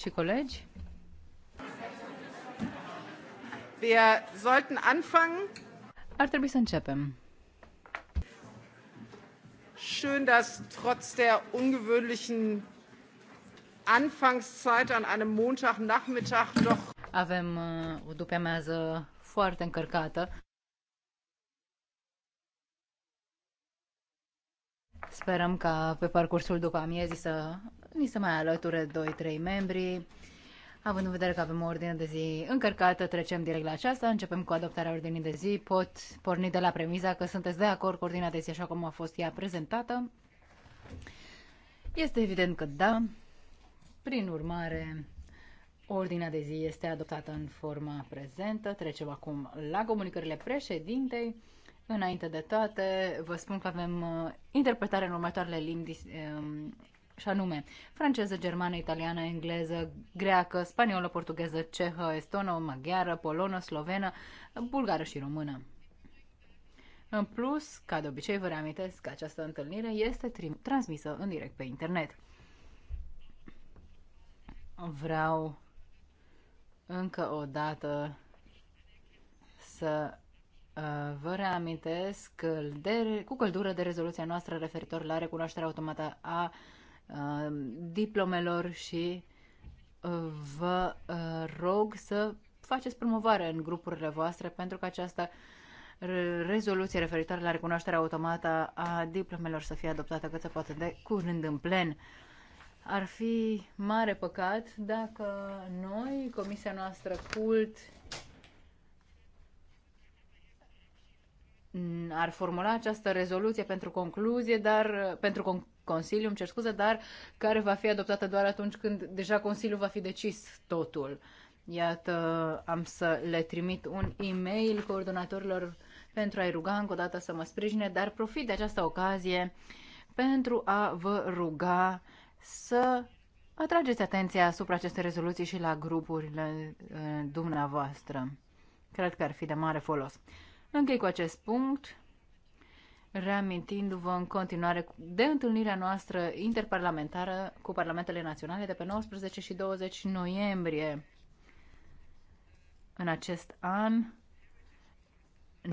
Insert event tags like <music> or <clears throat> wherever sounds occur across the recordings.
și colegi. Wir sollten anfangen. Ar trebui să începem. Schön, dass trotz der ungewöhnlichen Anfangszeit an einem Montagnachmittag doch avem uh, o după-amiază foarte încărcată. Sperăm ca pe parcursul după amiezii să ni se mai alăture 2-3 membri. Având în vedere că avem o ordine de zi încărcată, trecem direct la aceasta, începem cu adoptarea ordinii de zi. Pot porni de la premiza că sunteți de acord cu ordinea de zi așa cum a fost ea prezentată. Este evident că da. Prin urmare, ordinea de zi este adoptată în forma prezentă. Trecem acum la comunicările președintei. Înainte de toate, vă spun că avem uh, interpretare în următoarele limbi um, și anume franceză, germană, italiană, engleză, greacă, spaniolă, portugheză, cehă, estonă, maghiară, polonă, slovenă, bulgară și română. În plus, ca de obicei, vă reamintesc că această întâlnire este transmisă în direct pe internet. Vreau încă o dată să uh, vă reamintesc de, cu căldură de rezoluția noastră referitor la recunoașterea automată a uh, Uh, diplomelor și uh, vă uh, rog să faceți promovare în grupurile voastre pentru că această rezoluție referitoare la recunoașterea automată a diplomelor să fie adoptată cât se poate de curând în plen. Ar fi mare păcat dacă noi, comisia noastră cult, ar formula această rezoluție pentru concluzie, dar pentru con- Consiliu, îmi cer scuze, dar care va fi adoptată doar atunci când deja Consiliul va fi decis totul. Iată, am să le trimit un e-mail coordonatorilor pentru a-i ruga încă o dată să mă sprijine, dar profit de această ocazie pentru a vă ruga să atrageți atenția asupra acestei rezoluții și la grupurile eh, dumneavoastră. Cred că ar fi de mare folos. Închei cu acest punct, reamintindu-vă în continuare de întâlnirea noastră interparlamentară cu Parlamentele Naționale de pe 19 și 20 noiembrie. În acest an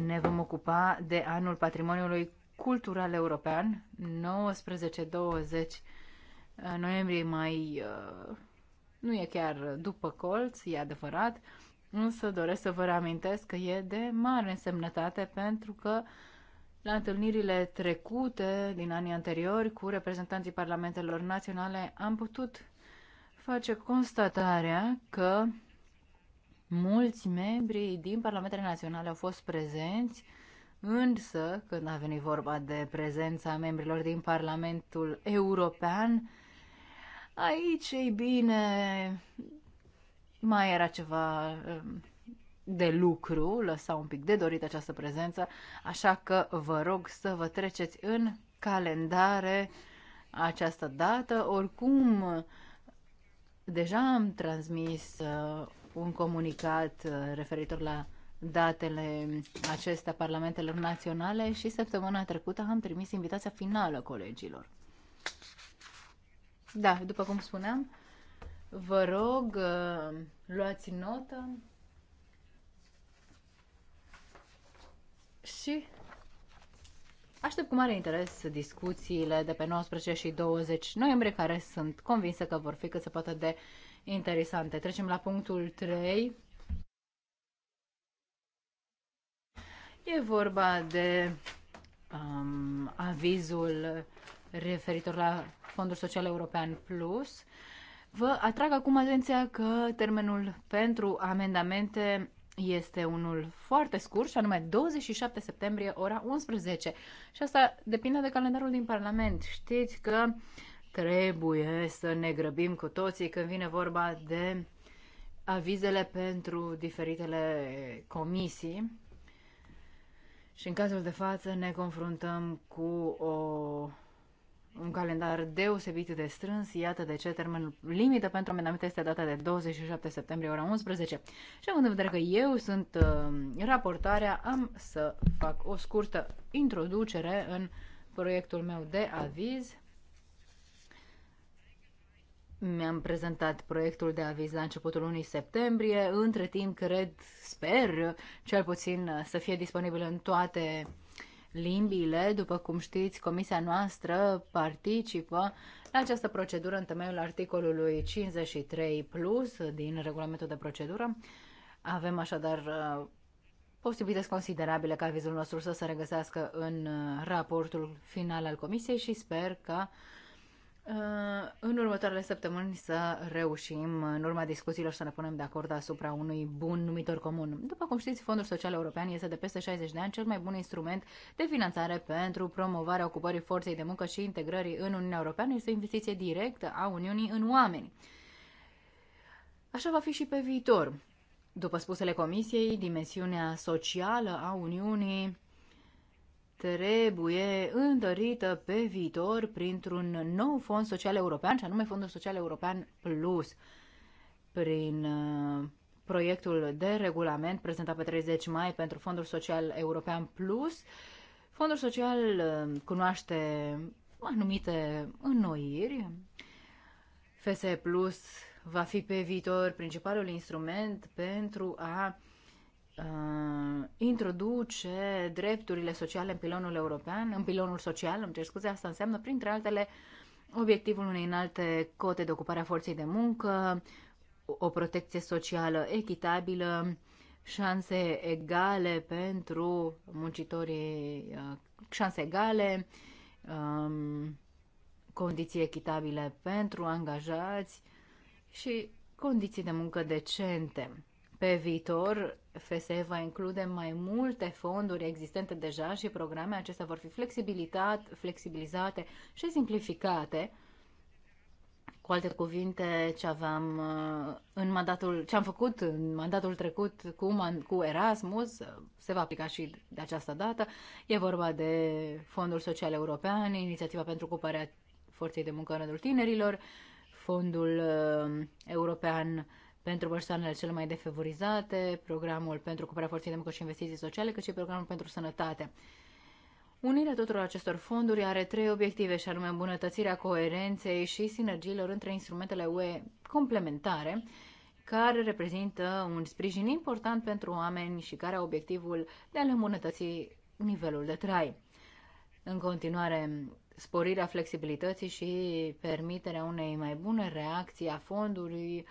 ne vom ocupa de anul patrimoniului cultural european, 19-20 noiembrie mai uh, nu e chiar după colț, e adevărat, însă doresc să vă reamintesc că e de mare însemnătate pentru că la întâlnirile trecute din anii anteriori cu reprezentanții parlamentelor naționale am putut face constatarea că mulți membri din parlamentele naționale au fost prezenți, însă când a venit vorba de prezența membrilor din Parlamentul European, aici, ei bine, mai era ceva um, de lucru, lăsa un pic de dorit această prezență, așa că vă rog să vă treceți în calendare această dată. Oricum, deja am transmis uh, un comunicat uh, referitor la datele acestea parlamentelor naționale și săptămâna trecută am trimis invitația finală colegilor. Da, după cum spuneam, Vă rog, uh, luați notă. Și aștept cu mare interes discuțiile de pe 19 și 20 noiembrie, care sunt convinsă că vor fi cât se poate de interesante. Trecem la punctul 3. E vorba de um, avizul referitor la Fondul Social European Plus. Vă atrag acum atenția că termenul pentru amendamente este unul foarte scurt și anume 27 septembrie ora 11 și asta depinde de calendarul din Parlament. Știți că trebuie să ne grăbim cu toții când vine vorba de avizele pentru diferitele comisii și în cazul de față ne confruntăm cu o un calendar deosebit de strâns. Iată de ce termenul limită pentru amendamente este data de 27 septembrie, ora 11. Și având în vedere că eu sunt uh, raportarea, am să fac o scurtă introducere în proiectul meu de aviz. Mi-am prezentat proiectul de aviz la începutul lunii septembrie. Între timp, cred, sper, cel puțin să fie disponibil în toate limbile. După cum știți, comisia noastră participă la această procedură în temeiul articolului 53 plus din regulamentul de procedură. Avem așadar uh, posibilități considerabile ca vizul nostru să se regăsească în uh, raportul final al comisiei și sper că Uh, în următoarele săptămâni să reușim, în urma discuțiilor, să ne punem de acord asupra unui bun numitor comun. După cum știți, Fondul Social European este de peste 60 de ani cel mai bun instrument de finanțare pentru promovarea ocupării forței de muncă și integrării în Uniunea Europeană. Este o investiție directă a Uniunii în oameni. Așa va fi și pe viitor. După spusele Comisiei, dimensiunea socială a Uniunii trebuie întărită pe viitor printr-un nou fond social european, și anume Fondul Social European Plus, prin uh, proiectul de regulament prezentat pe 30 mai pentru Fondul Social European Plus. Fondul Social uh, cunoaște anumite înnoiri. FSE Plus va fi pe viitor principalul instrument pentru a uh, introduce drepturile sociale în pilonul european, în pilonul social, îmi cer scuze, asta înseamnă, printre altele, obiectivul unei înalte cote de ocupare a forței de muncă, o protecție socială echitabilă, șanse egale pentru muncitorii, uh, șanse egale, um, condiții echitabile pentru angajați și condiții de muncă decente. Pe viitor, FSE va include mai multe fonduri existente deja și programe acestea vor fi flexibilizate și simplificate. Cu alte cuvinte, ce aveam uh, în mandatul, ce am făcut în mandatul trecut cu, cu Erasmus, uh, se va aplica și de această dată. E vorba de Fondul Social European, Inițiativa pentru Ocuparea Forței de Muncă în Rândul Tinerilor, Fondul uh, European pentru persoanele cele mai defavorizate, programul pentru cuperarea forței de muncă și investiții sociale, cât și programul pentru sănătate. Unirea tuturor acestor fonduri are trei obiective, și anume îmbunătățirea coerenței și sinergiilor între instrumentele UE complementare, care reprezintă un sprijin important pentru oameni și care au obiectivul de a le îmbunătăți nivelul de trai. În continuare, sporirea flexibilității și permiterea unei mai bune reacții a fondului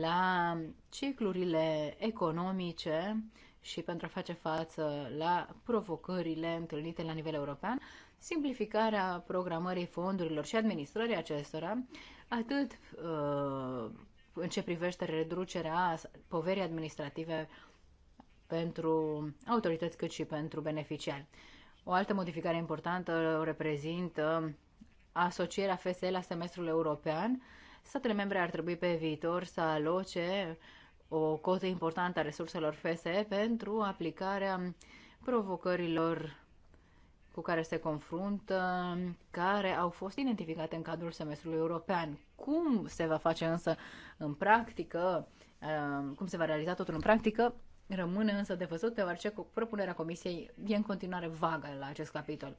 la ciclurile economice și pentru a face față la provocările întâlnite la nivel european, simplificarea programării fondurilor și administrării acestora, atât uh, în ce privește reducerea poverii administrative pentru autorități cât și pentru beneficiari. O altă modificare importantă o reprezintă asocierea FSE la semestrul european, Statele membre ar trebui pe viitor să aloce o cotă importantă a resurselor FSE pentru aplicarea provocărilor cu care se confruntă, care au fost identificate în cadrul semestrului european. Cum se va face însă în practică, um, cum se va realiza totul în practică, rămâne însă de văzut, deoarece propunerea Comisiei e în continuare vagă la acest capitol.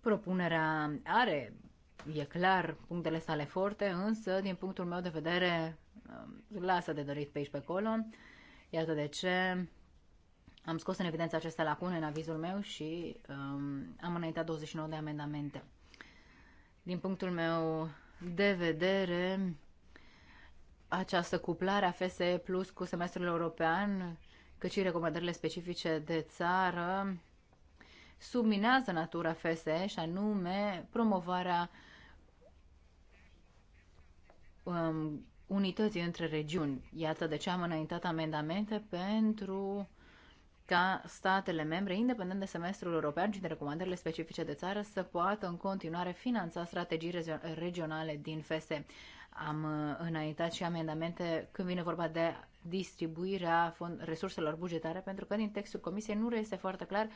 Propunerea are e clar punctele sale forte, însă, din punctul meu de vedere, um, lasă de dorit pe aici pe acolo. Iată de ce am scos în evidență aceste lacune în avizul meu și um, am înaintat 29 de amendamente. Din punctul meu de vedere, această cuplare a FSE Plus cu semestrul european, cât și recomandările specifice de țară, subminează natura FSE și anume promovarea um, unității între regiuni. Iată de ce am înaintat amendamente pentru ca statele membre, independent de semestrul european și de recomandările specifice de țară, să poată în continuare finanța strategii regionale din FSE. Am uh, înaintat și amendamente când vine vorba de distribuirea resurselor bugetare, pentru că din textul Comisiei nu este foarte clar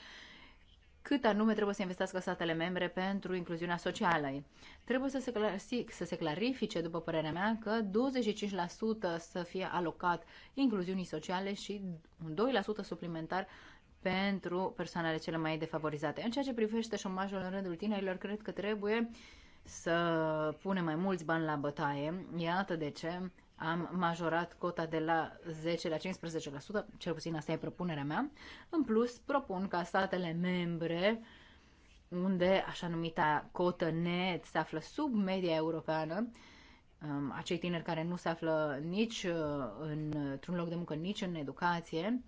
cât anume trebuie să investească statele membre pentru incluziunea socială. Trebuie să se, clasic, să se clarifice, după părerea mea, că 25% să fie alocat incluziunii sociale și un 2% suplimentar pentru persoanele cele mai defavorizate. În ceea ce privește șomajul în rândul tinerilor, cred că trebuie să punem mai mulți bani la bătaie. Iată de ce am majorat cota de la 10 la 15%, cel puțin asta e propunerea mea. În plus, propun ca statele membre unde așa numita cotă net se află sub media europeană, um, acei tineri care nu se află nici uh, în, într-un loc de muncă, nici în educație,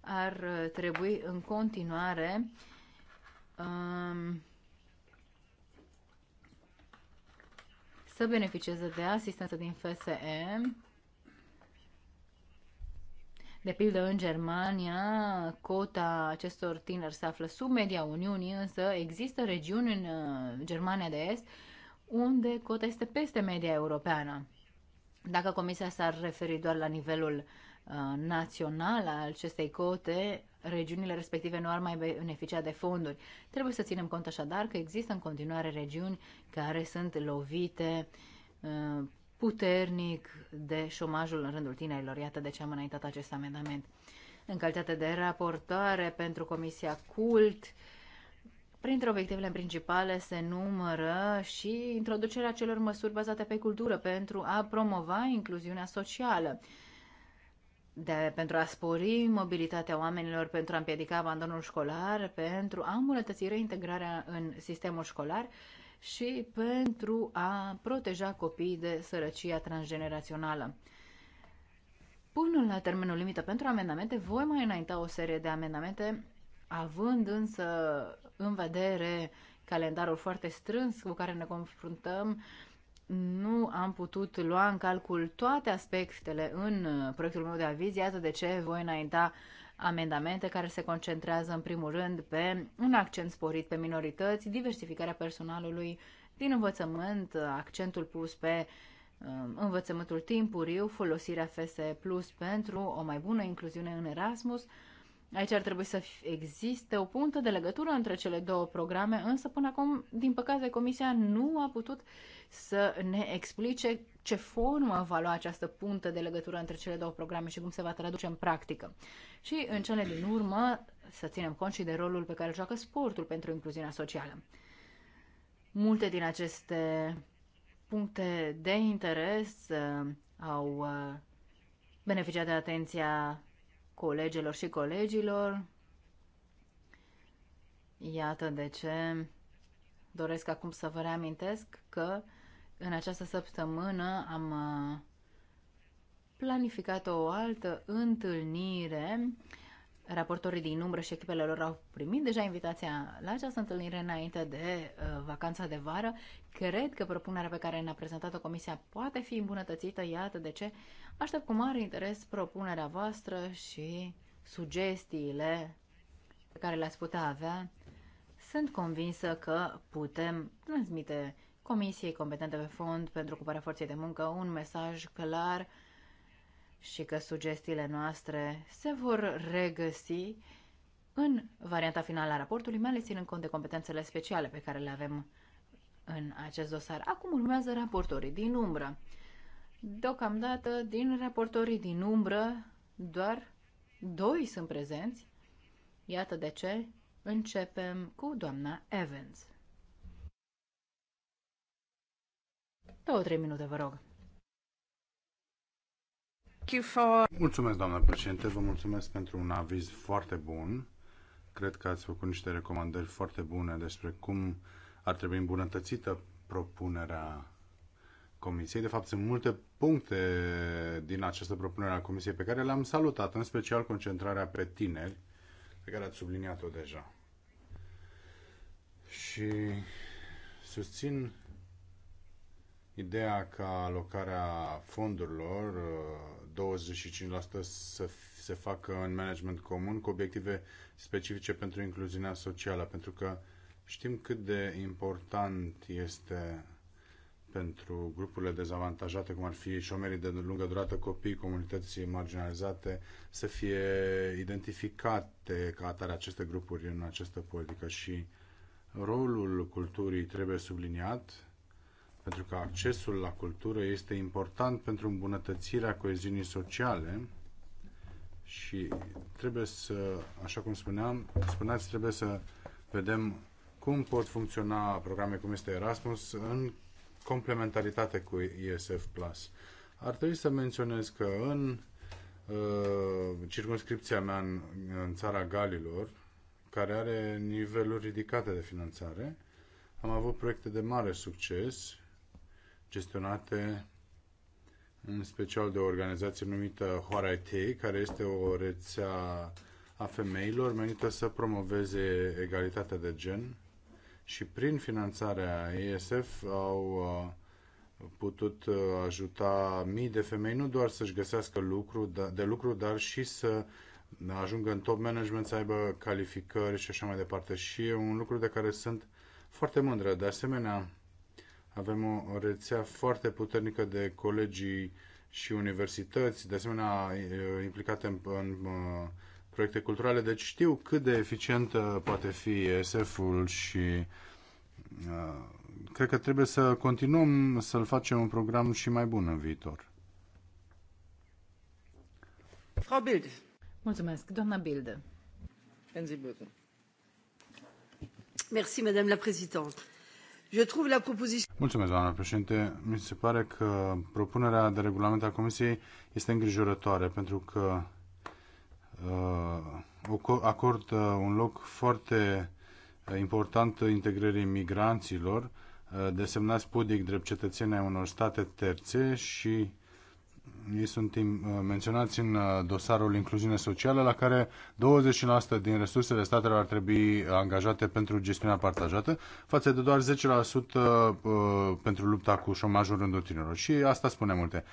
ar uh, trebui în continuare um, să beneficieze de asistență din FSE. De pildă, în Germania, cota acestor tineri se află sub media Uniunii, însă există regiuni în uh, Germania de Est unde cota este peste media europeană. Dacă Comisia s-ar referi doar la nivelul uh, Uh, național al acestei cote, regiunile respective nu ar mai beneficia de fonduri. Trebuie să ținem cont așadar că există în continuare regiuni care sunt lovite uh, puternic de șomajul în rândul tinerilor. Iată de ce am înaintat acest amendament. În calitate de raportoare pentru Comisia CULT, Printre obiectivele principale se numără și introducerea celor măsuri bazate pe cultură pentru a promova incluziunea socială de, pentru a spori mobilitatea oamenilor, pentru a împiedica abandonul școlar, pentru a îmbunătăți reintegrarea în sistemul școlar și pentru a proteja copiii de sărăcia transgenerațională. Până la termenul limită pentru amendamente, voi mai înainta o serie de amendamente, având însă în vedere calendarul foarte strâns cu care ne confruntăm, uh, nu am putut lua în calcul toate aspectele în uh, proiectul meu de aviz, iată de ce voi înainta amendamente care se concentrează în primul rând pe un accent sporit pe minorități, diversificarea personalului din învățământ, uh, accentul pus pe uh, învățământul timpuriu, folosirea FSE Plus pentru o mai bună incluziune în Erasmus. Aici ar trebui să existe o puntă de legătură între cele două programe, însă până acum, din păcate, Comisia nu a putut uh, să ne explice ce formă va lua această puntă de legătură între cele două programe și cum se va traduce în practică. Și, în cele din urmă, să ținem cont și de rolul pe care îl joacă sportul pentru incluziunea socială. Multe din aceste puncte de interes uh, au uh, beneficiat de atenția colegelor și colegilor. Iată de ce doresc acum să vă reamintesc că în această săptămână am uh, planificat o altă întâlnire. Raportorii din umbră și echipele lor au primit deja invitația la această întâlnire înainte de uh, vacanța de vară. Cred că propunerea pe care ne-a prezentat-o Comisia poate fi îmbunătățită, iată de ce. Aștept cu mare interes propunerea voastră și sugestiile pe care le-ați putea avea. Sunt convinsă că putem transmite Comisiei competente pe fond pentru ocuparea forței de muncă un mesaj clar și că sugestiile noastre se vor regăsi în varianta finală a raportului, mai ales ținând cont de competențele speciale pe care le avem în acest dosar. Acum urmează raportorii din umbră. Deocamdată, din raportorii din umbră, doar doi sunt prezenți. Iată de ce începem cu doamna Evans. Două-trei minute, vă rog. Mulțumesc, doamnă președinte, vă mulțumesc pentru un aviz foarte bun. Cred că ați făcut niște recomandări foarte bune despre cum ar trebui îmbunătățită propunerea Comisiei. De fapt, sunt multe puncte din această propunere a Comisiei pe care le-am salutat, în special concentrarea pe tineri, pe care ați subliniat-o deja. Și susțin ideea ca alocarea fondurilor, 25% uh, să se facă în management comun cu obiective specifice pentru incluziunea socială, pentru că știm cât de important este pentru grupurile dezavantajate, cum ar fi șomerii de lungă durată, copii, comunități marginalizate, să fie identificate ca atare aceste grupuri în această politică și rolul culturii trebuie subliniat pentru că accesul la cultură este important pentru îmbunătățirea coeziunii sociale și trebuie să, așa cum spuneam, spuneați, trebuie să vedem cum pot funcționa programe cum este Erasmus în complementaritate cu ESF+. Ar trebui să menționez că în uh, circunscripția mea în, în țara Galilor, care are niveluri ridicate de finanțare, am avut proiecte de mare succes gestionate în special de o organizație numită Horaitei, care este o rețea a femeilor menită să promoveze egalitatea de gen și prin finanțarea ESF au uh, putut uh, ajuta mii de femei nu doar să-și găsească lucru, da, de lucru, dar și să ajungă în top management, să aibă calificări și așa mai departe. Și e un lucru de care sunt foarte mândră. De asemenea, avem o rețea foarte puternică de colegii și universități, de asemenea implicate în, în proiecte culturale, deci știu cât de eficient poate fi sf ul și cred că trebuie să continuăm să-l facem un program și mai bun în viitor. Frau Bild. Mulțumesc, doamna Bilde. Merci, Madame la Présidente. Mulțumesc, doamnă președinte. Mi se pare că propunerea de regulament a Comisiei este îngrijorătoare, pentru că uh, acordă un loc foarte uh, important integrării migranților, uh, desemnați pudic drept cetățeni ai unor state terțe și ei sunt uh, menționați în uh, dosarul incluziune socială, la care 20% din resursele statelor ar trebui angajate pentru gestiunea partajată, față de doar 10% uh, pentru lupta cu șomajul rândul tinerilor. Și asta spune multe.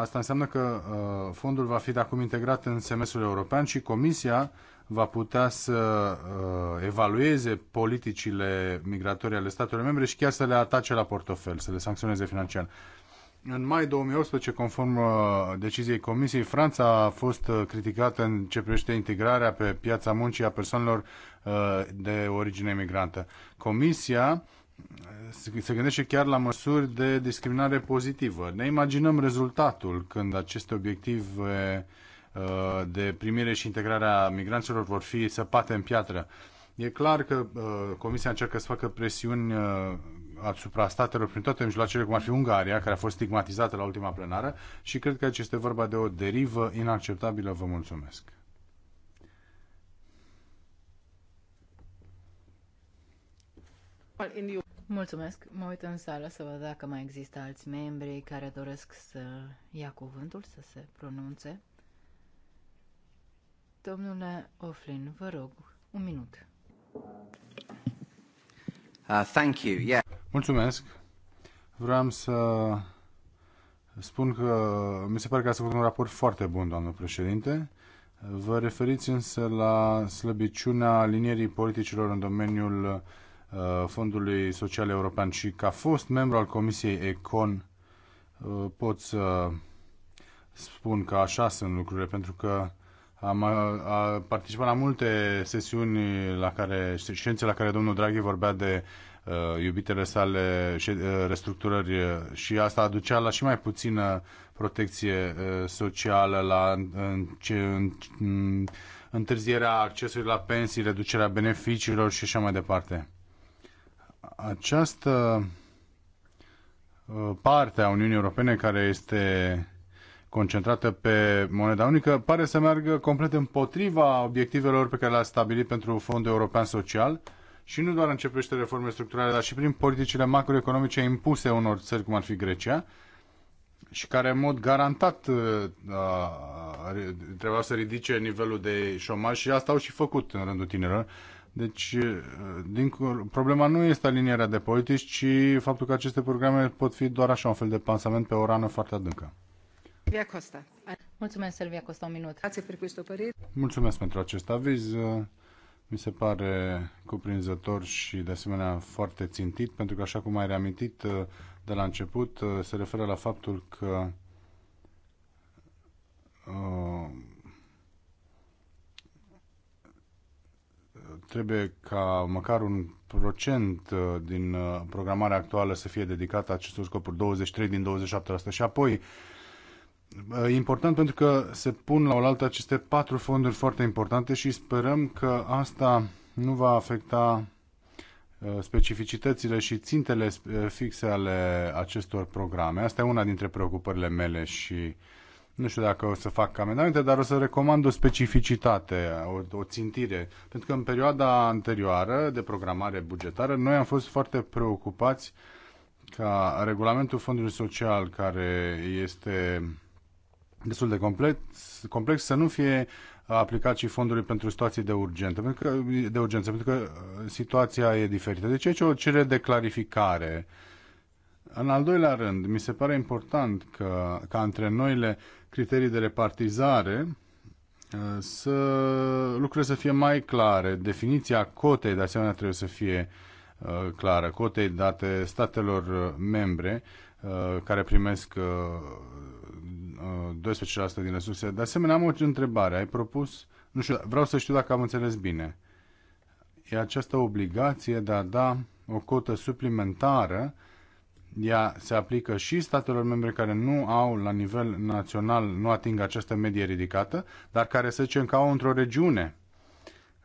Asta înseamnă că fondul va fi de acum integrat în semestrul european și Comisia va putea să evalueze politicile migratorii ale statelor membre și chiar să le atace la portofel, să le sancționeze financiar. În mai 2018, conform uh, deciziei Comisiei, Franța a fost uh, criticată în ce privește integrarea pe piața muncii a persoanelor uh, de origine migrantă. Comisia se gândește chiar la măsuri de discriminare pozitivă. Ne imaginăm rezultatul când aceste obiective de primire și integrare a migranților vor fi săpate în piatră. E clar că Comisia încearcă să facă presiuni asupra statelor prin toate mijloacele, cum ar fi Ungaria, care a fost stigmatizată la ultima plenară și cred că aici este vorba de o derivă inacceptabilă. Vă mulțumesc. Mulțumesc. Mă uit în sală să văd dacă mai există alți membri care doresc să ia cuvântul, să se pronunțe. Domnule Oflin, vă rog, un minut. Uh, Mulțumesc. Vreau să spun că mi se pare că ați făcut un raport foarte bun, doamnă președinte. Vă referiți însă la slăbiciunea linierii politicilor în domeniul uh, Fondului Social European și ca fost membru al Comisiei Econ uh, pot să spun că așa sunt lucrurile, pentru că am a participat la multe sesiuni la care, ședințe la care domnul Draghi vorbea de uh, iubitele sale și, uh, restructurări și asta aducea la și mai puțină protecție uh, socială, la în, ce, în, întârzierea accesului la pensii, reducerea beneficiilor și așa mai departe. Această uh, parte a Uniunii Europene care este concentrată pe moneda unică pare să meargă complet împotriva obiectivelor pe care le-a stabilit pentru Fondul European Social și nu doar începește reforme structurale, dar și prin politicile macroeconomice impuse unor țări, cum ar fi Grecia, și care în mod garantat uh, trebuia să ridice nivelul de șomaj și asta au și făcut în rândul tinerilor. Deci, uh, din, problema nu este alinierea de politici, ci faptul că aceste programe pot fi doar așa un fel de pansament pe o rană foarte adâncă. Mulțumesc, Silvia Costa, un minut. Mulțumesc pentru acest aviz. Mi se pare cuprinzător și, de asemenea, foarte țintit, pentru că, așa cum ai reamintit de la început, se referă la faptul că uh, trebuie ca măcar un procent uh, din uh, programarea actuală să fie dedicată acestor scopuri, 23 din 27% și apoi important pentru că se pun la oaltă aceste patru fonduri foarte importante și sperăm că asta nu va afecta uh, specificitățile și țintele uh, fixe ale acestor programe. Asta e una dintre preocupările mele și nu știu dacă o să fac amendamente, dar o să recomand o specificitate, o, o țintire. Pentru că în perioada anterioară de programare bugetară, noi am fost foarte preocupați ca regulamentul fondului social, care este destul de complex, complex să nu fie aplicat și fondurile pentru situații de urgență, pentru că, de urgență, pentru că uh, situația e diferită. Deci aici o cerere de clarificare. În al doilea rând, mi se pare important că, ca între noile criterii de repartizare uh, să lucrurile să fie mai clare. Definiția cotei, de asemenea, trebuie să fie uh, clară. Cotei date statelor membre care primesc 12% din resurse. De asemenea, am o întrebare. Ai propus, nu știu, vreau să știu dacă am înțeles bine. E această obligație de a da o cotă suplimentară, ea se aplică și statelor membre care nu au la nivel național, nu ating această medie ridicată, dar care să zicem că au într-o regiune.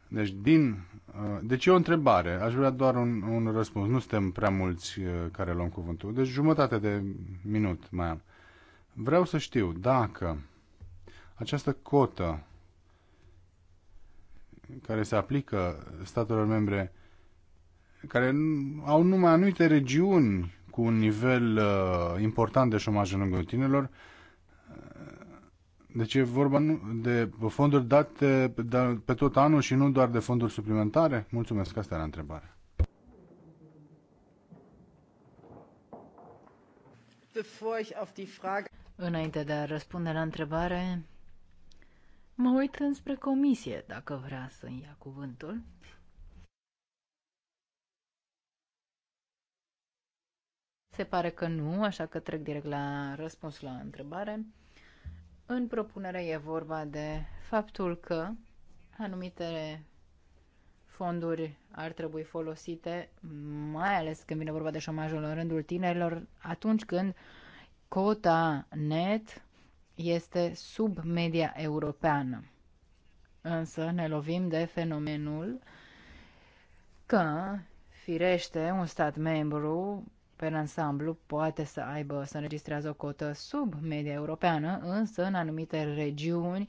Deci, din, uh, deci e o întrebare, aș vrea doar un, un răspuns. Nu suntem prea mulți uh, care luăm cuvântul. Deci jumătate de minut mai am. Vreau să știu dacă această cotă care se aplică statelor membre care au numai anumite regiuni cu un nivel uh, important de șomaj în lângă tinerilor. Uh, deci e vorba de fonduri date pe tot anul și nu doar de fonduri suplimentare? Mulțumesc, asta era întrebarea. Bevor ich auf die Frage Înainte de a răspunde la întrebare, mă uit înspre comisie dacă vrea să ia cuvântul. Se pare că nu, așa că trec direct la răspuns la întrebare. În propunere e vorba de faptul că anumite fonduri ar trebui folosite, mai ales când vine vorba de șomajul în rândul tinerilor, atunci când uh, cota net este sub media europeană. Însă ne lovim de fenomenul că, firește, un stat membru pe ansamblu poate să aibă, să înregistrează o cotă sub media europeană, însă în anumite regiuni,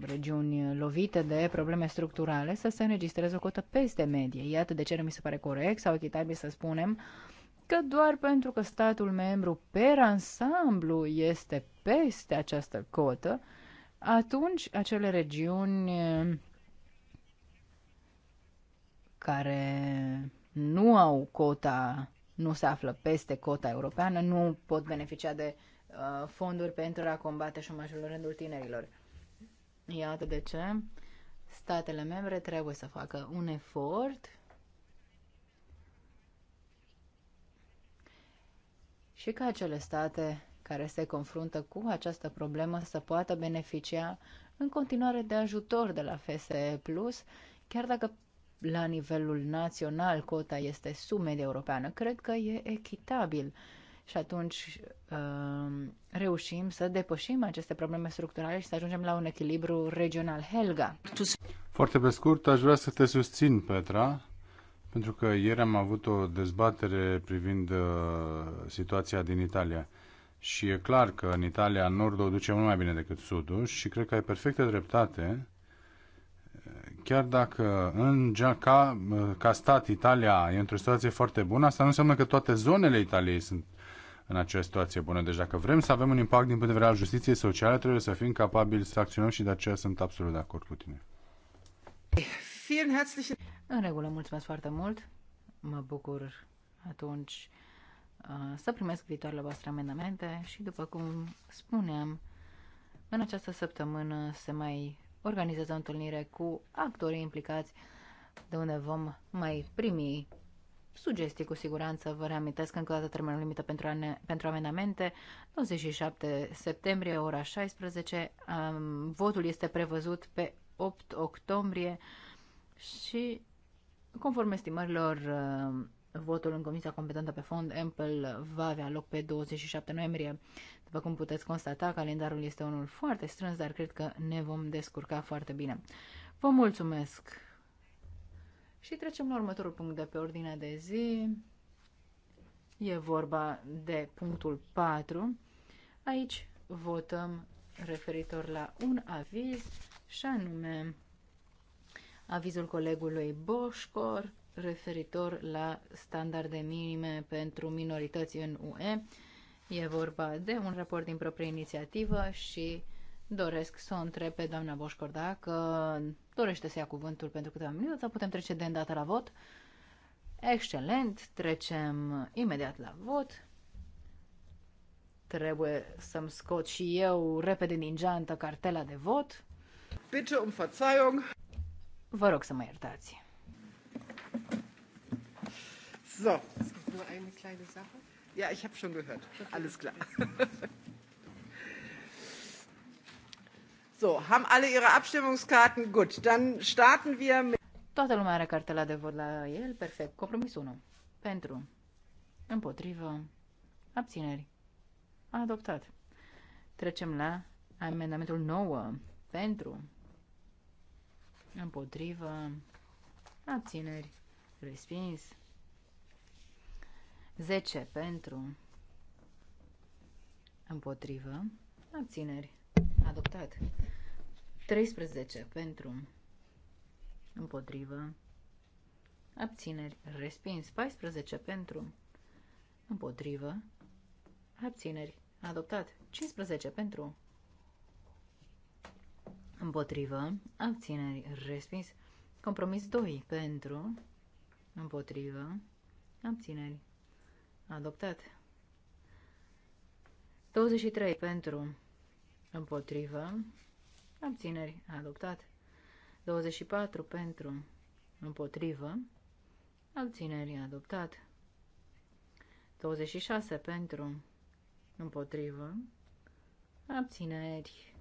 regiuni lovite de probleme structurale, să se înregistreze o cotă peste medie. Iată de ce nu mi se pare corect sau echitabil să spunem uh, că doar pentru că statul membru per ansamblu este peste această cotă, atunci acele regiuni eh, care nu au cota, nu se află peste cota europeană, nu pot beneficia de uh, fonduri pentru a combate șomajul în rândul tinerilor. Iată de ce statele membre trebuie să facă un efort și ca acele state care se confruntă cu această problemă să poată beneficia în continuare de ajutor de la FSE+, chiar dacă la nivelul național cota este submedia europeană. Cred că e echitabil și atunci uh, reușim să depășim aceste probleme structurale și să ajungem la un echilibru regional. Helga. Foarte pe scurt, aș vrea să te susțin, Petra, pentru că ieri am avut o dezbatere privind uh, situația din Italia. Și e clar că în Italia nordul o duce mult mai bine decât sudul și cred că ai perfectă dreptate, chiar dacă în, ca, uh, ca stat Italia e într-o situație foarte bună, asta nu înseamnă că toate zonele Italiei sunt în acea situație bună. Deci dacă vrem să avem un impact din punct de vedere al justiției sociale, trebuie să fim capabili să acționăm și de aceea sunt absolut de acord cu tine. În regulă, mulțumesc foarte mult. Mă bucur atunci uh, să primesc viitoarele voastre amendamente și, după cum spuneam, în această săptămână se mai organizează o întâlnire cu actorii implicați, de unde vom mai primi sugestii cu siguranță. Vă reamintesc încă o dată termenul limită pentru, ane- pentru amendamente, 27 septembrie, ora 16. Um, votul este prevăzut pe 8 octombrie și Conform estimărilor, uh, votul în Comisia Competentă pe Fond Ample va avea loc pe 27 noiembrie. După cum puteți constata, calendarul este unul foarte strâns, dar cred că ne vom descurca foarte bine. Vă mulțumesc! Și trecem la următorul punct de pe ordinea de zi. E vorba de punctul 4. Aici votăm referitor la un aviz și anume avizul colegului Boșcor referitor la standarde minime pentru minorități în UE. E vorba de un raport din proprie inițiativă și doresc să o întreb pe doamna Boșcor dacă dorește să ia cuvântul pentru câteva minute sau putem trece de îndată la vot. Excelent, trecem imediat la vot. Trebuie să-mi scot și eu repede din geantă cartela de vot. Bitte um Verzeihung. Vă rog să mă iertați. So. Nur eine kleine Sache. Ja, ich habe schon gehört. Alles klar. so, haben alle ihre Abstimmungskarten? Gut, dann starten wir mit... Toată lumea are cartela de vot la el? Perfect. Compromis 1. Pentru. Împotrivă. Abțineri. Adoptat. Trecem la amendamentul 9. Pentru împotrivă, abțineri, respins. 10 pentru, împotrivă, abțineri, adoptat. 13 pentru, împotrivă, abțineri, respins. 14 pentru, împotrivă, abțineri, adoptat. 15 pentru, împotrivă, abțineri, respins. Compromis 2, pentru, împotrivă, abțineri, adoptat. 23, pentru, împotrivă, abțineri, adoptat. 24, pentru, împotrivă, abțineri, adoptat. 26, pentru, împotrivă, abțineri,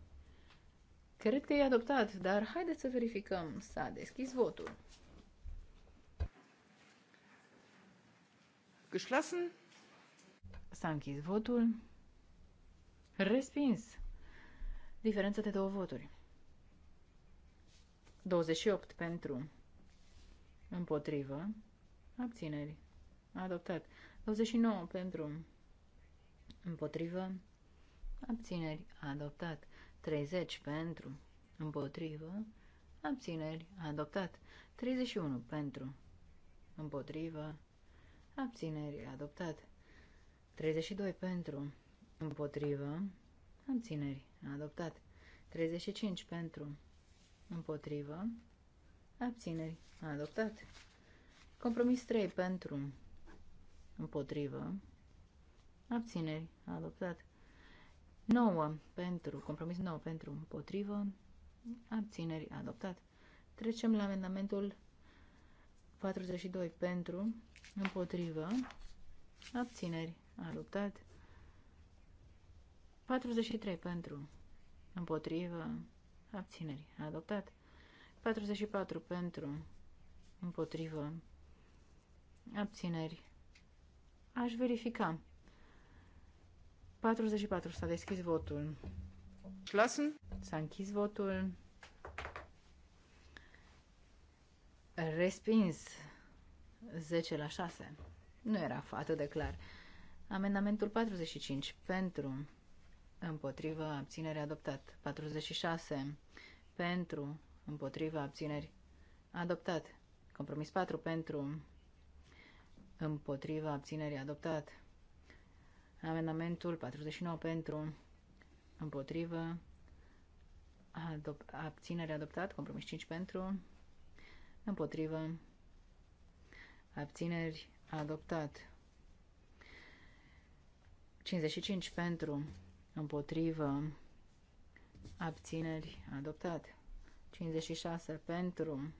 Cred că e adoptat, dar haideți să verificăm. S-a deschis votul. Geschlossen. S-a închis votul. Respins. Diferență de două voturi. 28 pentru. Împotrivă. Abțineri. Adoptat. 29 pentru. Împotrivă. Abțineri. Adoptat. 30 pentru, împotrivă, abțineri, adoptat. 31 pentru, împotrivă, abțineri, adoptat. 32 pentru, împotrivă, abțineri, adoptat. 35 pentru, împotrivă, abțineri, adoptat. Compromis 3 pentru, împotrivă, abțineri, adoptat. 9 pentru, compromis 9 pentru, împotrivă, abțineri, adoptat. Trecem la amendamentul 42 pentru, împotrivă, abțineri, adoptat. 43 pentru, împotrivă, abțineri, adoptat. 44 pentru, împotrivă, abțineri. Aș verifica. 44. S-a deschis votul. Schlossen. S-a închis votul. Respins. 10 la 6. Nu era fată de clar. Amendamentul 45. Pentru. Împotrivă. Abținere adoptat. 46. Pentru. Împotrivă. Abțineri. Adoptat. Compromis 4. Pentru. Împotrivă abținerii adoptat. Amendamentul 49 pentru, împotrivă, adop- abținere adoptat, compromis 5 pentru, împotrivă, abțineri adoptat. 55 pentru, împotrivă, abțineri adoptat. 56 pentru,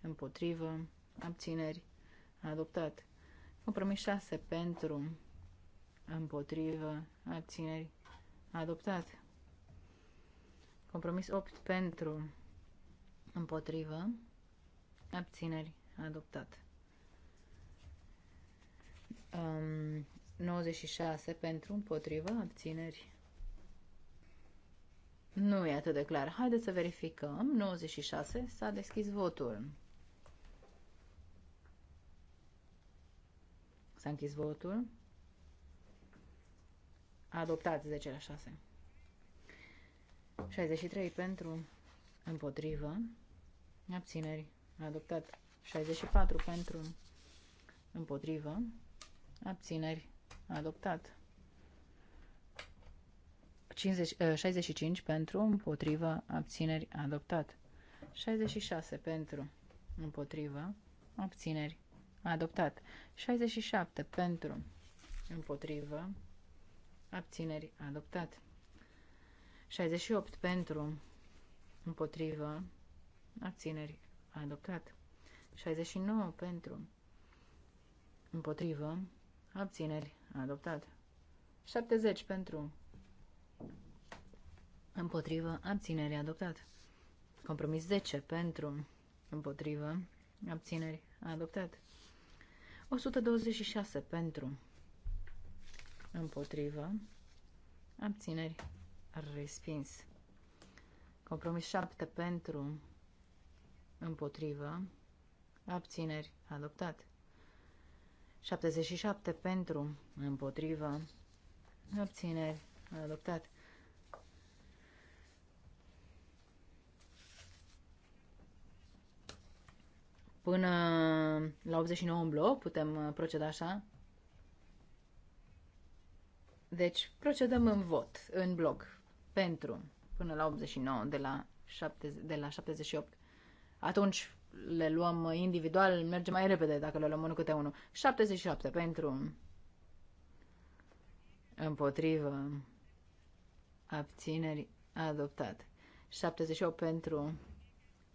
împotrivă, abțineri adoptat. Compromis 6 pentru, împotrivă, abțineri, adoptat. Compromis 8 pentru, împotrivă, abțineri, adoptat. Um, 96 pentru, împotrivă, abțineri. Nu e atât de clar. Haideți să verificăm. 96 s-a deschis votul. S-a închis votul adoptat 10 la 6. 63 pentru, împotrivă, abțineri, adoptat 64 pentru, împotrivă, abțineri, adoptat 50, 65 eh, pentru, împotrivă, abțineri, adoptat 66 pentru, împotrivă, abțineri, adoptat 67 pentru, împotrivă, abțineri, adoptat. 68 pentru, împotrivă, abțineri, adoptat. 69 pentru, împotrivă, abțineri, adoptat. 70 pentru, împotrivă, abțineri, adoptat. Compromis 10 pentru, împotrivă, abțineri, adoptat. 126 pentru, Împotrivă. Abțineri. Respins. Compromis 7 pentru. Împotrivă. Abțineri. Adoptat. 77 pentru. Împotrivă. Abțineri. Adoptat. Până la 89 în bloc putem proceda așa? Deci procedăm în vot, în bloc, pentru până la 89, de la, 7, de la 78. Atunci le luăm individual, merge mai repede dacă le luăm unul câte unul. 77 pentru împotrivă abțineri adoptat. 78 pentru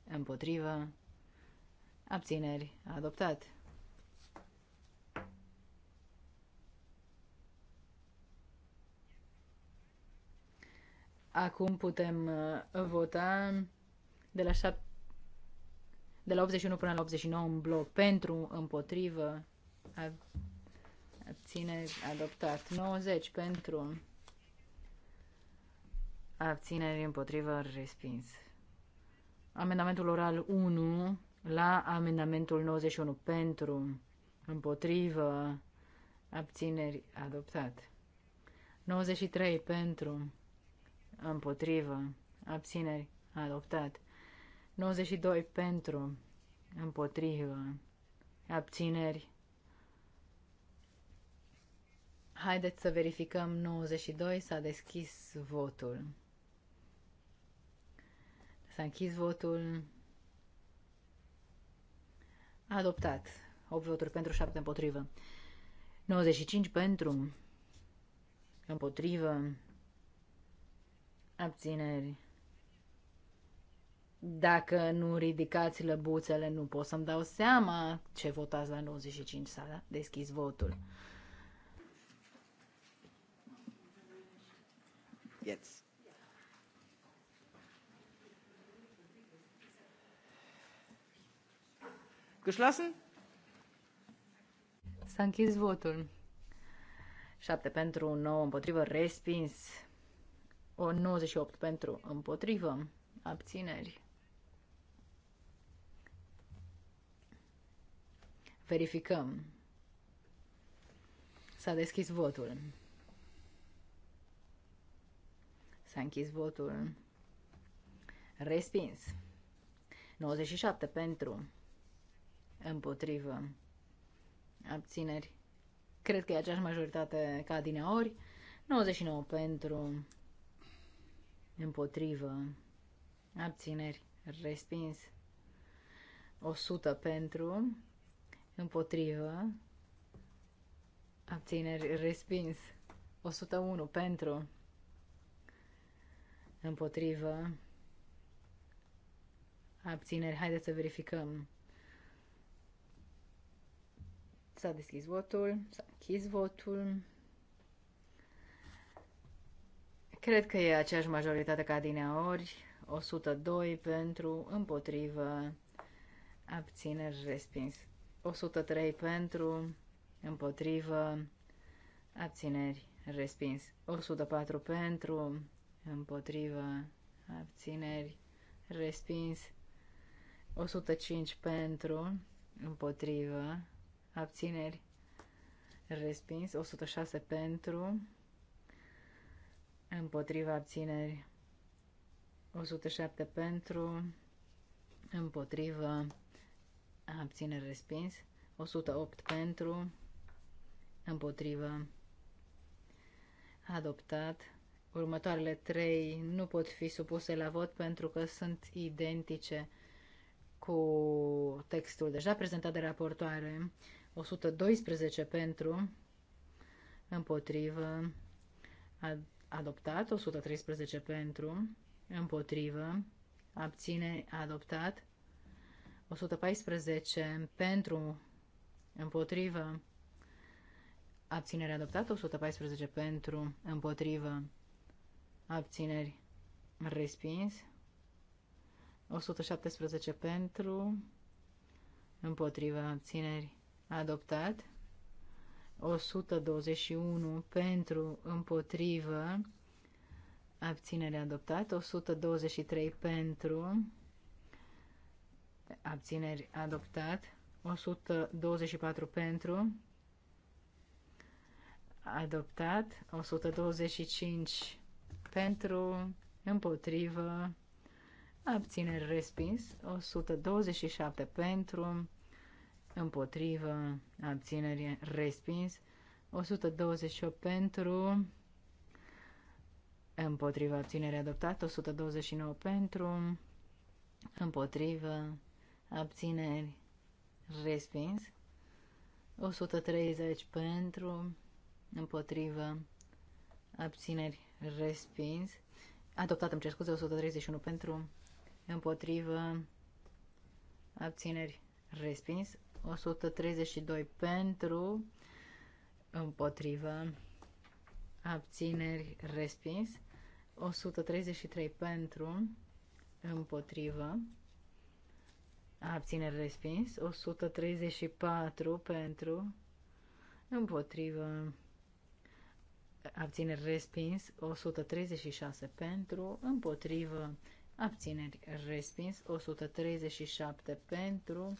împotrivă abțineri adoptat. Acum putem uh, vota de la, șap- de la 81 până la 89 în bloc pentru, împotrivă, abține, adoptat. 90 pentru, abțineri, împotrivă, respins. Amendamentul oral 1 la amendamentul 91 pentru, împotrivă, abțineri, adoptat. 93 pentru, împotrivă, abțineri, adoptat. 92 pentru, împotrivă, abțineri. Haideți să verificăm 92, s-a deschis votul. S-a închis votul. Adoptat. 8 voturi pentru, 7 împotrivă. 95 pentru, împotrivă, Abțineri. Dacă nu ridicați lăbuțele, nu pot să-mi dau seama ce votați la 95 s-a deschis votul. Yes. Geschlossen? S-a închis votul. 7 pentru 9 împotrivă, respins. O 98 pentru împotrivă. Abțineri. Verificăm. S-a deschis votul. S-a închis votul. Respins. 97 pentru. Împotrivă. Abțineri. Cred că e aceeași majoritate ca din ori. 99 pentru împotrivă, abțineri, respins. 100 pentru, împotrivă, abțineri, respins. 101 pentru, împotrivă, abțineri. Haideți să verificăm. S-a deschis votul, s-a închis votul. Cred că e aceeași majoritate ca din ori, 102 pentru, împotrivă, abțineri, respins. 103 pentru, împotrivă, abțineri, respins. 104 pentru, împotrivă, abțineri, respins. 105 pentru, împotrivă, abțineri, respins. 106 pentru, împotriva abțineri, 107 pentru, împotriva abțineri respins, 108 pentru, împotriva adoptat. Următoarele trei nu pot fi supuse la vot pentru că sunt identice cu textul deja prezentat de raportoare. 112 pentru, împotrivă, adoptat, 113 pentru, împotrivă, abține, adoptat, 114 pentru, împotrivă, abținere adoptat, 114 pentru, împotrivă, abțineri, respins, 117 pentru, împotrivă, abțineri, adoptat, 121 pentru împotrivă, abținere adoptat, 123 pentru abțineri adoptat, 124 pentru adoptat, 125 pentru împotrivă, abțineri respins, 127 pentru împotrivă, abținere, respins. 128 pentru, împotrivă, abținere, adoptat. 129 pentru, împotrivă, abțineri, respins. 130 pentru, împotrivă, abțineri, respins. Adoptat, îmi cer scuze, 131 pentru, împotrivă, abțineri, respins. 132 pentru, împotrivă, abțineri, respins. 133 pentru, împotrivă, abțineri, respins. 134 pentru, împotrivă, abțineri, respins. 136 pentru, împotrivă, abțineri, respins. 137 pentru,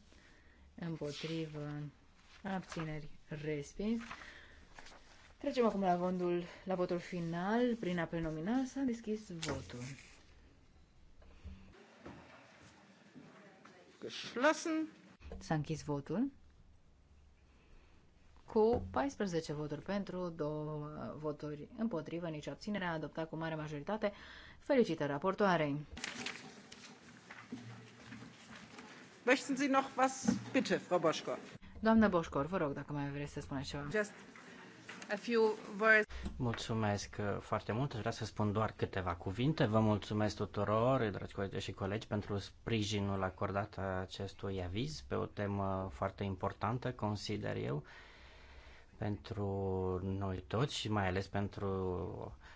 împotrivă, abțineri, respins. Trecem acum la, vondul, la votul final. Prin apel nominal s-a deschis votul. S-a închis votul cu 14 voturi pentru, 2 voturi împotrivă, nici abținerea, adoptat cu mare majoritate. Felicitări raportoarei! Möchten Sie noch was? Bitte, Frau Doamnă Boșcor, vă rog dacă mai vreți să spuneți ceva. Just a few words. Mulțumesc uh, foarte mult. Vreau să spun doar câteva cuvinte. Vă mulțumesc tuturor, dragi colegi și colegi, pentru sprijinul acordat acestui aviz pe o temă foarte importantă, consider eu, pentru noi toți și mai ales pentru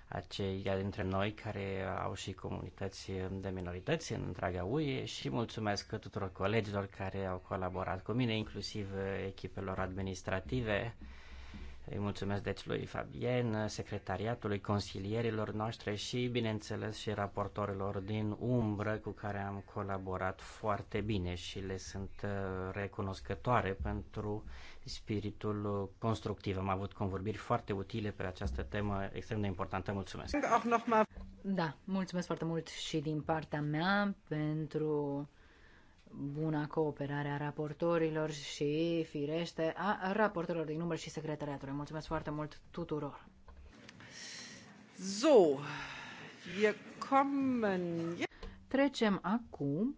aceia dintre noi care au și comunități de minorități în întreaga UE și mulțumesc tuturor colegilor care au colaborat cu mine, inclusiv echipelor administrative îi mulțumesc deci lui Fabien, secretariatului, consilierilor noștri și, bineînțeles, și raportorilor din umbră cu care am colaborat foarte bine și le sunt uh, recunoscătoare pentru spiritul constructiv. Am avut convorbiri foarte utile pe această temă extrem de importantă. Mulțumesc! Da, mulțumesc foarte mult și din partea mea pentru buna cooperare a raportorilor și, firește, a raportorilor din număr și secretariatului. Mulțumesc foarte mult tuturor! So, wir kommen... Trecem acum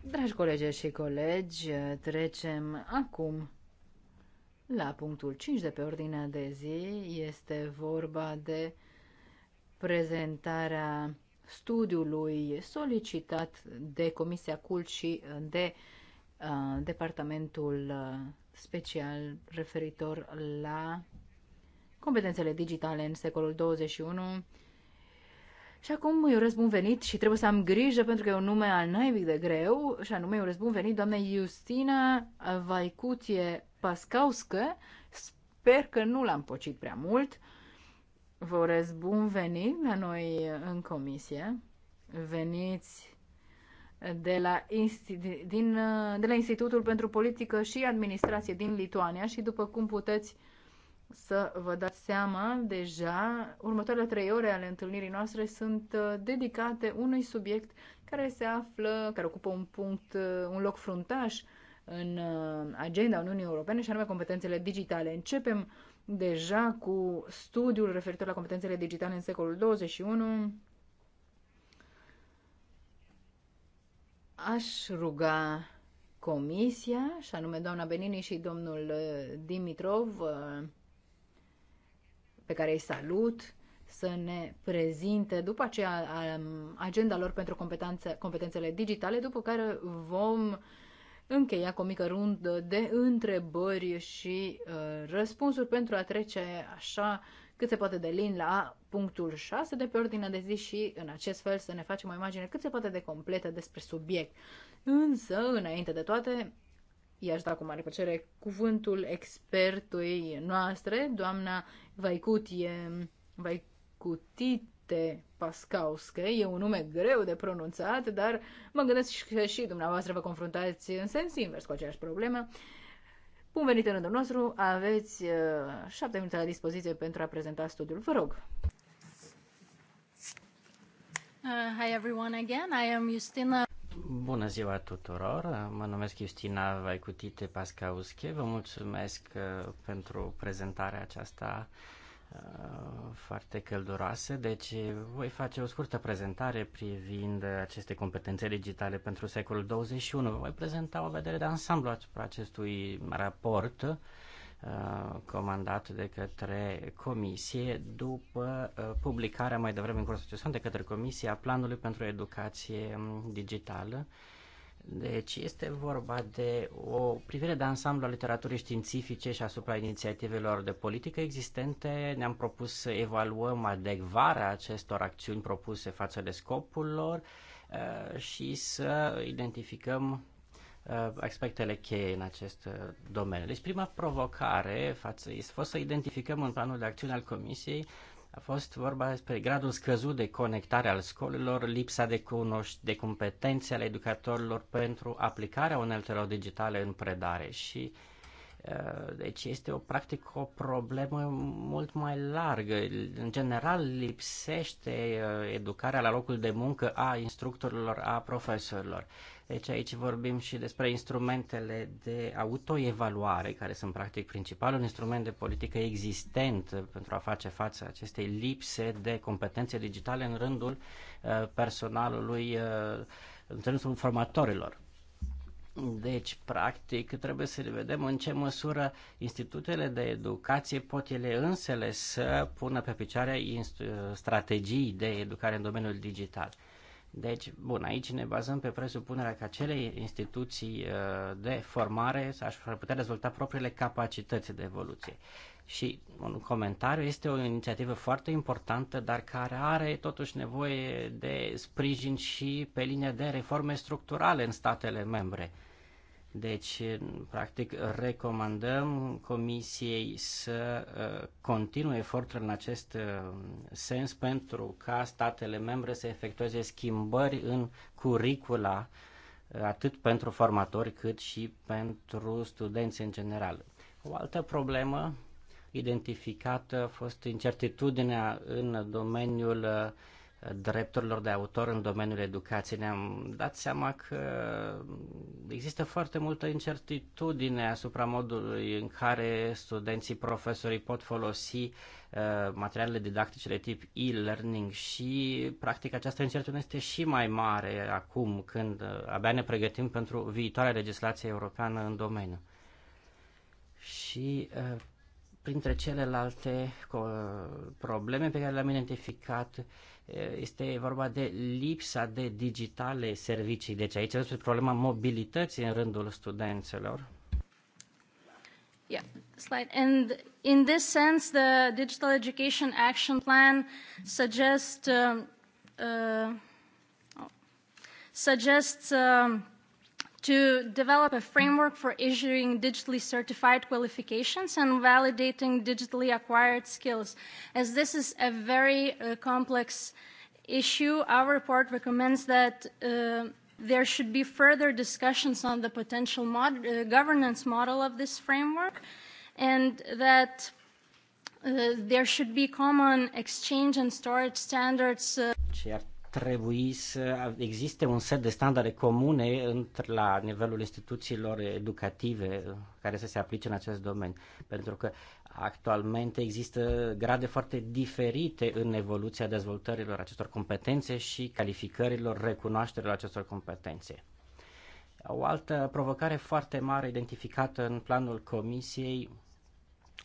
Dragi colegi și colegi, trecem acum la punctul 5 de pe ordinea de zi. Este vorba de prezentarea studiului solicitat de Comisia Cult și de uh, Departamentul uh, Special referitor la competențele digitale în secolul 21 și acum eu răspund venit și trebuie să am grijă pentru că e un nume al naibic de greu și anume eu răspund venit doamnei Justina Vaicutie Pascauscă. Sper că nu l-am pocit prea mult. Vă urez bun venit la noi în comisie. Veniți de la, din, de la Institutul pentru Politică și Administrație din Lituania și după cum puteți să vă dați seama, deja următoarele trei ore ale întâlnirii noastre sunt uh, dedicate unui subiect care se află, care ocupă un punct, uh, un loc fruntaș în uh, agenda Uniunii Europene și anume competențele digitale. Începem deja cu studiul referitor la competențele digitale în secolul 21. Aș ruga Comisia, și anume doamna Benini și domnul Dimitrov, pe care îi salut, să ne prezinte după aceea um, agenda lor pentru competențe, competențele digitale, după care vom încheia cu o mică rundă de întrebări și uh, răspunsuri pentru a trece așa cât se poate de lin la punctul 6 de pe ordinea de zi și în acest fel să ne facem o imagine cât se poate de completă despre subiect. Însă, înainte de toate, I-aș da cu mare plăcere cuvântul expertului noastre, doamna Vaicutie, Vaicutite Pascauscă. E un nume greu de pronunțat, dar mă gândesc că și dumneavoastră vă confruntați în sens invers cu aceeași problemă. Bun venit în rândul nostru, aveți uh, șapte minute la dispoziție pentru a prezenta studiul. Vă rog! Uh, hi everyone again, I am Justina. Bună ziua tuturor, mă numesc Iustina Vaicutite Pascausche, vă mulțumesc uh, pentru prezentarea aceasta uh, foarte călduroasă, deci voi face o scurtă prezentare privind aceste competențe digitale pentru secolul 21. Voi prezenta o vedere de ansamblu asupra acestui raport Uh, comandat de către comisie după uh, publicarea mai devreme în cursul de către comisie a planului pentru educație digitală. Deci este vorba de o privire de ansamblu a literaturii științifice și asupra inițiativelor de politică existente. Ne-am propus să evaluăm adecvarea acestor acțiuni propuse față de scopul lor uh, și să identificăm Uh, aspectele cheie în acest uh, domeniu. Deci prima provocare față, a fost să identificăm în planul de acțiune al Comisiei a fost vorba despre gradul scăzut de conectare al școlilor, lipsa de, cunoști, de competențe ale educatorilor pentru aplicarea uneltelor digitale în predare și uh, deci este o practic o problemă mult mai largă. În general lipsește educarea la locul de muncă a instructorilor, a profesorilor. Deci aici vorbim și despre instrumentele de autoevaluare, care sunt practic principalul instrument de politică existent pentru a face față acestei lipse de competențe digitale în rândul uh, personalului, uh, în rândul formatorilor. Deci, practic, trebuie să vedem în ce măsură institutele de educație pot ele însele să pună pe picioare strategii de educare în domeniul digital. Deci, bun, aici ne bazăm pe presupunerea că acele instituții uh, de formare ar putea dezvolta propriile capacități de evoluție. Și un comentariu este o inițiativă foarte importantă, dar care are totuși nevoie de sprijin și pe linia de reforme structurale în statele membre. Deci, practic, recomandăm Comisiei să uh, continue efortul în acest uh, sens pentru ca statele membre să efectueze schimbări în curicula uh, atât pentru formatori cât și pentru studenți în general. O altă problemă identificată a fost incertitudinea în domeniul drepturilor de autor în domeniul educației, ne-am dat seama că există foarte multă incertitudine asupra modului în care studenții, profesorii pot folosi uh, materialele didactice de tip e-learning și practic această incertitudine este și mai mare acum când uh, abia ne pregătim pentru viitoarea legislație europeană în domeniu. Și uh, printre celelalte probleme pe care le-am identificat este vorba de lipsa de digitale servicii. Deci aici este problema mobilității în rândul studenților. Yeah, slide. And in this sense, the Digital Education Action Plan suggests um, uh, uh, suggests um, to develop a framework for issuing digitally certified qualifications and validating digitally acquired skills. As this is a very uh, complex issue, our report recommends that uh, there should be further discussions on the potential mod uh, governance model of this framework and that uh, there should be common exchange and storage standards. Uh trebui să existe un set de standarde comune între, la nivelul instituțiilor educative care să se aplice în acest domeniu. Pentru că actualmente există grade foarte diferite în evoluția dezvoltărilor acestor competențe și calificărilor, recunoașterilor acestor competențe. O altă provocare foarte mare identificată în planul Comisiei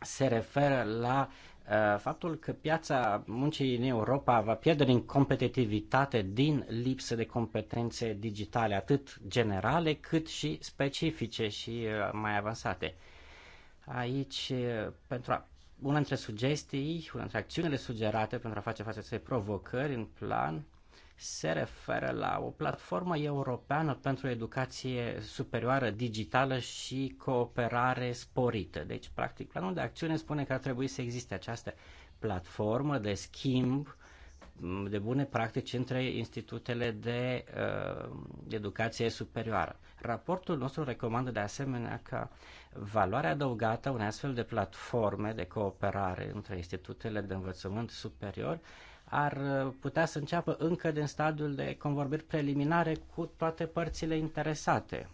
se referă la Uh, faptul că piața muncii în Europa va pierde din competitivitate din lipsă de competențe digitale, atât generale cât și specifice și uh, mai avansate. Aici, uh, pentru a, una dintre sugestii, una dintre acțiunile sugerate pentru a face față acestei provocări în plan se referă la o platformă europeană pentru educație superioară digitală și cooperare sporită. Deci, practic, planul de acțiune spune că ar trebui să existe această platformă de schimb de bune practici între institutele de uh, educație superioară. Raportul nostru recomandă de asemenea ca valoarea adăugată unei astfel de platforme de cooperare între institutele de învățământ superior uh, ar uh, putea să înceapă încă din stadiul de convorbiri preliminare cu toate părțile interesate.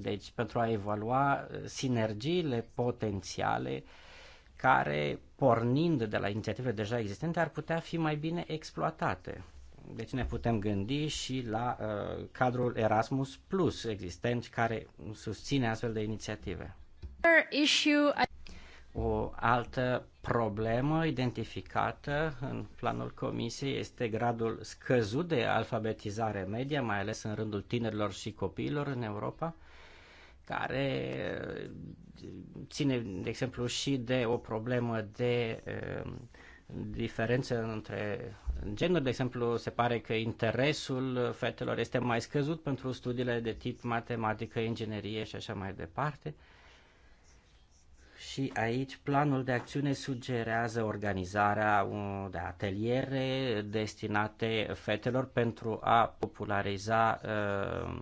Deci pentru a evalua uh, sinergiile potențiale care, pornind de la inițiative deja existente, ar putea fi mai bine exploatate. Deci ne putem gândi și la uh, cadrul Erasmus Plus existent care susține astfel de inițiative. O altă problemă identificată în planul comisiei este gradul scăzut de alfabetizare media, mai ales în rândul tinerilor și copiilor în Europa, care ține, de exemplu, și de o problemă de ehm, diferență între genuri. De exemplu, se pare că interesul fetelor este mai scăzut pentru studiile de tip matematică, inginerie și așa mai departe și aici planul de acțiune sugerează organizarea de ateliere destinate fetelor pentru a populariza ă,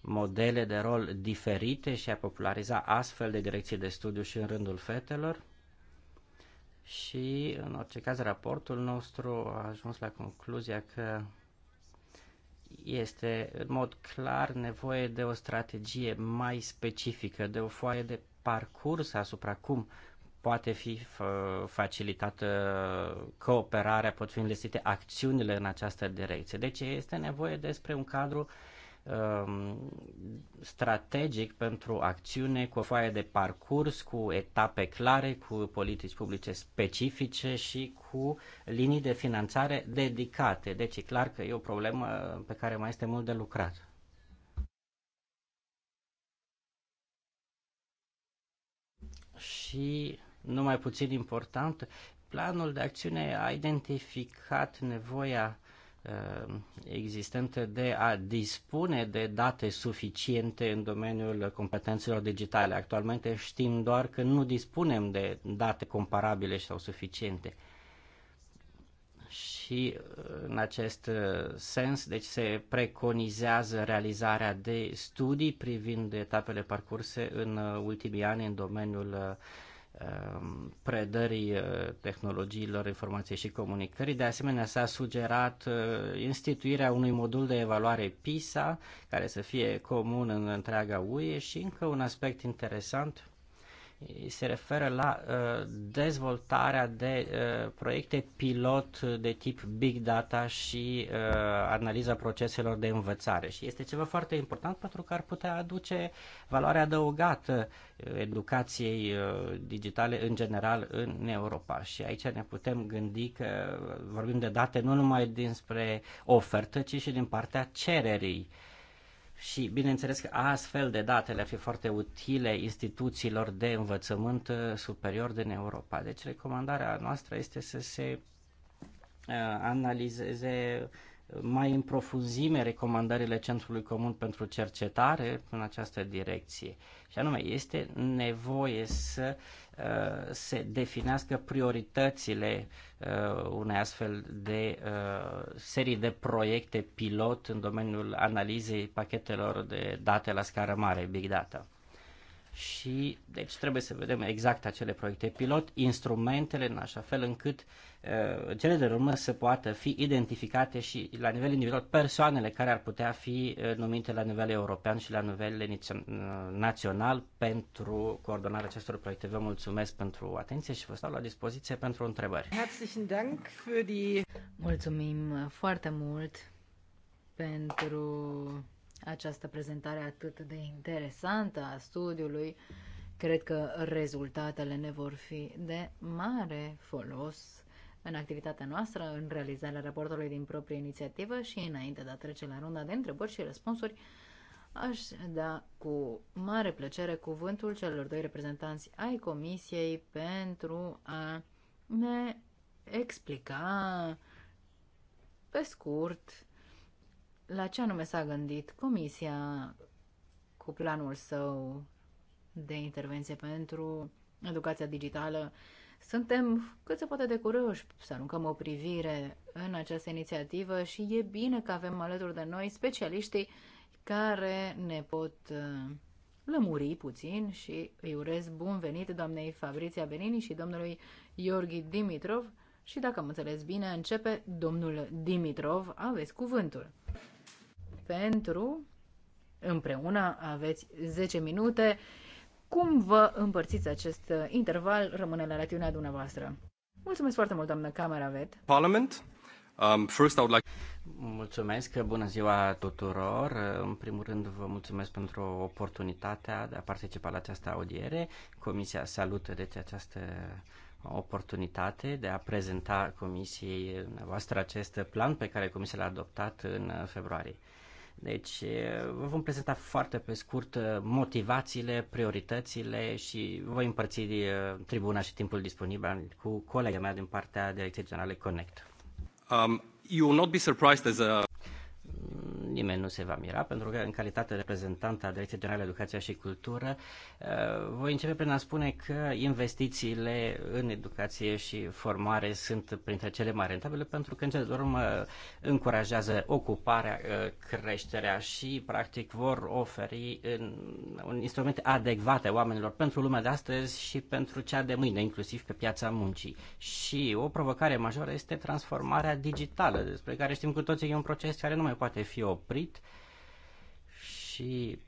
modele de rol diferite și a populariza astfel de direcții de studiu și în rândul fetelor. Și, în orice caz, raportul nostru a ajuns la concluzia că este în mod clar nevoie de o strategie mai specifică, de o foaie de parcurs asupra cum poate fi facilitată cooperarea, pot fi înlesite acțiunile în această direcție. Deci este nevoie despre un cadru um, strategic pentru acțiune cu o foaie de parcurs, cu etape clare, cu politici publice specifice și cu linii de finanțare dedicate. Deci e clar că e o problemă pe care mai este mult de lucrat. și, nu mai puțin important, planul de acțiune a identificat nevoia uh, existentă de a dispune de date suficiente în domeniul competențelor digitale. Actualmente știm doar că nu dispunem de date comparabile sau suficiente și în acest uh, sens, deci se preconizează realizarea de studii privind etapele parcurse în uh, ultimii ani în domeniul uh, um, predării tehnologiilor informației și comunicării. De asemenea, s-a sugerat instituirea unui modul de evaluare PISA, care să fie comun în întreaga UE și încă un aspect interesant se referă la uh, dezvoltarea de uh, proiecte pilot de tip big data și uh, analiza proceselor de învățare. Și este ceva foarte important pentru că ar putea aduce valoare adăugată educației digitale în general în Europa. Și aici ne putem gândi că vorbim de date nu numai dinspre ofertă, ci și din partea cererii și bineînțeles că astfel de date le-ar fi foarte utile instituțiilor de învățământ uh, superior din Europa. Deci recomandarea noastră este să se uh, analizeze mai în profunzime recomandările Centrului Comun pentru Cercetare în această direcție. Și anume, este nevoie să Uh, se definească prioritățile uh, unei astfel de uh, serii de proiecte pilot în domeniul analizei pachetelor de date la scară mare, Big Data și deci trebuie să vedem exact acele proiecte pilot, instrumentele în așa fel încât uh, cele de urmă să poată fi identificate și la nivel individual persoanele care ar putea fi uh, numite la nivel european și la nivel național pentru coordonarea acestor proiecte. Vă mulțumesc pentru atenție și vă stau la dispoziție pentru întrebări. Mulțumim foarte mult pentru această prezentare atât de interesantă a studiului. Cred că rezultatele ne vor fi de mare folos în activitatea noastră, în realizarea raportului din proprie inițiativă și înainte de a trece la runda de întrebări și răspunsuri, aș da cu mare plăcere cuvântul celor doi reprezentanți ai Comisiei pentru a ne explica pe scurt la ce anume s-a gândit Comisia cu planul său de intervenție pentru educația digitală. Suntem cât se poate de curioși să aruncăm o privire în această inițiativă și e bine că avem alături de noi specialiștii care ne pot uh, lămuri puțin și îi urez bun venit doamnei Fabriția Benini și domnului Iorghi Dimitrov și dacă am înțeles bine, începe domnul Dimitrov, aveți cuvântul pentru. Împreună aveți 10 minute. Cum vă împărțiți acest uh, interval rămâne la latiunea dumneavoastră. Mulțumesc foarte mult, doamnă Cameravet. Parliament. Um, first, I would like... Mulțumesc, bună ziua tuturor. În primul rând vă mulțumesc pentru oportunitatea de a participa la această audiere. Comisia salută deci această oportunitate de a prezenta Comisiei noastre acest plan pe care Comisia l-a adoptat în februarie. Deci vă vom prezenta foarte pe scurt motivațiile, prioritățile și voi împărți tribuna și timpul disponibil cu colega mea din partea Direcției Generale Connect. Um, you will not be surprised as a nimeni nu se va mira, pentru că în calitate de reprezentant a Direcției Generale Educația și Cultură, uh, voi începe prin a spune că investițiile în educație și formare sunt printre cele mai rentabile, pentru că în cele urmă încurajează ocuparea, uh, creșterea și practic vor oferi în, un instrument adecvate oamenilor pentru lumea de astăzi și pentru cea de mâine, inclusiv pe piața muncii. Și o provocare majoră este transformarea digitală, despre care știm cu toții e un proces care nu mai poate poate fi oprit și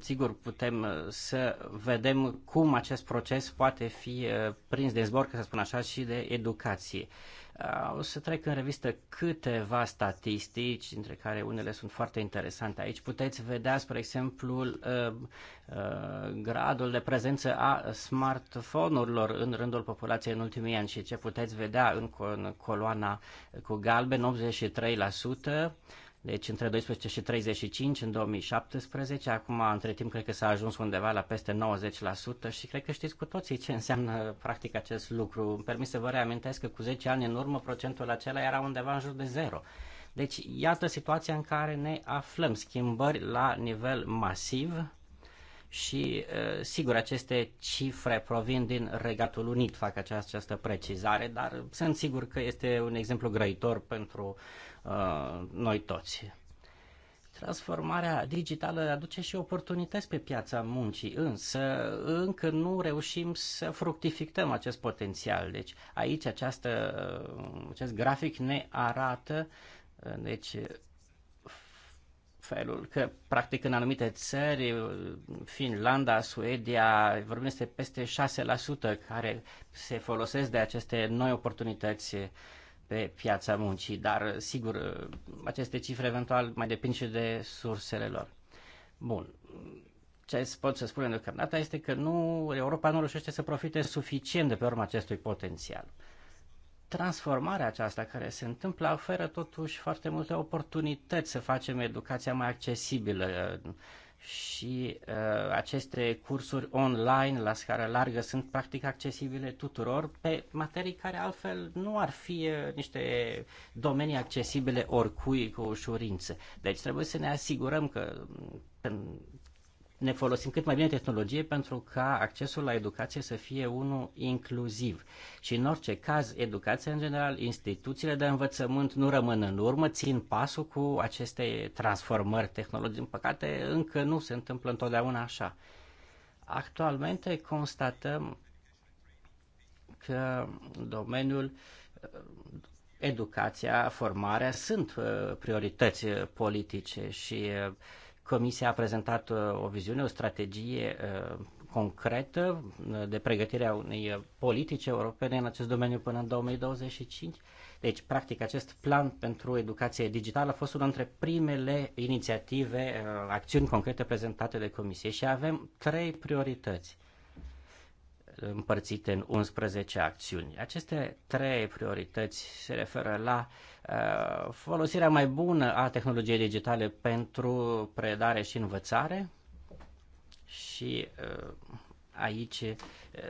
sigur putem să vedem cum acest proces poate fi eh, prins de zbor, ca să spun așa, și de educație. O să trec în revistă câteva statistici, dintre care unele sunt foarte interesante. Aici puteți vedea, spre exemplu, uh, uh, gradul de prezență a smartphone-urilor în rândul populației în ultimii ani și ce puteți vedea în coloana cu galben, 83%, deci între 12 și 35 în 2017. Acum, între timp, cred că s-a ajuns undeva la peste 90% și cred că știți cu toții ce înseamnă practic acest lucru. Îmi permis să vă reamintesc că cu 10 ani în urmă procentul acela era undeva în jur de zero. Deci, iată situația în care ne aflăm. Schimbări la nivel masiv și, uh, sigur, aceste cifre provin din Regatul Unit, fac această, această precizare, dar sunt sigur că este un exemplu grăitor pentru Uh, noi toți. Transformarea digitală aduce și oportunități pe piața muncii, însă încă nu reușim să fructificăm acest potențial. Deci aici această, uh, acest grafic ne arată uh, deci, felul că practic în anumite țări, Finlanda, Suedia, vorbim despre peste 6% care se folosesc de aceste noi oportunități pe piața muncii, dar sigur, aceste cifre eventual mai depind și de sursele lor. Bun. Ce pot să spunem deocamdată este că nu, Europa nu reușește să profite suficient de pe urma acestui potențial. Transformarea aceasta care se întâmplă oferă totuși foarte multe oportunități să facem educația mai accesibilă, și uh, aceste cursuri online la scară largă sunt practic accesibile tuturor pe materii care altfel nu ar fi uh, niște domenii accesibile oricui cu ușurință. Deci trebuie să ne asigurăm că mm, ne folosim cât mai bine tehnologie pentru ca accesul la educație să fie unul inclusiv. Și în orice caz, educația în general, instituțiile de învățământ nu rămân în urmă, țin pasul cu aceste transformări tehnologice. În păcate, încă nu se întâmplă întotdeauna așa. Actualmente constatăm că domeniul educația, formarea sunt uh, priorități uh, politice și uh, Comisia a prezentat uh, o viziune, o strategie uh, concretă uh, de pregătire a unei politici europene în acest domeniu până în 2025. Deci, practic, acest plan pentru educație digitală a fost una dintre primele inițiative, acțiuni concrete prezentate de Comisie și avem trei priorități împărțite în 11 acțiuni. Aceste trei priorități se referă la Uh, folosirea mai bună a tehnologiei digitale pentru predare și învățare și uh, aici uh,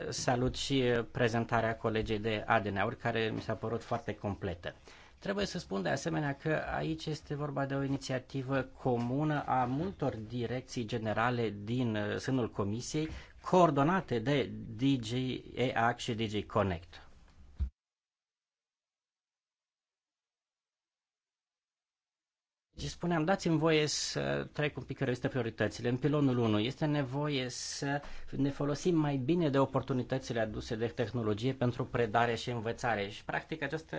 salut și prezentarea colegei de ADN-uri care mi s-a părut foarte completă. Trebuie să spun de asemenea că aici este vorba de o inițiativă comună a multor direcții generale din sânul Comisiei, coordonate de DG EAC și DG Connect. Și spuneam, dați-mi voie să trec un pic care este prioritățile. În pilonul 1 este nevoie să ne folosim mai bine de oportunitățile aduse de tehnologie pentru predare și învățare. Și, practic, aceste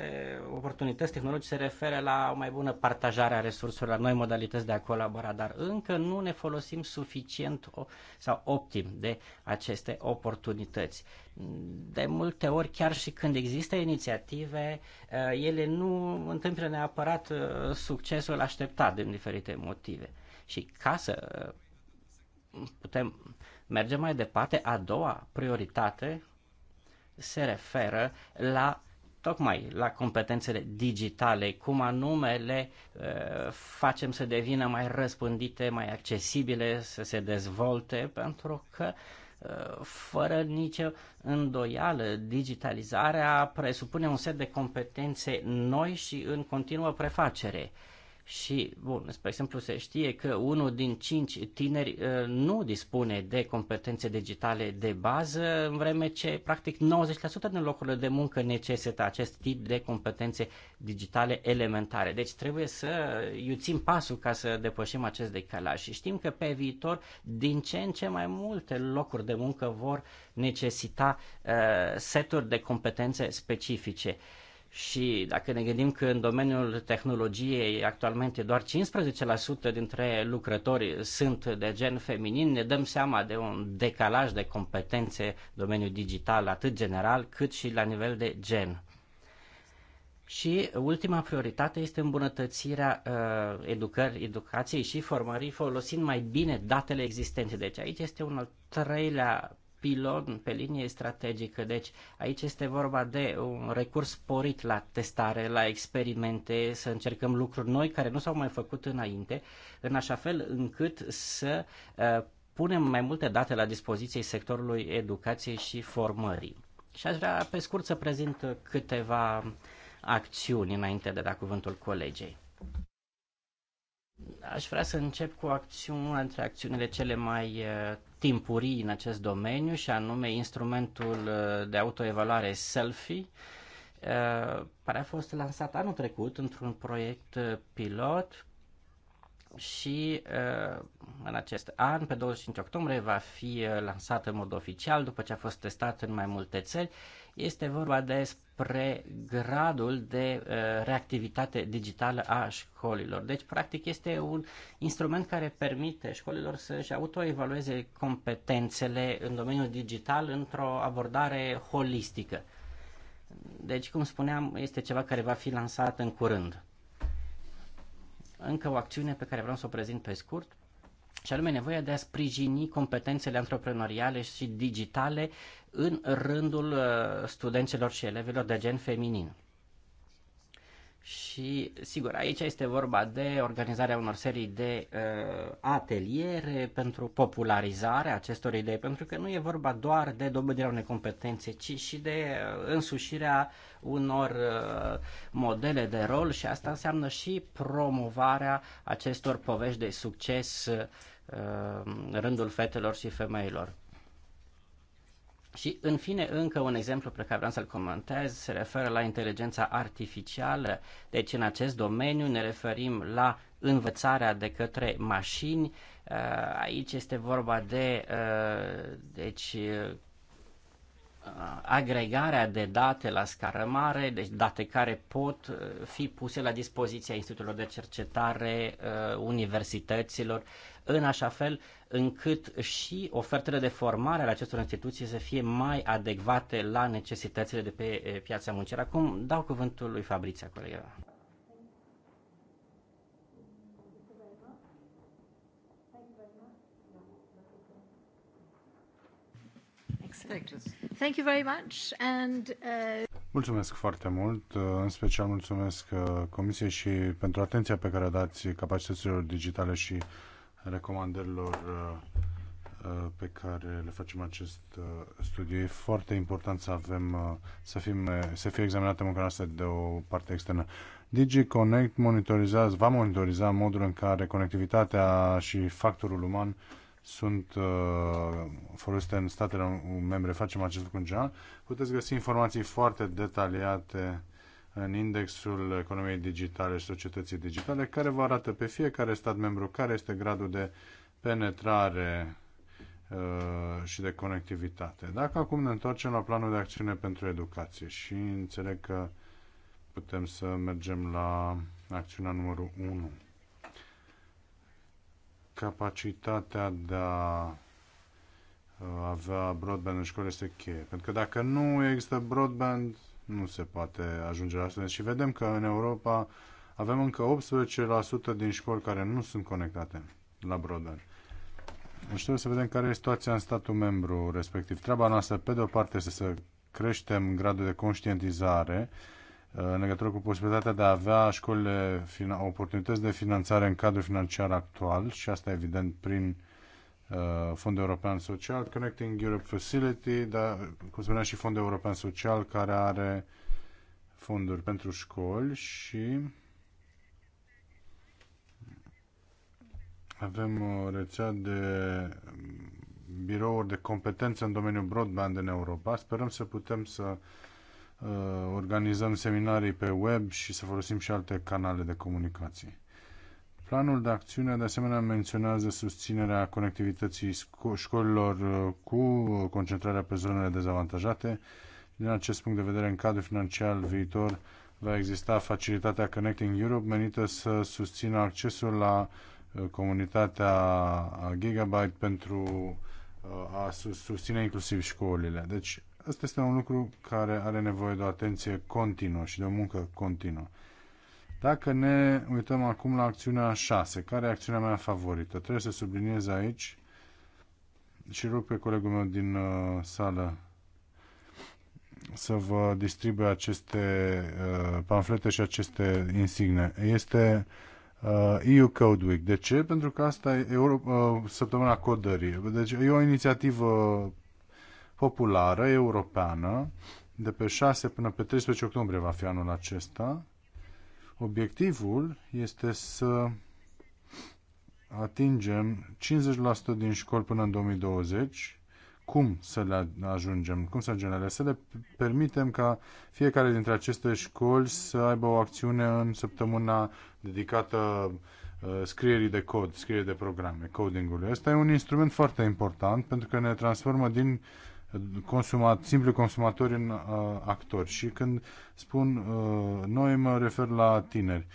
oportunități tehnologice se referă la o mai bună partajare a resurselor, la noi modalități de a colabora, dar încă nu ne folosim suficient sau optim de aceste oportunități de multe ori, chiar și când există inițiative, uh, ele nu întâmplă neapărat uh, succesul așteptat din diferite motive. Și ca să uh, putem merge mai departe, a doua prioritate se referă la tocmai la competențele digitale, cum anume le uh, facem să devină mai răspândite, mai accesibile, să se dezvolte, pentru că uh, fără nicio îndoială, digitalizarea presupune un set de competențe noi și în continuă prefacere. Și, bun, spre exemplu, se știe că unul din cinci tineri uh, nu dispune de competențe digitale de bază, în vreme ce, practic, 90% din locurile de muncă necesită acest tip de competențe digitale elementare. Deci trebuie să iuțim pasul ca să depășim acest decalaj. Și știm că pe viitor, din ce în ce mai multe locuri de muncă vor necesita uh, seturi de competențe specifice. Uh, și dacă ne gândim că în domeniul tehnologiei actualmente doar 15% dintre lucrători sunt de gen feminin, ne dăm seama de un decalaj de competențe în domeniul digital, atât general cât și la nivel de gen. Și ultima prioritate este îmbunătățirea uh, educării, educației și formării folosind mai bine datele existente. Deci aici este un al treilea pilon pe linie strategică. Deci aici este vorba de un recurs sporit la testare, la experimente, să încercăm lucruri noi care nu s-au mai făcut înainte, în așa fel încât să uh, punem mai multe date la dispoziție sectorului educației și formării. Și aș vrea pe scurt să prezint câteva acțiuni înainte de da cuvântul colegei. Aș vrea să încep cu acțiunea una dintre acțiunile cele mai uh, timpurii în acest domeniu și anume instrumentul uh, de autoevaluare Selfie, care uh, a fost lansat anul trecut într-un proiect pilot și în acest an, pe 25 octombrie, va fi lansat în mod oficial după ce a fost testat în mai multe țări este vorba despre gradul de uh, reactivitate digitală a școlilor. Deci, practic, este un instrument care permite școlilor să-și autoevalueze competențele în domeniul digital într-o abordare holistică. Deci, cum spuneam, este ceva care va fi lansat în curând. Încă o acțiune pe care vreau să o prezint pe scurt și anume nevoia de a sprijini competențele antreprenoriale și digitale în rândul uh, studenților și elevilor de gen feminin. Și, sigur, aici este vorba de organizarea unor serii de uh, ateliere pentru popularizarea acestor idei, pentru că nu e vorba doar de dobândirea unei competențe, ci și de uh, însușirea unor uh, modele de rol și asta înseamnă și promovarea acestor povești de succes uh, Uh, rândul fetelor și femeilor. Și, în fine, încă un exemplu pe care vreau să-l comentez se referă la inteligența artificială. Deci, în acest domeniu ne referim la învățarea de către mașini. Uh, aici este vorba de, uh, deci, agregarea de date la scară mare, deci date care pot fi puse la dispoziția institutelor de cercetare, universităților în așa fel încât și ofertele de formare ale acestor instituții să fie mai adecvate la necesitățile de pe piața muncii. Acum dau cuvântul lui Fabriția, colega. Thank you very much and uh... Mulțumesc foarte mult, în special mulțumesc uh, Comisiei și pentru atenția pe care dați capacităților digitale și recomandărilor uh, uh, pe care le facem acest uh, studiu. E foarte important să avem, să, fim, să fie examinată mâncarea asta de o parte externă. DigiConnect monitorizează, va monitoriza modul în care conectivitatea și factorul uman sunt uh, folosite în statele membre. Facem acest lucru în general. Puteți găsi informații foarte detaliate în indexul economiei digitale și societății digitale, care vă arată pe fiecare stat membru care este gradul de penetrare uh, și de conectivitate. Dacă acum ne întoarcem la planul de acțiune pentru educație și înțeleg că putem să mergem la acțiunea numărul 1. Capacitatea de a uh, avea broadband în școli este cheie. Pentru că dacă nu există broadband, nu se poate ajunge la asta. Deci, și vedem că în Europa avem încă 18% din școli care nu sunt conectate la broadband. Deci trebuie să vedem care e situația în statul membru respectiv. Treaba noastră, pe de o parte, este să creștem gradul de conștientizare uh, în legătură cu posibilitatea de a avea școlile oportunități de finanțare în cadrul financiar actual și asta evident prin Uh, Fondul European Social, Connecting Europe Facility, dar, cum spuneam, și Fondul European Social, care are fonduri pentru școli și avem o rețea de birouri de competență în domeniul broadband în Europa. Sperăm să putem să uh, organizăm seminarii pe web și să folosim și alte canale de comunicații. Planul de acțiune, de asemenea, menționează susținerea conectivității școlilor uh, cu concentrarea pe zonele dezavantajate. Din acest punct de vedere, în cadrul financiar viitor va exista facilitatea Connecting Europe menită să susțină accesul la uh, comunitatea Gigabyte pentru uh, a susține inclusiv școlile. Deci, asta este un lucru care are nevoie de o atenție continuă și de o muncă continuă. Dacă ne uităm acum la acțiunea 6, care e acțiunea mea favorită? Trebuie să subliniez aici și rog pe colegul meu din uh, sală să vă distribuie aceste uh, pamflete și aceste insigne. Este uh, EU Code Week. De ce? Pentru că asta e Euro- uh, săptămâna codării. Deci e o inițiativă populară, europeană, de pe 6 până pe 13 octombrie va fi anul acesta Obiectivul este să atingem 50% din școli până în 2020. Cum să le ajungem? Cum să ajungem Să le permitem ca fiecare dintre aceste școli să aibă o acțiune în săptămâna dedicată uh, scrierii de cod, scrierii de programe, codingului. Asta e un instrument foarte important pentru că ne transformă din consumat, simpli consumatori în uh, actori. Și când spun uh, noi, mă refer la tineri.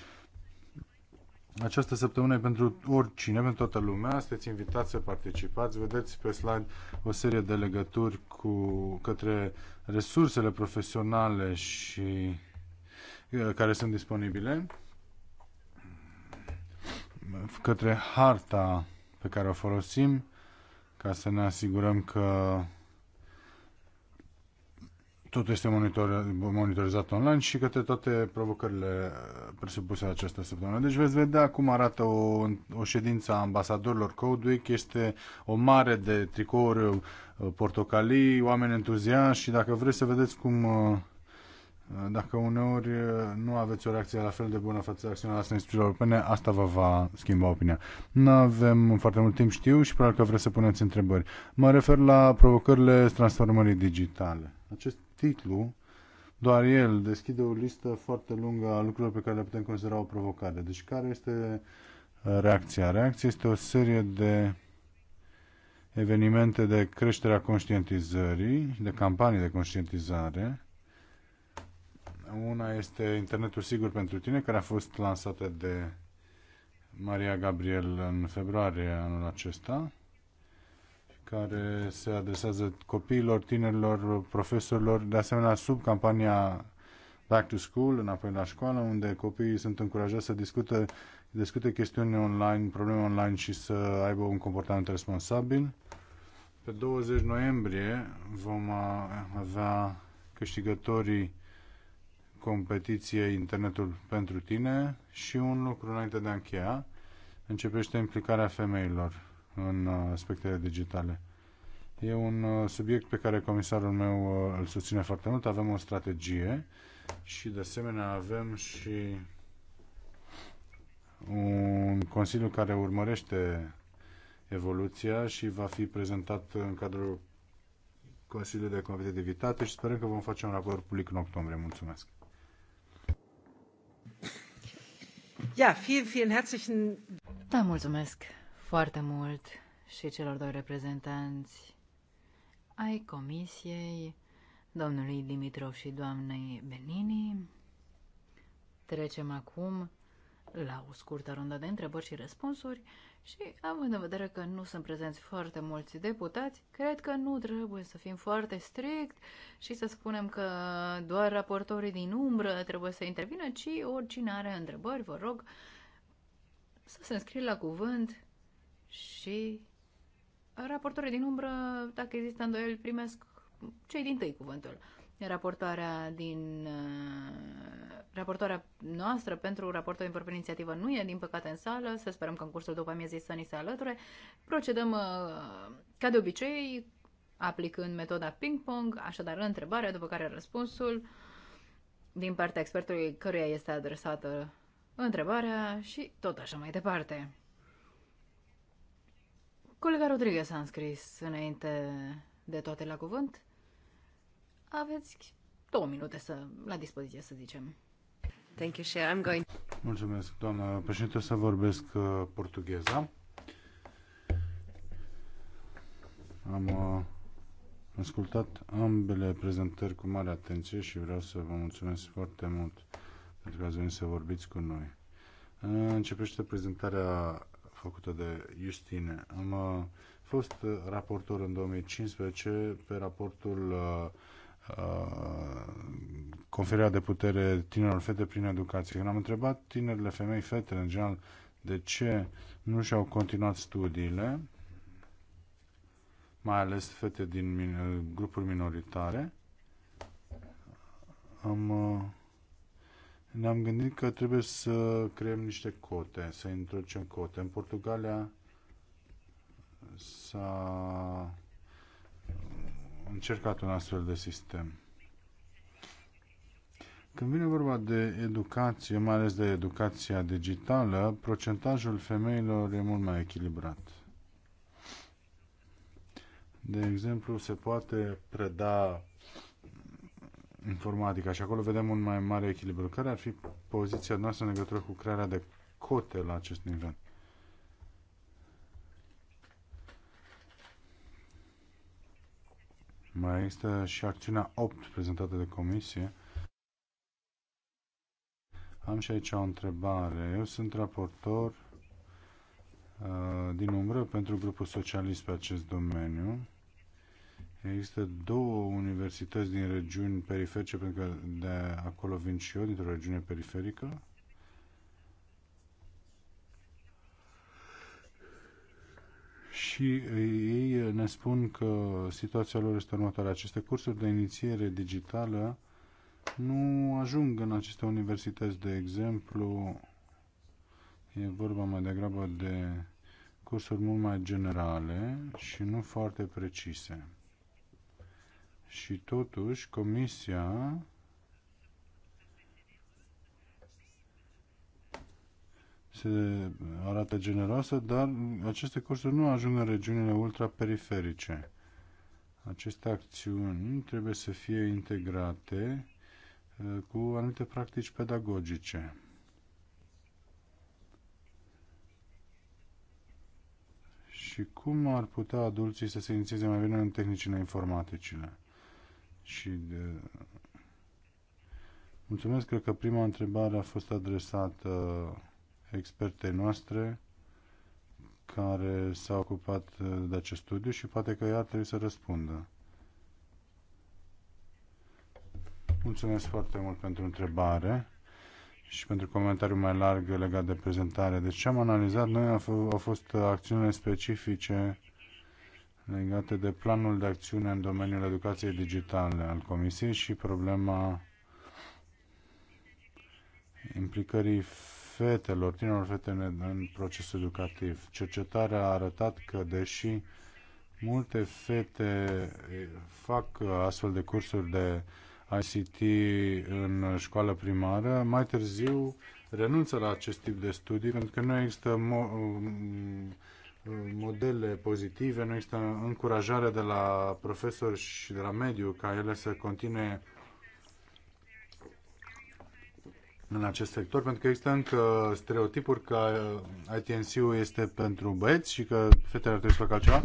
Această săptămână e pentru oricine, pentru toată lumea. Sunteți invitați să participați. Vedeți pe slide o serie de legături cu, către resursele profesionale și uh, care sunt disponibile către harta pe care o folosim ca să ne asigurăm că totul este monitorizat online și către toate provocările presupuse această săptămână. Deci veți vedea cum arată o, o ședință a ambasadorilor Code Week. Este o mare de tricouri uh, portocalii, oameni entuziaști și dacă vreți să vedeți cum uh, dacă uneori uh, nu aveți o reacție la fel de bună față de acțiunea noastră instituțiilor europene, asta vă va schimba opinia. Nu avem foarte mult timp, știu, și probabil că vreți să puneți întrebări. Mă refer la provocările transformării digitale. Acest titlu, doar el deschide o listă foarte lungă a lucrurilor pe care le putem considera o provocare. Deci care este uh, reacția? Reacția este o serie de evenimente de creștere a conștientizării, de campanii de conștientizare. Una este Internetul Sigur pentru Tine, care a fost lansată de Maria Gabriel în februarie anul acesta care se adresează copiilor, tinerilor, profesorilor, de asemenea sub campania Back to School, înapoi la școală, unde copiii sunt încurajați să discute, discute chestiuni online, probleme online și să aibă un comportament responsabil. Pe 20 noiembrie vom avea câștigătorii competiției Internetul pentru tine și un lucru înainte de a încheia, începește implicarea femeilor în uh, aspectele digitale. E un uh, subiect pe care comisarul meu uh, îl susține foarte mult. Avem o strategie și de asemenea avem și un consiliu care urmărește evoluția și va fi prezentat în cadrul Consiliului de Competitivitate și sperăm că vom face un raport public în octombrie. Mulțumesc! Ja, vielen, vielen herzlichen... Da, mulțumesc foarte mult și celor doi reprezentanți ai comisiei, domnului Dimitrov și doamnei Benini. Trecem acum la o scurtă rundă de întrebări și răspunsuri și, având în vedere că nu sunt prezenți foarte mulți deputați, cred că nu trebuie să fim foarte strict și să spunem că doar raportorii din umbră trebuie să intervină, ci oricine are întrebări, vă rog, să se înscrie la cuvânt și raportorii din umbră, dacă există îndoieli, primesc cei din tăi cuvântul. Raportoarea din uh, raportoarea noastră pentru raportul pentru inițiativă nu e, din păcate, în sală. Să sperăm că în cursul după amiezii să ni se alăture. Procedăm uh, ca de obicei, aplicând metoda ping-pong, așadar întrebarea, după care răspunsul din partea expertului căruia este adresată întrebarea și tot așa mai departe. Colega Rodriguez a înscris înainte de toate la cuvânt. Aveți două minute să, la dispoziție, să zicem. Thank you, Cher. I'm going... Mulțumesc, doamnă președinte, să vorbesc uh, portugheza. Am uh, ascultat ambele prezentări cu mare atenție și vreau să vă mulțumesc foarte mult pentru că ați venit să vorbiți cu noi. Începește prezentarea făcută de Justine. Am uh, fost uh, raportor în 2015 pe raportul uh, conferirea de putere tinerilor fete prin educație. Când am întrebat tinerile femei, fetele în general, de ce nu și-au continuat studiile, mai ales fete din grupuri minoritare, am ne-am gândit că trebuie să creăm niște cote, să introducem cote. În Portugalia s-a încercat un astfel de sistem. Când vine vorba de educație, mai ales de educația digitală, procentajul femeilor e mult mai echilibrat. De exemplu, se poate preda informatica și acolo vedem un mai mare echilibru. Care ar fi poziția noastră în legătură cu crearea de cote la acest nivel? Mai există și acțiunea 8 prezentată de comisie. Am și aici o întrebare. Eu sunt raportor uh, din umbră pentru grupul socialist pe acest domeniu. Există două universități din regiuni periferice, pentru că de acolo vin și eu, dintr-o regiune periferică. Și ei ne spun că situația lor este următoare. Aceste cursuri de inițiere digitală nu ajung în aceste universități, de exemplu, e vorba mai degrabă de cursuri mult mai generale și nu foarte precise și totuși Comisia se arată generoasă, dar aceste cursuri nu ajung în regiunile ultraperiferice. Aceste acțiuni trebuie să fie integrate uh, cu anumite practici pedagogice. Și cum ar putea adulții să se inițieze mai bine în tehnicile informaticile? și de... Mulțumesc, cred că prima întrebare a fost adresată expertei noastre care s-a ocupat uh, de acest studiu și poate că ea trebuie să răspundă. Mulțumesc foarte mult pentru întrebare și pentru comentariul mai larg legat de prezentare. Deci ce am analizat noi au fost acțiunile specifice legate de planul de acțiune în domeniul educației digitale al Comisiei și problema implicării fetelor, tinerilor fete în procesul educativ. Cercetarea a arătat că, deși multe fete fac astfel de cursuri de ICT în școală primară, mai târziu renunță la acest tip de studii pentru că nu există modele pozitive, nu există încurajare de la profesori și de la mediu ca ele să continue în acest sector, pentru că există încă stereotipuri că ITNC-ul este pentru băieți și că fetele ar trebui să facă altceva.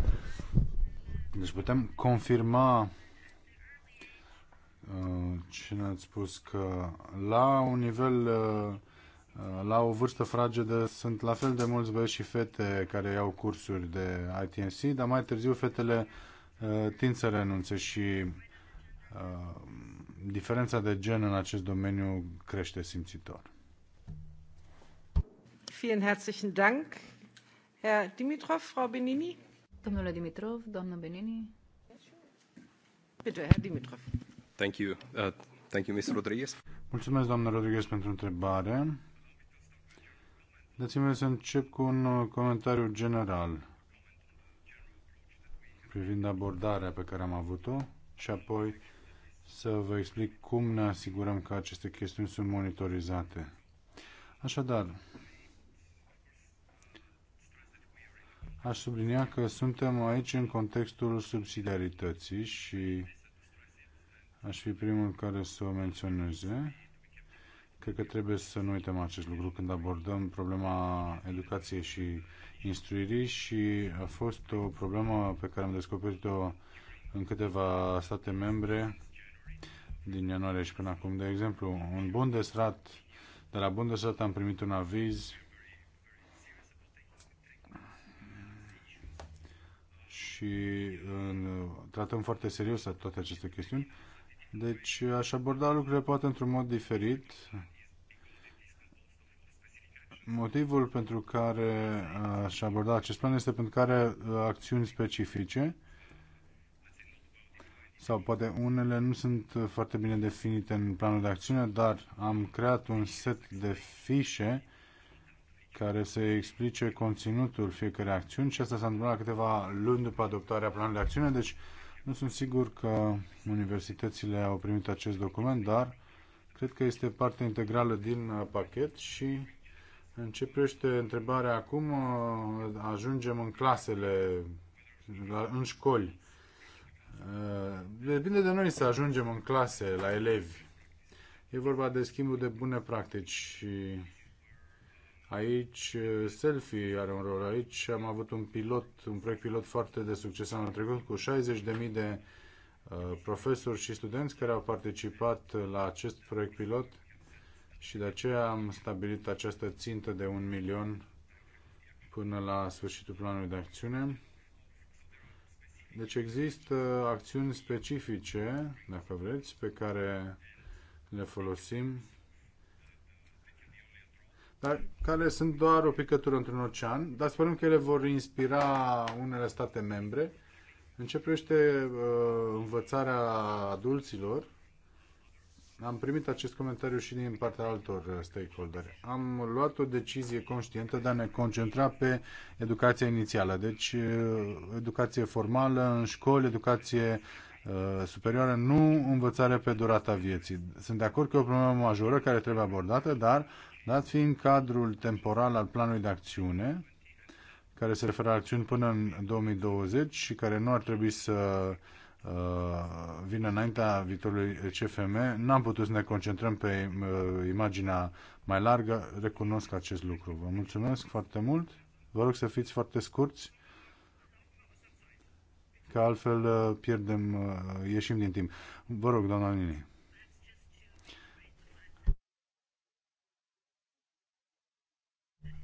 Deci putem confirma uh, ce ne-ați spus că la un nivel uh, Uh, la o vârstă fragedă sunt la fel de mulți băieți și fete care iau cursuri de ITNC, dar mai târziu fetele uh, tind să renunțe și uh, diferența de gen în acest domeniu crește simțitor. Vielen herzlichen Dank. Herr Dimitrov, Frau Benini. Domnule Dimitrov, doamnă Benini. Bitte, Herr Dimitrov. Thank you. Uh, thank you, Mr. Rodriguez. Mulțumesc, doamnă Rodriguez, pentru întrebare. Dați-mi să încep cu un uh, comentariu general privind abordarea pe care am avut-o și apoi să vă explic cum ne asigurăm că aceste chestiuni sunt monitorizate. Așadar, aș sublinia că suntem aici în contextul subsidiarității și aș fi primul care să o menționeze. Cred că trebuie să nu uităm acest lucru când abordăm problema educației și instruirii și a fost o problemă pe care am descoperit-o în câteva state membre din ianuarie și până acum. De exemplu, un Bundesrat, de la Bundesrat am primit un aviz și în, tratăm foarte serios toate aceste chestiuni deci aș aborda lucrurile poate într-un mod diferit. Motivul pentru care aș aborda acest plan este pentru care uh, acțiuni specifice sau poate unele nu sunt foarte bine definite în planul de acțiune, dar am creat un set de fișe care să explice conținutul fiecărei acțiuni și asta s-a întâmplat câteva luni după adoptarea planului de acțiune, deci nu sunt sigur că universitățile au primit acest document, dar cred că este parte integrală din uh, pachet și începește întrebarea acum uh, ajungem în clasele, în școli. Uh, depinde de noi să ajungem în clase, la elevi. E vorba de schimbul de bune practici și Aici eh, selfie are un rol. Aici am avut un pilot, un proiect pilot foarte de succes anul trecut cu 60.000 de eh, profesori și studenți care au participat la acest proiect pilot și de aceea am stabilit această țintă de un milion până la sfârșitul planului de acțiune. Deci există acțiuni specifice, dacă vreți, pe care le folosim dar care sunt doar o picătură într-un ocean, dar sperăm că ele vor inspira unele state membre. Începește uh, învățarea adulților. Am primit acest comentariu și din partea altor uh, stakeholder. Am luat o decizie conștientă de a ne concentra pe educația inițială, deci uh, educație formală în școli, educație uh, superioară, nu învățare pe durata vieții. Sunt de acord că e o problemă majoră care trebuie abordată, dar Dat fiind cadrul temporal al planului de acțiune, care se referă la acțiuni până în 2020 și care nu ar trebui să uh, vină înaintea viitorului CFM, n-am putut să ne concentrăm pe uh, imaginea mai largă. Recunosc acest lucru. Vă mulțumesc foarte mult. Vă rog să fiți foarte scurți, că altfel uh, pierdem, uh, ieșim din timp. Vă rog, doamna Nini.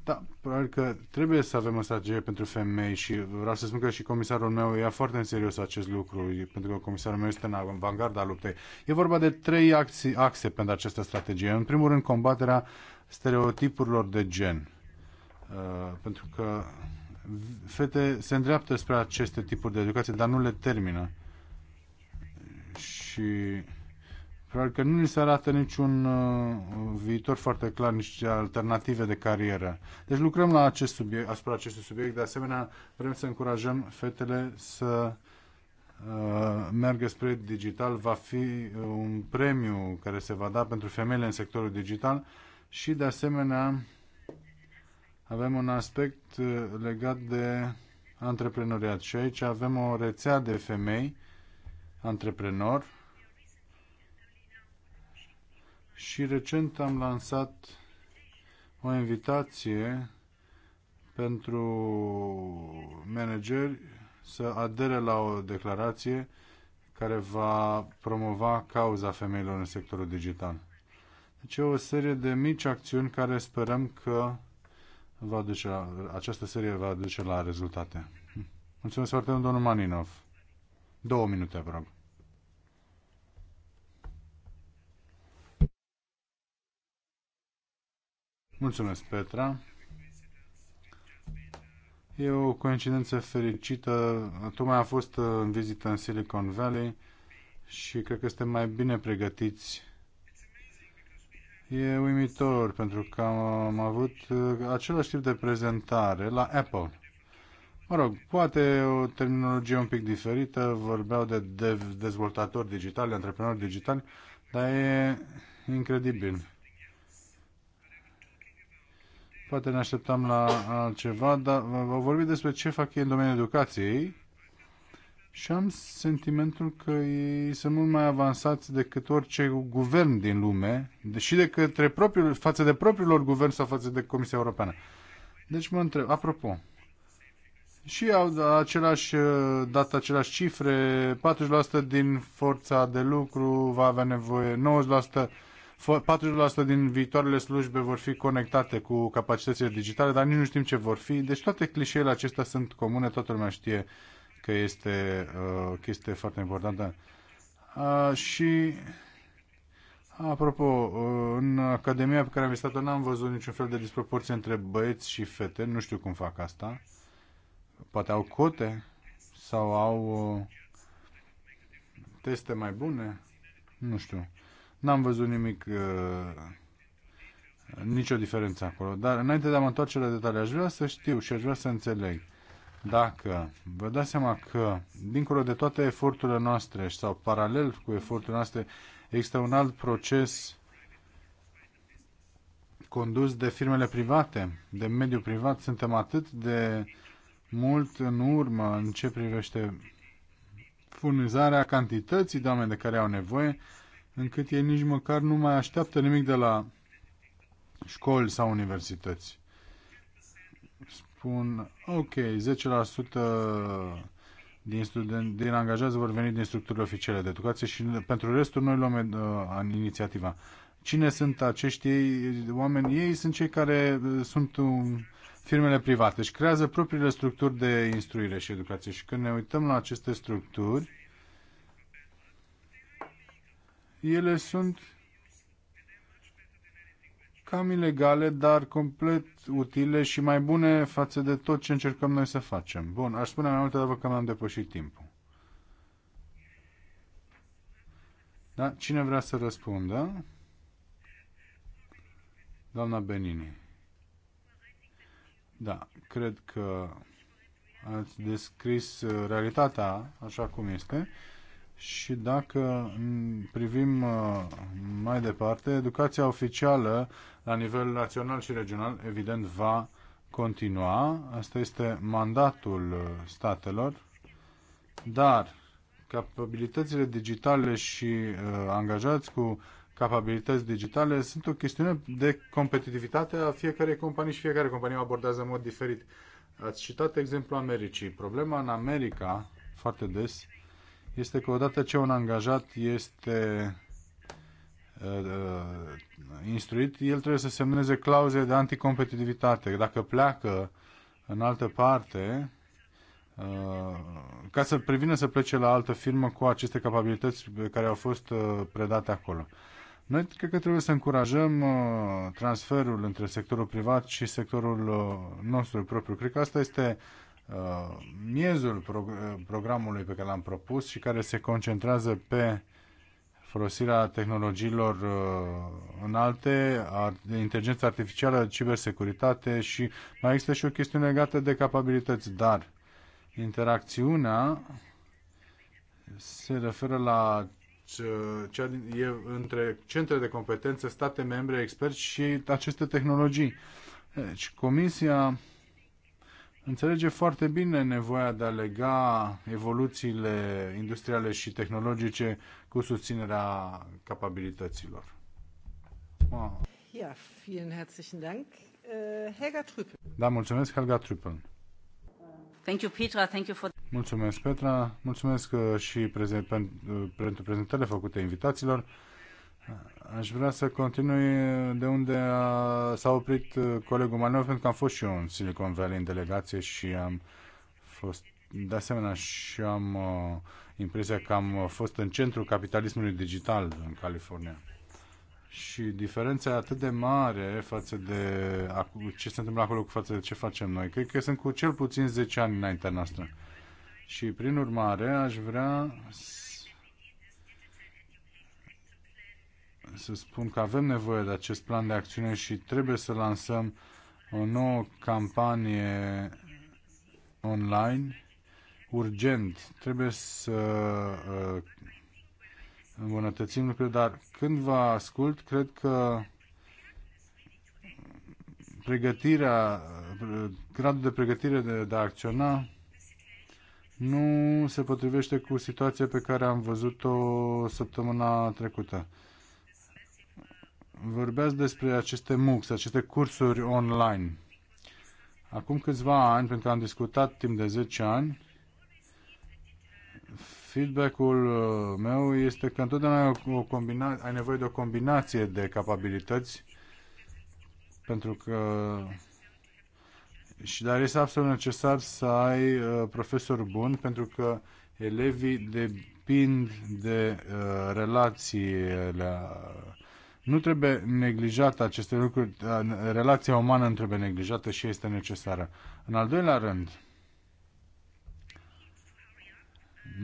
Da, probabil că trebuie să avem o strategie pentru femei și vreau să spun că și comisarul meu ia foarte în serios acest lucru, pentru că comisarul meu este în avangarda luptei. E vorba de trei axi, axe pentru această strategie. În primul rând, combaterea stereotipurilor de gen. Uh, pentru că fete se îndreaptă spre aceste tipuri de educație, dar nu le termină. Și probabil că nu ni se arată niciun uh, viitor foarte clar, nici alternative de carieră. Deci lucrăm la acest subiect, asupra acestui subiect. De asemenea, vrem să încurajăm fetele să uh, meargă spre digital. Va fi uh, un premiu care se va da pentru femeile în sectorul digital și, de asemenea, avem un aspect uh, legat de antreprenoriat și aici avem o rețea de femei antreprenori și recent am lansat o invitație pentru manageri să adere la o declarație care va promova cauza femeilor în sectorul digital. Deci e o serie de mici acțiuni care sperăm că va duce la, această serie va duce la rezultate. Mulțumesc foarte mult, domnul Maninov. Două minute, vă rog. Mulțumesc, Petra. E o coincidență fericită. Tocmai a fost uh, în vizită în Silicon Valley și cred că suntem mai bine pregătiți. E uimitor pentru că am avut uh, același tip de prezentare la Apple. Mă rog, poate o terminologie un pic diferită, vorbeau de dev- dezvoltatori digitali, antreprenori digitali, dar e incredibil Poate ne așteptam la altceva, dar vă vorbi despre ce fac ei în domeniul educației și am sentimentul că ei sunt mult mai avansați decât orice guvern din lume și de către propriul, față de propriilor guvern sau față de Comisia Europeană. Deci mă întreb, apropo, și au același, uh, dat aceleași cifre, 40% din forța de lucru va avea nevoie, 90% 40% din viitoarele slujbe vor fi conectate cu capacitățile digitale, dar nici nu știm ce vor fi. Deci toate clișeele acestea sunt comune, toată lumea știe că este uh, o uh, chestie foarte importantă. Uh, și Apropo, uh, în Academia pe care am visitat o n-am văzut niciun fel de disproporție între băieți și fete. Nu știu cum fac asta. Poate au cote sau au uh, teste mai bune. Nu știu. N-am văzut nimic, uh, nicio diferență acolo. Dar înainte de a mă întoarce la detalii, aș vrea să știu și aș vrea să înțeleg dacă vă dați seama că, dincolo de toate eforturile noastre sau paralel cu eforturile noastre, există un alt proces condus de firmele private, de mediul privat, suntem atât de mult în urmă în ce privește furnizarea cantității de oameni de care au nevoie, încât ei nici măcar nu mai așteaptă nimic de la școli sau universități. Spun, ok, 10% din, student, din angajați vor veni din structurile oficiale de educație și pentru restul noi luăm uh, inițiativa. Cine sunt acești ei, oameni? Ei sunt cei care uh, sunt um, firmele private și creează propriile structuri de instruire și educație. Și când ne uităm la aceste structuri, ele sunt cam ilegale, dar complet utile și mai bune față de tot ce încercăm noi să facem. Bun, aș spune mai multe, dar văd că am depășit timpul. Da? Cine vrea să răspundă? Doamna Benini. Da, cred că ați descris uh, realitatea așa cum este. Și dacă privim uh, mai departe, educația oficială la nivel național și regional, evident, va continua. Asta este mandatul uh, statelor. Dar capabilitățile digitale și uh, angajați cu capabilități digitale sunt o chestiune de competitivitate a fiecarei companii și fiecare companie o abordează în mod diferit. Ați citat exemplul Americii. Problema în America, foarte des, este că odată ce un angajat este uh, instruit, el trebuie să semneze clauze de anticompetitivitate. Dacă pleacă în altă parte, uh, ca să prevină să plece la altă firmă cu aceste capabilități care au fost uh, predate acolo. Noi cred că trebuie să încurajăm transferul între sectorul privat și sectorul nostru propriu. Cred că asta este Uh, miezul programului pe care l-am propus și care se concentrează pe folosirea tehnologiilor uh, înalte, inteligența artificială, cibersecuritate și mai există și o chestiune legată de capabilități, dar interacțiunea se referă la cea e între centre de competențe, state membre, experți și aceste tehnologii. Deci, Comisia înțelege foarte bine nevoia de a lega evoluțiile industriale și tehnologice cu susținerea capabilităților. Ja, vielen herzlichen Dank. Äh, Helga Trüppel. Da, mulțumesc, Helga Trüppel. Thank you, Petra. Thank you for... Mulțumesc, Petra. Mulțumesc uh, și prezent, uh, pentru prezentările făcute invitațiilor. Aș vrea să continui de unde a, s-a oprit uh, colegul meu, pentru că am fost și eu în Silicon Valley în delegație și am fost, de asemenea, și am uh, impresia că am uh, fost în centrul capitalismului digital în California. Și diferența e atât de mare față de ce se întâmplă acolo cu față de ce facem noi. Cred că sunt cu cel puțin 10 ani înaintea noastră. Și prin urmare aș vrea să să spun că avem nevoie de acest plan de acțiune și trebuie să lansăm o nouă campanie online urgent. Trebuie să uh, îmbunătățim lucrurile, dar când vă ascult, cred că pregătirea, gradul de pregătire de, de a acționa nu se potrivește cu situația pe care am văzut-o săptămâna trecută vorbeați despre aceste MOOCs, aceste cursuri online. Acum câțiva ani, pentru că am discutat timp de 10 ani, feedback-ul uh, meu este că întotdeauna o combina- ai nevoie de o combinație de capabilități pentru că și dar este absolut necesar să ai uh, profesor bun pentru că elevii depind de uh, relațiile uh, nu trebuie neglijată aceste lucruri, relația umană nu trebuie neglijată și este necesară. În al doilea rând,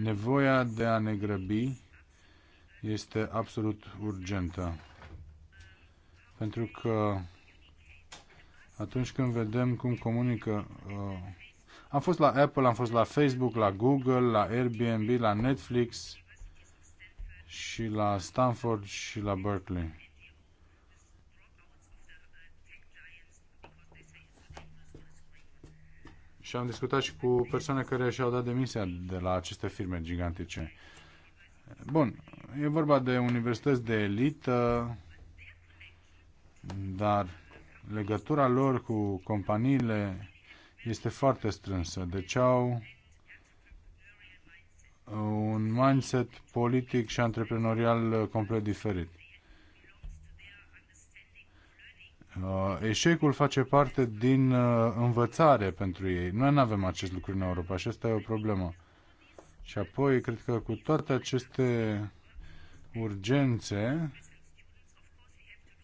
nevoia de a ne grăbi este absolut urgentă. Pentru că atunci când vedem cum comunică. Uh, am fost la Apple, am fost la Facebook, la Google, la Airbnb, la Netflix și la Stanford și la Berkeley. și am discutat și cu persoane care și-au dat demisia de la aceste firme gigantice. Bun, e vorba de universități de elită, dar legătura lor cu companiile este foarte strânsă. Deci au un mindset politic și antreprenorial complet diferit. Uh, eșecul face parte din uh, învățare pentru ei. Noi nu avem acest lucru în Europa și asta e o problemă. Și apoi, cred că cu toate aceste urgențe,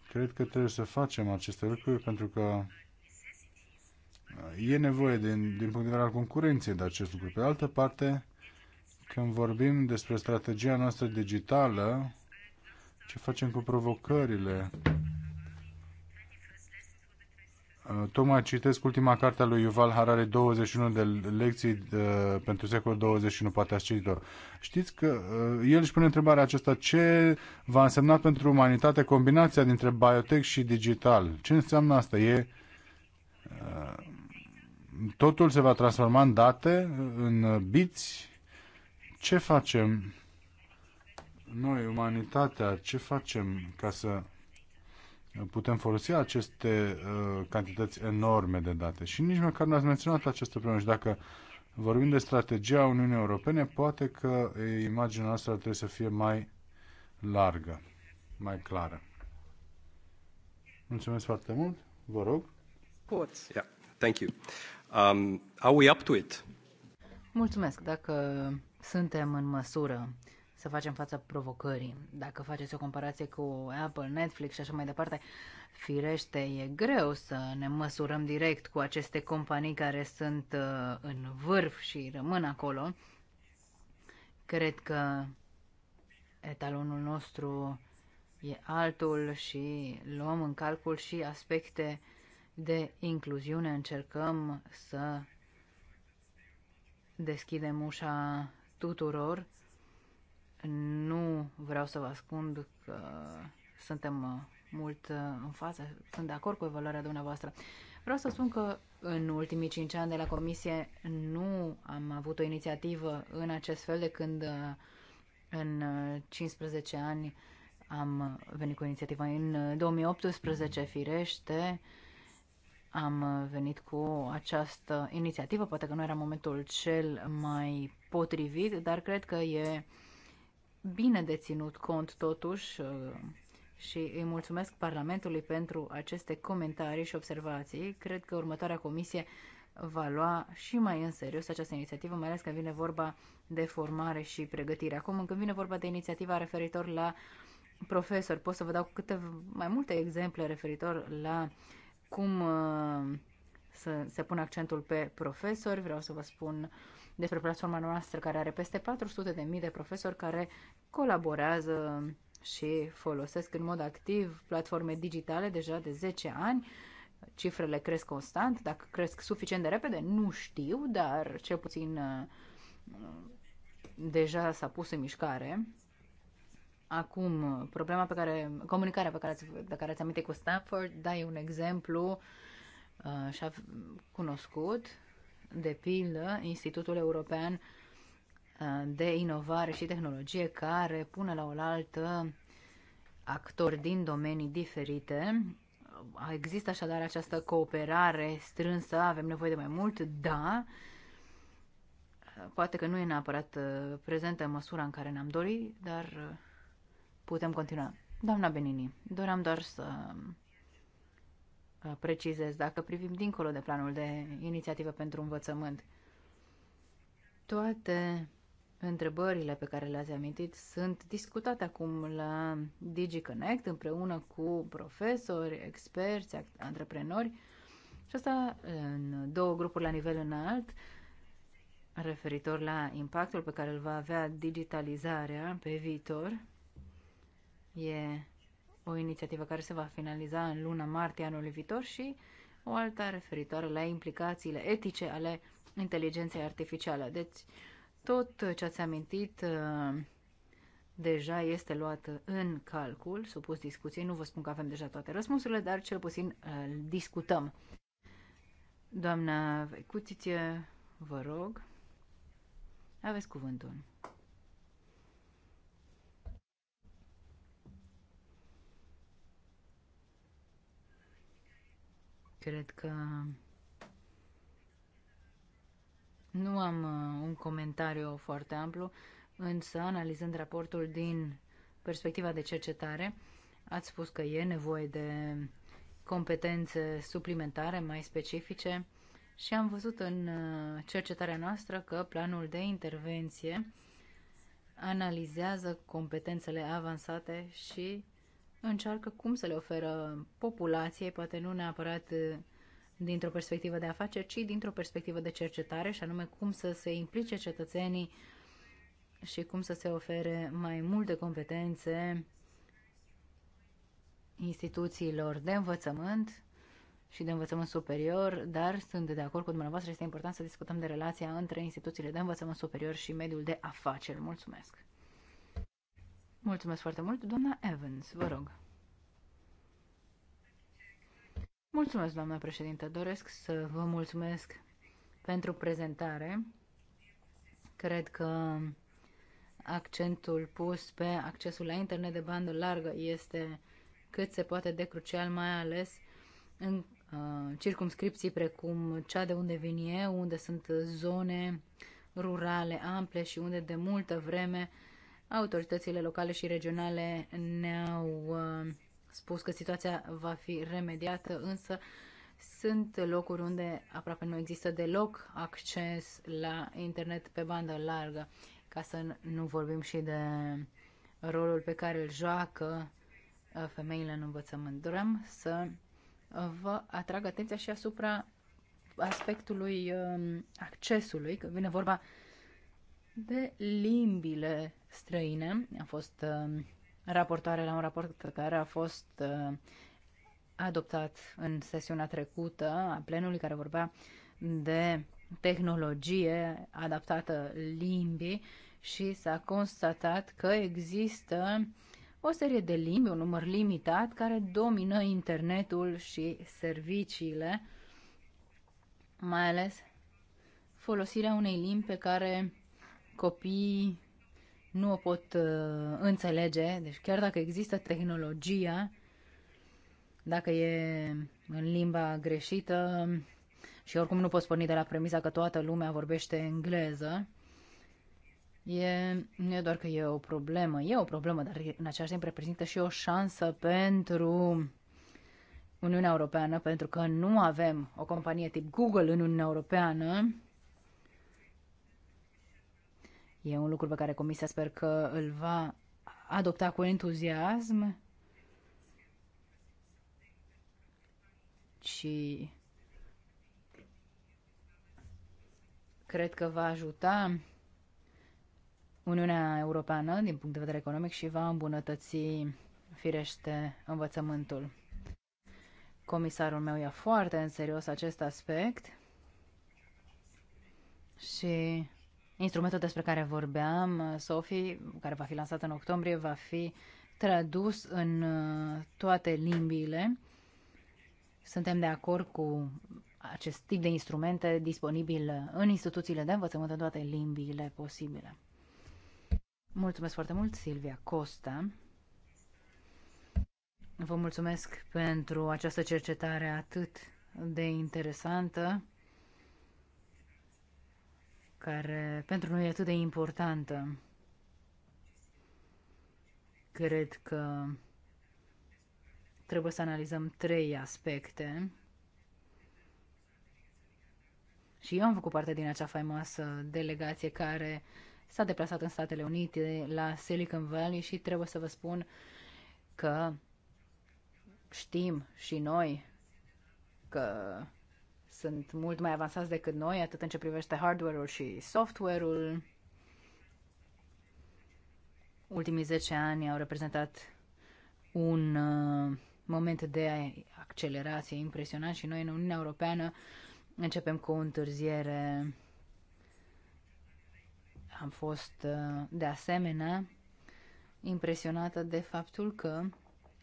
cred că trebuie să facem aceste lucruri pentru că uh, e nevoie din, din punct de vedere al concurenței de acest lucru. Pe de altă parte, când vorbim despre strategia noastră digitală, ce facem cu provocările Uh, tocmai citesc ultima carte a lui Yuval Harare, 21 de lecții de, uh, pentru secolul 21, poate ați citit-o. Știți că uh, el își pune întrebarea aceasta, ce va însemna pentru umanitate combinația dintre biotech și digital? Ce înseamnă asta? E, totul se va transforma în date, în biți? Ce facem noi, umanitatea, ce facem ca să putem folosi aceste uh, cantități enorme de date. Și nici măcar nu ați menționat aceste probleme. Și dacă vorbim de strategia Uniunii Europene, poate că imaginea noastră trebuie să fie mai largă, mai clară. Mulțumesc foarte mult. Vă rog. Pot. Yeah. Thank you. Um, are we up to it? Mulțumesc. Dacă suntem în măsură să facem față provocării. Dacă faceți o comparație cu Apple, Netflix și așa mai departe, firește, e greu să ne măsurăm direct cu aceste companii care sunt uh, în vârf și rămân acolo. Cred că etalonul nostru e altul și luăm în calcul și aspecte de incluziune. Încercăm să deschidem ușa tuturor nu vreau să vă ascund că suntem uh, mult uh, în față, sunt de acord cu evaluarea dumneavoastră. Vreau să spun că în ultimii cinci ani de la Comisie nu am avut o inițiativă în acest fel de când uh, în 15 ani am venit cu inițiativa. În 2018, firește, am venit cu această inițiativă. Poate că nu era momentul cel mai potrivit, dar cred că e uh, bine de ținut cont totuși uh, și îi mulțumesc Parlamentului pentru aceste comentarii și observații. Cred că următoarea comisie va lua și mai în serios această inițiativă, mai ales când vine vorba de formare și pregătire. Acum, când vine vorba de inițiativa referitor la profesori, pot să vă dau câte mai multe exemple referitor la cum uh, să se pune accentul pe profesori. Vreau să vă spun uh, despre platforma noastră care are peste 400 de mii de profesori care colaborează și folosesc în mod activ platforme digitale deja de 10 ani. Cifrele cresc constant, dacă cresc suficient de repede, nu știu, dar cel puțin uh, deja s-a pus în mișcare. Acum, problema pe care, comunicarea pe care, ați, de care ați amintit cu Stanford, dai un exemplu uh, și-a cunoscut, de pildă, Institutul European uh, de Inovare și Tehnologie, care pune la oaltă actori din domenii diferite. Există așadar această cooperare strânsă, avem nevoie de mai mult, da, uh, poate că nu e neapărat uh, prezentă în măsura în care ne-am dorit, dar putem continua. Doamna Benini, doream doar să precizez, dacă privim dincolo de planul de inițiativă pentru învățământ. Toate întrebările pe care le-ați amintit sunt discutate acum la DigiConnect împreună cu profesori, experți, antreprenori și asta în două grupuri la nivel înalt referitor la impactul pe care îl va avea digitalizarea pe viitor. E o inițiativă care se va finaliza în luna martie anului viitor și o alta referitoare la implicațiile etice ale inteligenței artificiale. Deci, tot ce ați amintit uh, deja este luat în calcul, supus discuției. Nu vă spun că avem deja toate răspunsurile, dar cel puțin uh, discutăm. Doamna Cuțiție, vă rog, aveți cuvântul. Cred că nu am uh, un comentariu foarte amplu, însă analizând raportul din perspectiva de cercetare, ați spus că e nevoie de competențe suplimentare mai specifice și am văzut în uh, cercetarea noastră că planul de intervenție analizează competențele avansate și încearcă cum să le oferă populației, poate nu neapărat eh, dintr-o perspectivă de afaceri, ci dintr-o perspectivă de cercetare, și anume cum să se implice cetățenii și cum să se ofere mai multe competențe instituțiilor de învățământ și de învățământ superior, dar sunt de acord cu dumneavoastră, este important să discutăm de relația între instituțiile de învățământ superior și mediul de afaceri. Mulțumesc! Mulțumesc foarte mult, doamna Evans, vă rog. Mulțumesc, doamna președinte. Doresc să vă mulțumesc pentru prezentare. Cred că accentul pus pe accesul la internet de bandă largă este cât se poate de crucial, mai ales în uh, circumscripții precum cea de unde vin eu, unde sunt zone rurale ample și unde de multă vreme uh, Autoritățile locale și regionale ne-au uh, spus că situația va fi remediată, însă sunt locuri unde aproape nu există deloc acces la internet pe bandă largă, ca să nu vorbim și de rolul pe care îl joacă uh, femeile în învățământ. Doream să vă atrag atenția și asupra aspectului um, accesului, că vine vorba de limbile străine. A fost uh, raportare la un raport care a fost uh, adoptat în sesiunea trecută a plenului care vorbea de tehnologie adaptată limbii și s-a constatat că există o serie de limbi, un număr limitat, care domină internetul și serviciile, mai ales folosirea unei limbi pe care copiii nu o pot uh, înțelege. Deci chiar dacă există tehnologia, dacă e în limba greșită și oricum nu poți porni de la premisa că toată lumea vorbește engleză, E, nu e doar că e o problemă, e o problemă, dar în același timp reprezintă și o șansă pentru Uniunea Europeană, pentru că nu avem o companie tip Google în Uniunea Europeană, E un lucru pe care Comisia sper că îl va adopta cu entuziasm și cred că va ajuta Uniunea Europeană din punct de vedere economic și va îmbunătăți firește învățământul. Comisarul meu ia foarte în serios acest aspect și Instrumentul despre care vorbeam, uh, Sophie, care va fi lansat în octombrie, va fi tradus în uh, toate limbile. Suntem de acord cu acest tip de instrumente disponibil în instituțiile de învățământ în toate limbile posibile. Mulțumesc foarte mult, Silvia Costa. Vă mulțumesc pentru această cercetare atât de interesantă care pentru noi e atât de importantă. Cred că trebuie să analizăm trei aspecte. Și eu am făcut parte din acea faimoasă delegație care s-a deplasat în Statele Unite, la Silicon Valley și trebuie să vă spun că știm și noi că sunt mult mai avansați decât noi, atât în ce privește hardware-ul și software-ul. Ultimii 10 ani au reprezentat un uh, moment de accelerație impresionant și noi în Uniunea Europeană începem cu o întârziere. Am fost uh, de asemenea impresionată de faptul că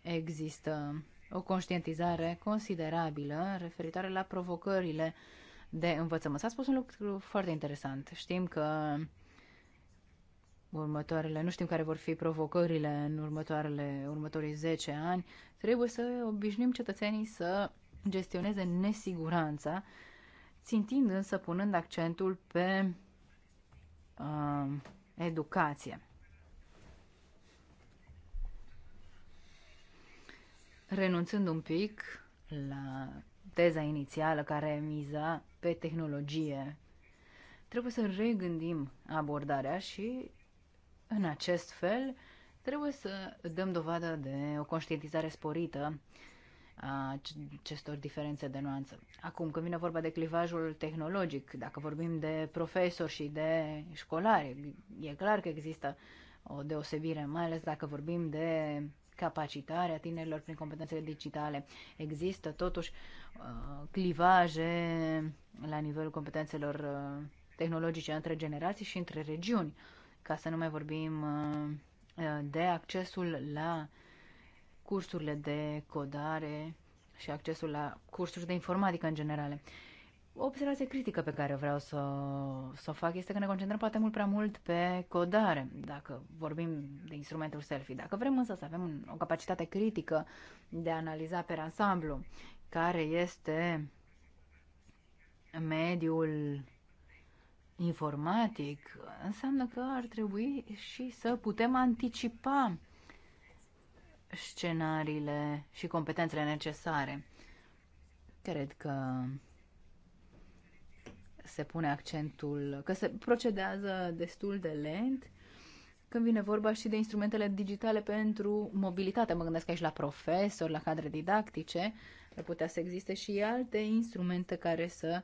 există o conștientizare considerabilă referitoare la provocările de învățământ. S-a spus un lucru foarte interesant. Știm că următoarele, nu știm care vor fi provocările în următoarele, următorii 10 ani, trebuie să obișnim cetățenii să gestioneze nesiguranța, țintind însă punând accentul pe uh, educație. renunțând un pic la teza inițială care miza pe tehnologie, trebuie să regândim abordarea și, în acest fel, trebuie să dăm dovadă de o conștientizare sporită a acestor diferențe de nuanță. Acum, când vine vorba de clivajul tehnologic, dacă vorbim de profesori și de școlari, e clar că există o deosebire, mai ales dacă vorbim de capacitarea tinerilor prin competențele digitale. Există totuși uh, clivaje la nivelul competențelor uh, tehnologice între generații și între regiuni, ca să nu mai vorbim uh, de accesul la cursurile de codare și accesul la cursuri de informatică în generale. O observație critică pe care vreau să, să o fac este că ne concentrăm poate mult prea mult pe codare, dacă vorbim de instrumentul selfie. Dacă vrem însă să avem o capacitate critică de a analiza pe ansamblu care este mediul informatic, înseamnă că ar trebui și să putem anticipa scenariile și competențele necesare. Cred că se pune accentul, că se procedează destul de lent când vine vorba și de instrumentele digitale pentru mobilitate. Mă gândesc aici la profesori, la cadre didactice, ar putea să existe și alte instrumente care să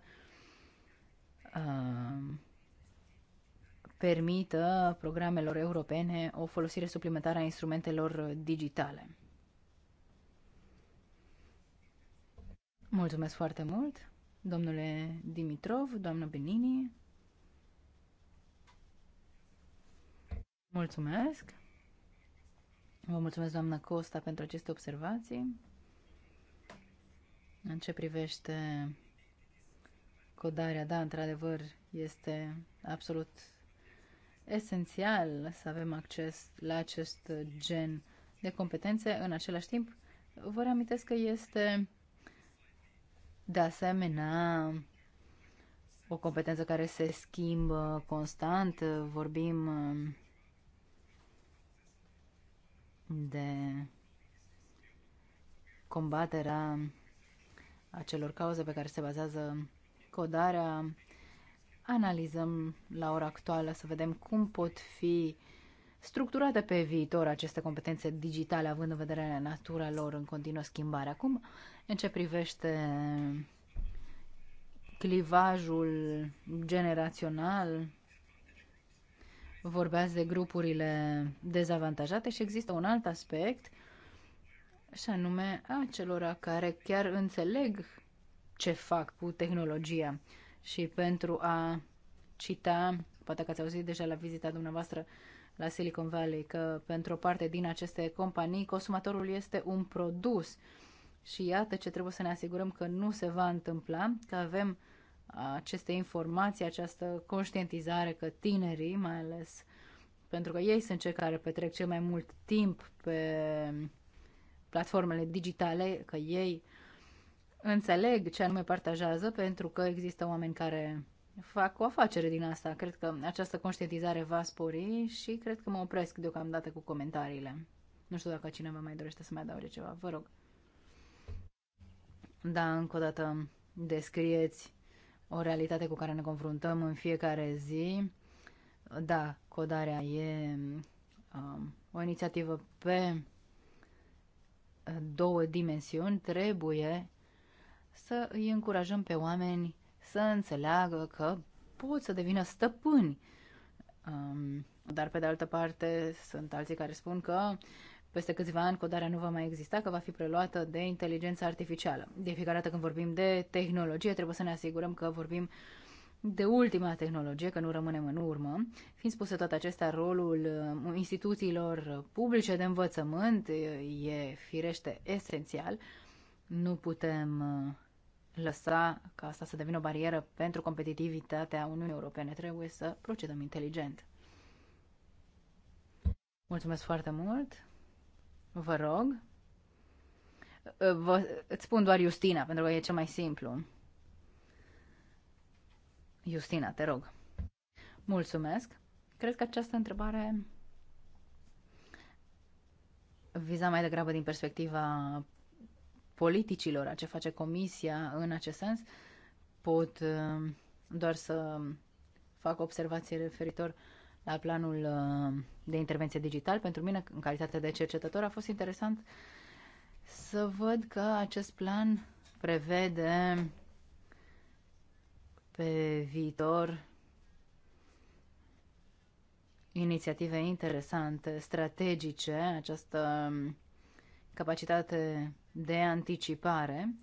uh, permită programelor europene o folosire suplimentară a instrumentelor digitale. Mulțumesc foarte mult! domnule Dimitrov, doamnă Benini. Mulțumesc. Vă mulțumesc, doamna Costa, pentru aceste observații. În ce privește codarea, da, într-adevăr, este absolut esențial să avem acces la acest gen de competențe. În același timp, vă reamintesc că este de asemenea, o competență care se schimbă constant, vorbim uh, de combaterea acelor cauze pe care se bazează codarea, analizăm la ora actuală să vedem cum pot fi structurate pe viitor aceste competențe digitale, având în vedere natura lor în continuă schimbare. Acum, în ce privește clivajul generațional, vorbeați de grupurile dezavantajate și există un alt aspect, și anume acelora care chiar înțeleg ce fac cu tehnologia. Și pentru a cita, poate că ați auzit deja la vizita dumneavoastră, uh, la Silicon Valley, că pentru o parte din aceste companii consumatorul este un produs. Și iată ce trebuie să ne asigurăm că nu se va întâmpla, că avem aceste informații, această conștientizare că tinerii, mai ales pentru că ei sunt cei care petrec cel mai mult timp pe platformele digitale, că ei înțeleg ce anume partajează, pentru că există oameni care fac o afacere din asta. Cred că această conștientizare va spori și cred că mă opresc deocamdată cu comentariile. Nu știu dacă cineva mai dorește să mai adauge ceva. Vă rog. Da, încă o dată descrieți o realitate cu care ne confruntăm în fiecare zi. Da, codarea e um, o inițiativă pe uh, două dimensiuni. Trebuie să îi încurajăm pe oameni să înțeleagă că pot să devină stăpâni. Um, dar, pe de altă parte, sunt alții care spun că peste câțiva ani codarea nu va mai exista, că va fi preluată de inteligența artificială. De fiecare dată când vorbim de tehnologie, trebuie să ne asigurăm că vorbim de ultima tehnologie, că nu rămânem în urmă. Fiind spuse toate acestea, rolul uh, instituțiilor publice de învățământ uh, e firește esențial. Nu putem uh, lăsa ca asta să devină o barieră pentru competitivitatea Uniunii Europene. Trebuie să procedăm inteligent. Mulțumesc foarte mult. Vă rog. Vă, îți spun doar Justina, pentru că e cel mai simplu. Justina, te rog. Mulțumesc. Cred că această întrebare viza mai degrabă din perspectiva politicilor, a ce face Comisia în acest sens, pot uh, doar să fac observații referitor la planul uh, de intervenție digital. Pentru mine, în calitate de cercetător, a fost interesant să văd că acest plan prevede pe viitor inițiative interesante, strategice, această um, capacitate de anticipare,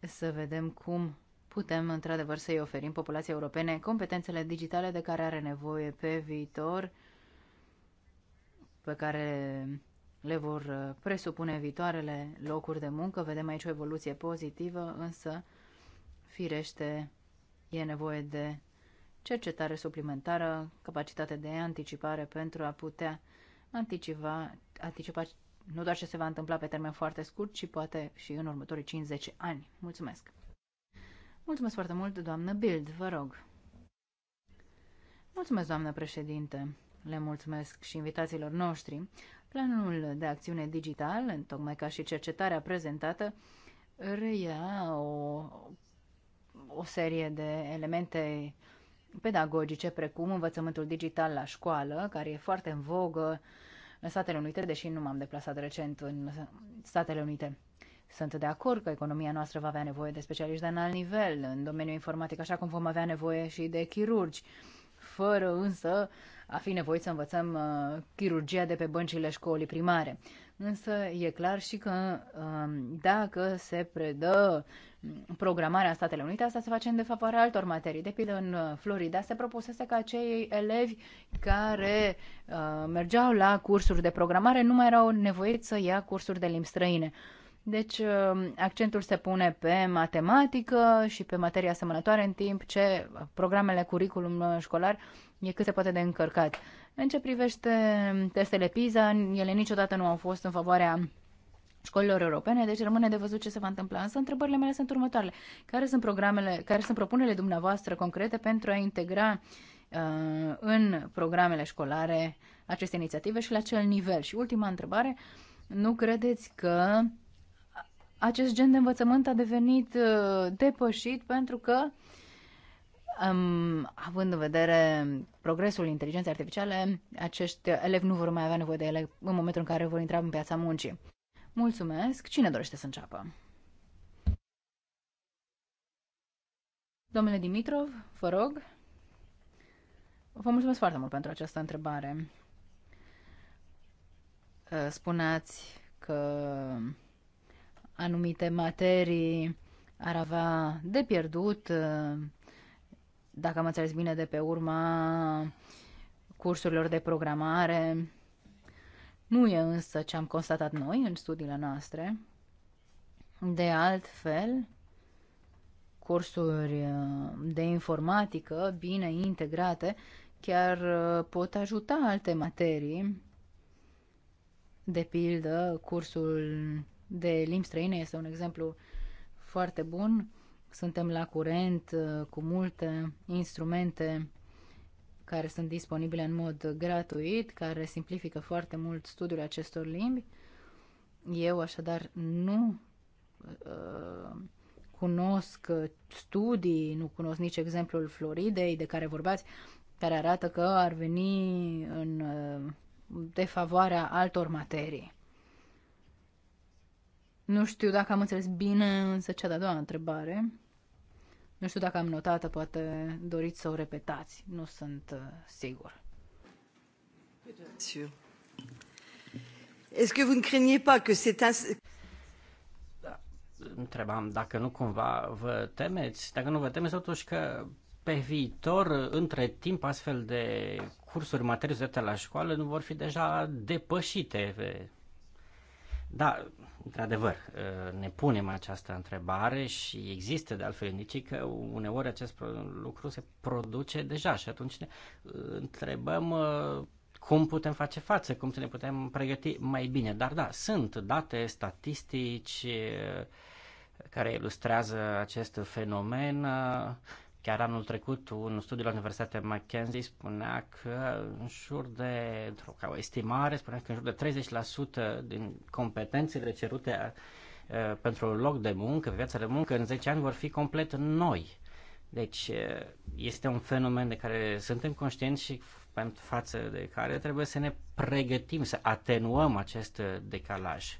să vedem cum putem într-adevăr să-i oferim populației europene competențele digitale de care are nevoie pe viitor, pe care le vor uh, presupune viitoarele locuri de muncă. Vedem aici o evoluție pozitivă, însă, firește, e nevoie de cercetare suplimentară, capacitate de anticipare pentru a putea anticipa, anticipa nu doar ce se va întâmpla pe termen foarte scurt, ci poate și în următorii 50 ani. Mulțumesc! Mulțumesc foarte mult, doamnă Bild, vă rog. Mulțumesc, doamnă președinte. Le mulțumesc și invitațiilor noștri. Planul de acțiune digital, tocmai ca și cercetarea prezentată, reia o, o serie de elemente pedagogice, precum învățământul digital la școală, care e foarte în vogă în Statele Unite, deși nu m-am deplasat recent în Statele Unite. Sunt de acord că economia noastră va avea nevoie de specialiști de înalt nivel în domeniul informatic, așa cum vom avea nevoie și de chirurgi, fără însă a fi nevoit să învățăm uh, chirurgia de pe băncile școlii primare. Însă e clar și că uh, dacă se predă programarea în Statele Unite, asta se face în defavoarea altor materii. De pildă, în uh, Florida se propusese ca cei elevi care uh, mergeau la cursuri de programare nu mai erau nevoiți să ia cursuri de limbi străine. Deci, uh, accentul se pune pe matematică și pe materii asemănătoare, în timp ce programele curriculum uh, școlar e cât se poate de încărcat. În ce privește um, testele PISA, ele niciodată nu au fost în favoarea școlilor europene, deci rămâne de văzut ce se va întâmpla. Însă întrebările mele sunt următoarele. Care sunt programele, care sunt propunerile dumneavoastră concrete pentru a integra uh, în programele școlare aceste inițiative și la cel nivel? Și ultima întrebare, nu credeți că acest gen de învățământ a devenit uh, depășit pentru că Um, având în vedere progresul inteligenței artificiale, acești elevi nu vor mai avea nevoie de ele în momentul în care vor intra în piața muncii. Mulțumesc. Cine dorește să înceapă? Domnule Dimitrov, vă rog. Vă mulțumesc foarte mult pentru această întrebare. Uh, spuneați că anumite materii ar avea de pierdut, uh, dacă am înțeles bine, de pe urma cursurilor de programare nu e însă ce am constatat noi în studiile noastre. De altfel, cursuri uh, de informatică bine integrate chiar uh, pot ajuta alte materii. De pildă, cursul de limbi străine este un exemplu foarte bun. Suntem la curent uh, cu multe instrumente care sunt disponibile în mod gratuit, care simplifică foarte mult studiul acestor limbi. Eu așadar nu uh, cunosc studii, nu cunosc nici exemplul Floridei de care vorbeați, care arată că ar veni în uh, defavoarea altor materii. Nu știu dacă am înțeles bine, însă cea de-a doua întrebare. Nu știu dacă am notat, poate doriți să o repetați. Nu sunt uh, sigur. Est-ce que vous ne craignez pas que c'est un... Da. Întrebam dacă nu cumva vă temeți, dacă nu vă temeți totuși că pe viitor, între timp, astfel de cursuri materializate la școală nu vor fi deja depășite. Da, Într-adevăr, ă, ne punem această întrebare și există de altfel indicii că uneori acest lucru se produce deja și atunci ne ă, întrebăm ă, cum putem face față, cum să ne putem pregăti mai bine. Dar da, sunt date statistici care ilustrează acest fenomen Chiar anul trecut, un studiu la Universitatea McKenzie spunea că în jur de, o ca o estimare, spunea că în jur de 30% din competențele cerute uh, pentru un loc de muncă, viața de muncă, în 10 ani vor fi complet noi. Deci uh, este un fenomen de care suntem conștienți și față de care trebuie să ne pregătim, să atenuăm acest uh, decalaj.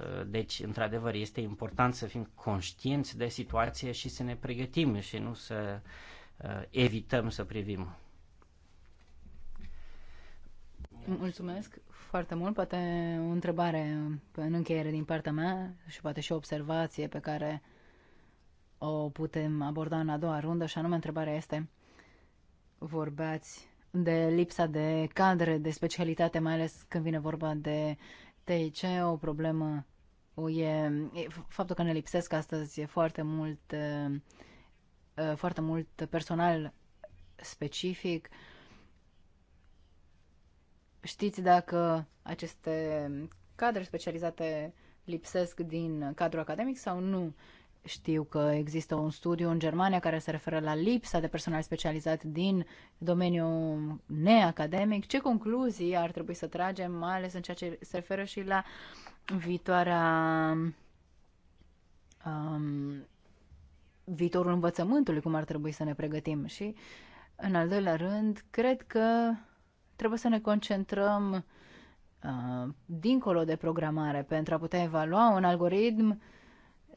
Uh, deci, într-adevăr, este important să fim conștienți de situație și să ne pregătim și nu să uh, evităm să privim. Mulțumesc foarte mult. Poate o întrebare în încheiere din partea mea și poate și o observație pe care o putem aborda în a doua rundă și anume întrebarea este vorbeați de lipsa de cadre de specialitate, mai ales când vine vorba de ce e o problemă o e, e faptul că ne lipsesc astăzi e foarte mult foarte mult personal specific. Știți dacă aceste cadre specializate lipsesc din cadrul academic sau nu? Știu că există un studiu în Germania care se referă la lipsa de personal specializat din domeniul neacademic. Ce concluzii ar trebui să tragem, mai ales în ceea ce se referă și la viitoarea um, viitorul învățământului, cum ar trebui să ne pregătim. Și, în al doilea rând, cred că trebuie să ne concentrăm uh, dincolo de programare pentru a putea evalua un algoritm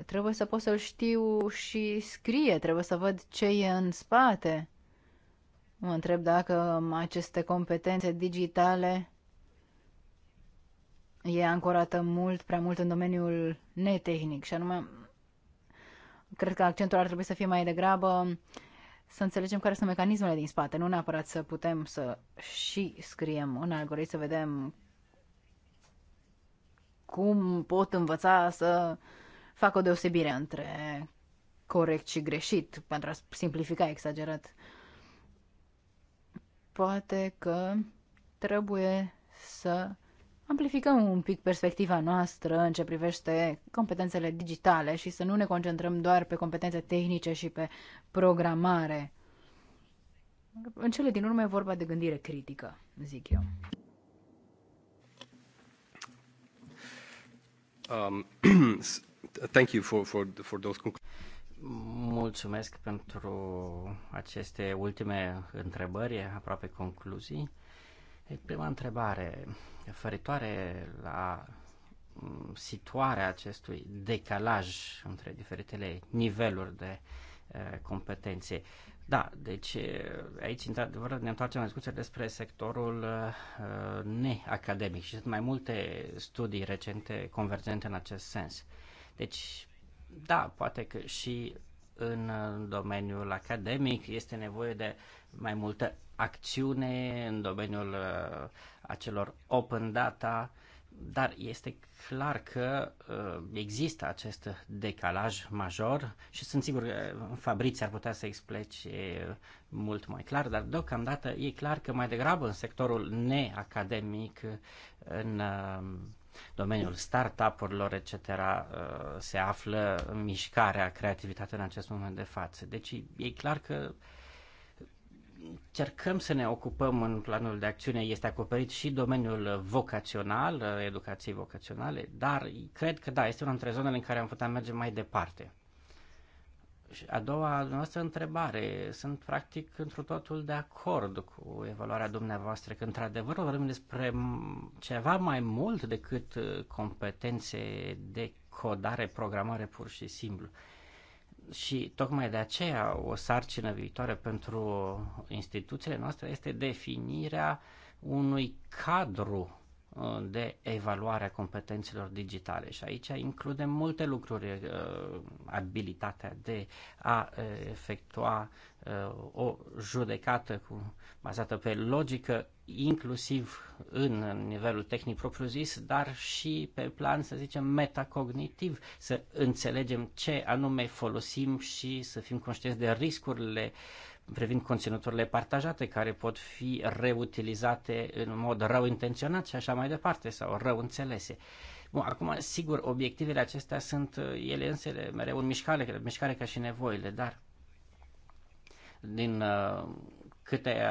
Trebuie să pot să-l știu și scrie, trebuie să văd ce e în spate. Mă întreb dacă aceste competențe digitale e ancorată mult, prea mult în domeniul netehnic și anume cred că accentul ar trebui să fie mai degrabă să înțelegem care sunt mecanismele din spate, nu neapărat să putem să și scriem un algoritm, să vedem cum pot învăța să uh, fac o deosebire între corect și greșit, pentru a simplifica exagerat. Poate că trebuie să amplificăm un pic perspectiva noastră în ce privește competențele digitale și să nu ne concentrăm doar pe competențe tehnice și pe programare. În cele din urmă e vorba de gândire critică, zic eu. Um, <clears throat> thank you for, for, for those Mulțumesc pentru aceste ultime întrebări, aproape concluzii. Prima întrebare referitoare la mm, situarea acestui decalaj între diferitele niveluri de competențe. Da, deci aici, într-adevăr, ne întoarcem la discuție despre sectorul uh, neacademic și sunt mai multe studii recente convergente în acest sens. Deci, da, poate că și în domeniul academic este nevoie de mai multă acțiune în domeniul uh, acelor open data, dar este clar că uh, există acest decalaj major și sunt sigur că Fabriți ar putea să explice uh, mult mai clar, dar deocamdată e clar că mai degrabă în sectorul neacademic, în domeniul startup-urilor, etc., uh, se află în mișcarea, creativitatea în acest moment de față. Deci e clar că cercăm să ne ocupăm în planul de acțiune, este acoperit și domeniul vocațional, uh, educației vocaționale, dar cred că da, este una dintre zonele în care am putea merge mai departe. Și a doua noastră întrebare. Sunt practic într totul de acord cu evaluarea dumneavoastră că într-adevăr vorbim despre ceva mai mult decât uh, competențe de codare, programare pur și simplu. Și tocmai de aceea o sarcină viitoare pentru instituțiile noastre este definirea unui cadru de evaluare a competențelor digitale și aici includem multe lucruri, uh, abilitatea de a uh, efectua uh, o judecată cu, bazată pe logică, inclusiv în nivelul tehnic propriu-zis, dar și pe plan, să zicem, metacognitiv, să înțelegem ce anume folosim și să fim conștienți de riscurile uh, privind conținuturile partajate care pot fi reutilizate în mod rău intenționat și așa mai departe sau rău înțelese. Bun, acum, sigur, obiectivele acestea sunt uh, ele însele mereu în mișcare, mișcare ca și nevoile, dar din uh, câte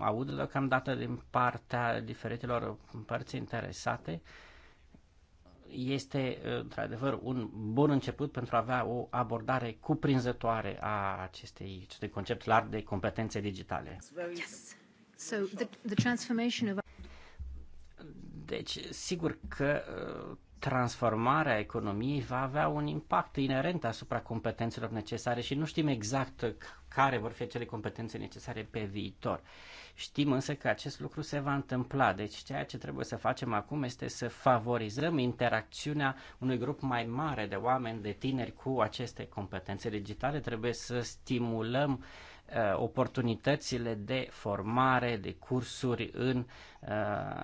aud deocamdată din partea diferitelor părți interesate, uh, este uh, într-adevăr un bun început pentru a avea o abordare cuprinzătoare a acestei, acestui concept larg de competențe digitale. Deci, sigur că uh, transformarea economiei va avea un impact inerent asupra competențelor necesare și nu știm exact care vor fi acele competențe necesare pe viitor. Știm însă că acest lucru se va întâmpla, deci ceea ce trebuie să facem acum este să favorizăm interacțiunea unui grup mai mare de oameni, de tineri cu aceste competențe digitale. Trebuie să stimulăm uh, Uh, oportunitățile de formare, de cursuri în uh,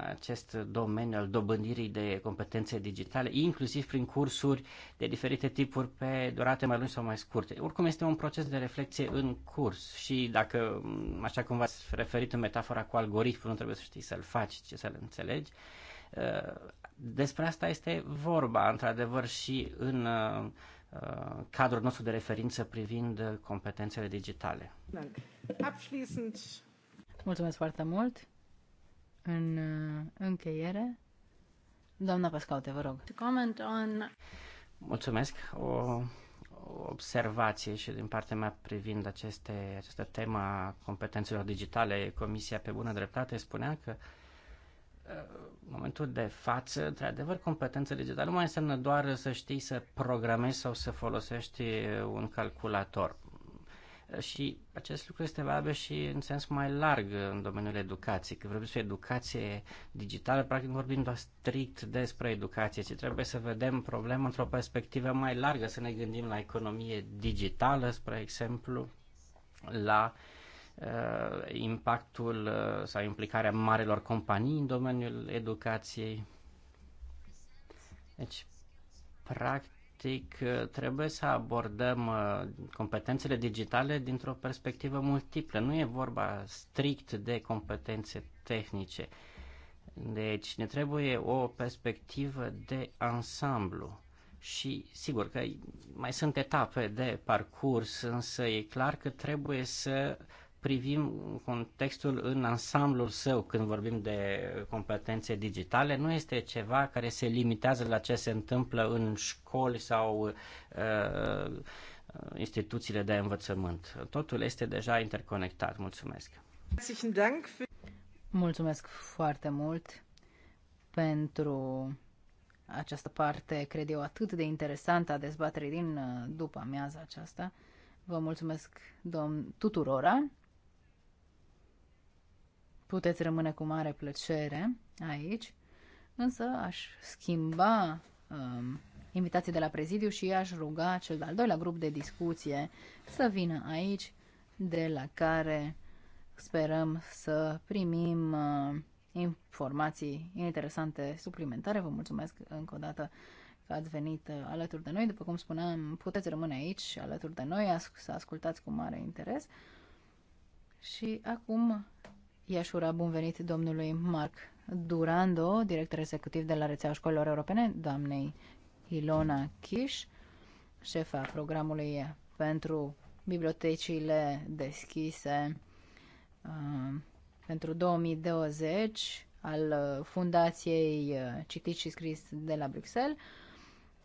acest domeniu al dobândirii de competențe digitale, inclusiv prin cursuri de diferite tipuri pe durate mai lungi sau mai scurte. Oricum este un proces de reflexie în curs și dacă, așa cum v-ați referit în metafora cu algoritmul, nu trebuie să știi să-l faci, ci să-l înțelegi, uh, despre asta este vorba, într-adevăr, și în Uh, cadrul nostru de referință privind competențele digitale. Mulțumesc foarte mult! În uh, încheiere, doamna Pascaute, vă rog. On... Mulțumesc! O observație și din partea mea privind aceste, această temă a competențelor digitale. Comisia, pe bună dreptate, spunea că uh, în momentul de față, într-adevăr, competență digitală nu mai înseamnă doar să știi să programezi sau să folosești un calculator. Și acest lucru este valabil și în sens mai larg în domeniul educației. Când vorbim despre educație digitală, practic vorbim doar strict despre educație, ci trebuie să vedem problema într-o perspectivă mai largă, să ne gândim la economie digitală, spre exemplu, la uh, Uh, impactul uh, sau implicarea marilor companii în domeniul educației. Deci, practic, uh, trebuie să abordăm competențele digitale dintr-o perspectivă multiplă. Nu e vorba strict de competențe tehnice. Deci, ne trebuie o perspectivă de ansamblu și sigur că mai sunt etape de parcurs, însă e clar că trebuie să privim contextul în ansamblul său când vorbim de competențe digitale, nu este ceva care se limitează la ce se întâmplă în școli sau uh, instituțiile de învățământ. Totul este deja interconectat. Mulțumesc! Mulțumesc foarte mult pentru această parte, cred eu, atât de interesantă a dezbaterii din uh, după amiaza aceasta. Vă mulțumesc domn tuturora Puteți rămâne cu mare plăcere aici, însă aș schimba um, invitații de la prezidiu și aș ruga cel de-al doilea grup de discuție să vină aici, de la care sperăm să primim uh, informații interesante suplimentare. Vă mulțumesc încă o dată că ați venit uh, alături de noi. După cum spuneam, puteți rămâne aici alături de noi, să ascultați cu mare interes. Și acum Iașura, bun venit domnului Marc Durando, director executiv de la rețeaua școlilor europene, doamnei Ilona Chiș, șefa programului pentru bibliotecile deschise uh, pentru 2020 al uh, Fundației uh, Citit și Scris de la Bruxelles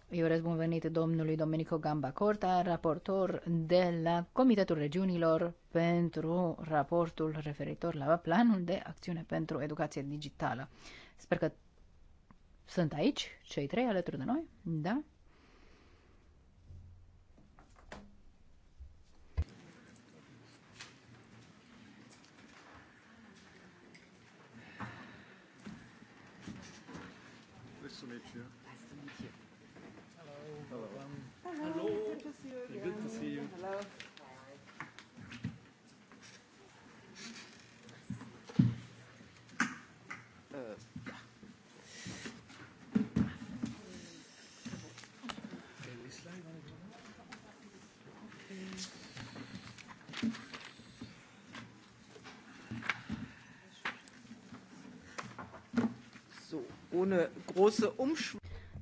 îi urez bun venit domnului Domenico Gambacorta, raportor de la Comitetul Regiunilor pentru raportul referitor la planul de acțiune pentru educație digitală. Sper că sunt aici cei trei alături de noi, da?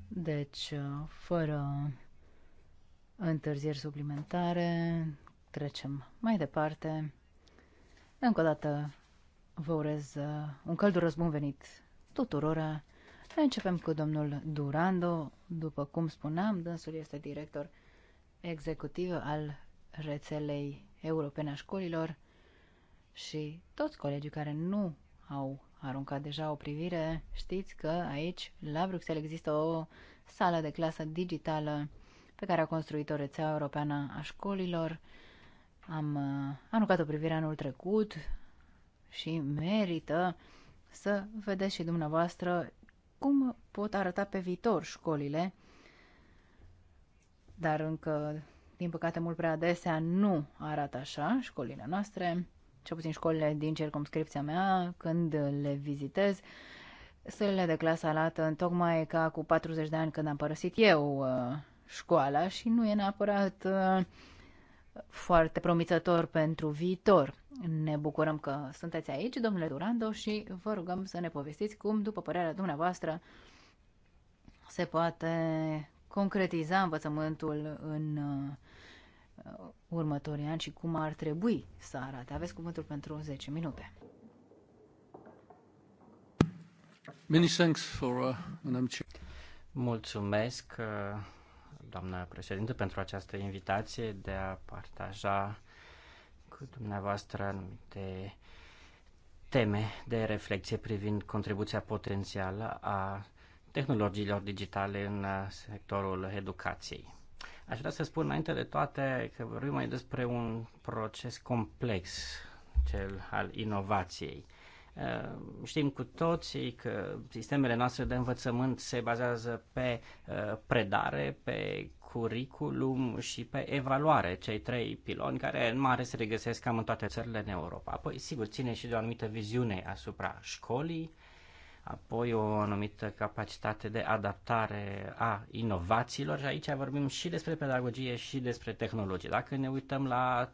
Deci, fără întârzieri suplimentare, trecem mai departe. Încă o dată vă urez uh, un călduros bun venit tuturora. Începem cu domnul Durando. După cum spuneam, dânsul este director executiv al rețelei europene a școlilor și toți colegii care nu au aruncat deja o privire, știți că aici, la Bruxelles, există o sală de clasă digitală pe care a construit o rețea europeană a școlilor. Am uh, aruncat o privire anul trecut și merită să vedeți și dumneavoastră cum pot arăta pe viitor școlile, dar încă, din păcate, mult prea adesea nu arată așa școlile noastre cel puțin școlile din circumscripția mea, când le vizitez, sălile de clasă arată tocmai ca cu 40 de ani când am părăsit eu uh, școala și nu e neapărat uh, foarte promițător pentru viitor. Ne bucurăm că sunteți aici, domnule Durando, și vă rugăm să ne povestiți cum, după părerea dumneavoastră, se poate concretiza învățământul în uh, Uh, următorii ani și cum ar trebui să arate. Aveți cuvântul pentru 10 minute. Many thanks for, uh, Madam Chair. Mulțumesc, uh, doamnă președinte, pentru această invitație de a partaja cu dumneavoastră anumite teme de reflexie privind contribuția potențială a tehnologiilor digitale în uh, sectorul educației. Aș vrea să spun înainte de toate că vorbim mai despre un proces complex, cel al inovației. Uh, știm cu toții că sistemele noastre de învățământ se bazează pe uh, predare, pe curriculum și pe evaluare, cei trei piloni care în mare se regăsesc cam în toate țările în Europa. Apoi, sigur, ține și de o anumită viziune asupra școlii, apoi o anumită capacitate de adaptare a inovațiilor și aici vorbim și despre pedagogie și despre tehnologie. Dacă ne uităm la,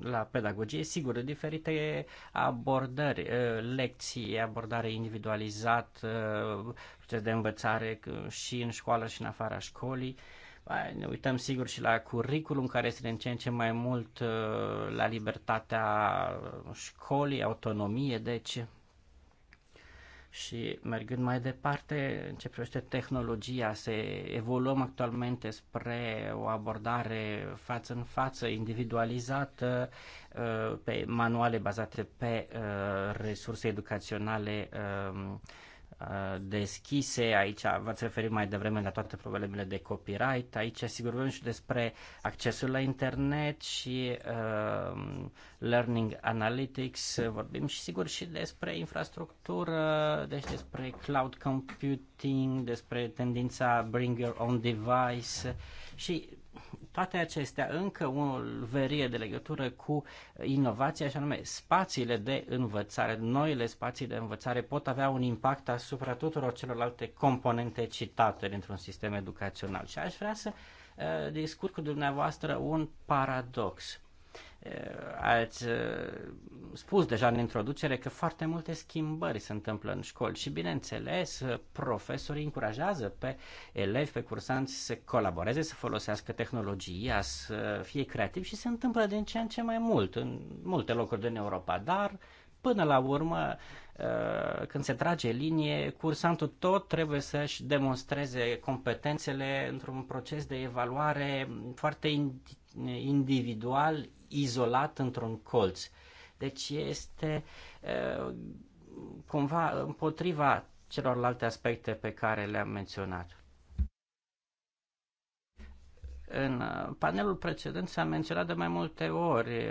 la pedagogie, sigur, diferite abordări, lecții, abordare individualizat, proces de învățare și în școală și în afara școlii, ne uităm sigur și la curriculum care este din ce în ce mai mult la libertatea școlii, autonomie, deci și mergând mai departe, în ce privește tehnologia, se evoluăm actualmente spre o abordare față în față, individualizată, uh, pe manuale bazate pe uh, resurse educaționale um, Uh, deschise. Aici v-ați referit mai devreme la toate problemele de copyright. Aici, sigur, vorbim și despre accesul la internet și uh, learning analytics. Vorbim și, sigur, și despre infrastructură, deci despre cloud computing, despre tendința bring your own device și toate acestea încă o verie de legătură cu inovația, și anume spațiile de învățare, noile spații de învățare pot avea un impact asupra tuturor celorlalte componente citate dintr-un sistem educațional. Și aș vrea să uh, discut cu dumneavoastră un paradox. Eh, ați eh, spus deja în introducere că foarte multe schimbări se întâmplă în școli și, bineînțeles, profesorii încurajează pe elevi, pe cursanți să colaboreze, să folosească tehnologia, să fie creativi și se întâmplă din ce în ce mai mult în multe locuri din Europa, dar până la urmă, eh, când se trage linie, cursantul tot trebuie să-și demonstreze competențele într-un proces de evaluare foarte individual, izolat într-un colț. Deci este cumva împotriva celorlalte aspecte pe care le-am menționat. În panelul precedent s-a menționat de mai multe ori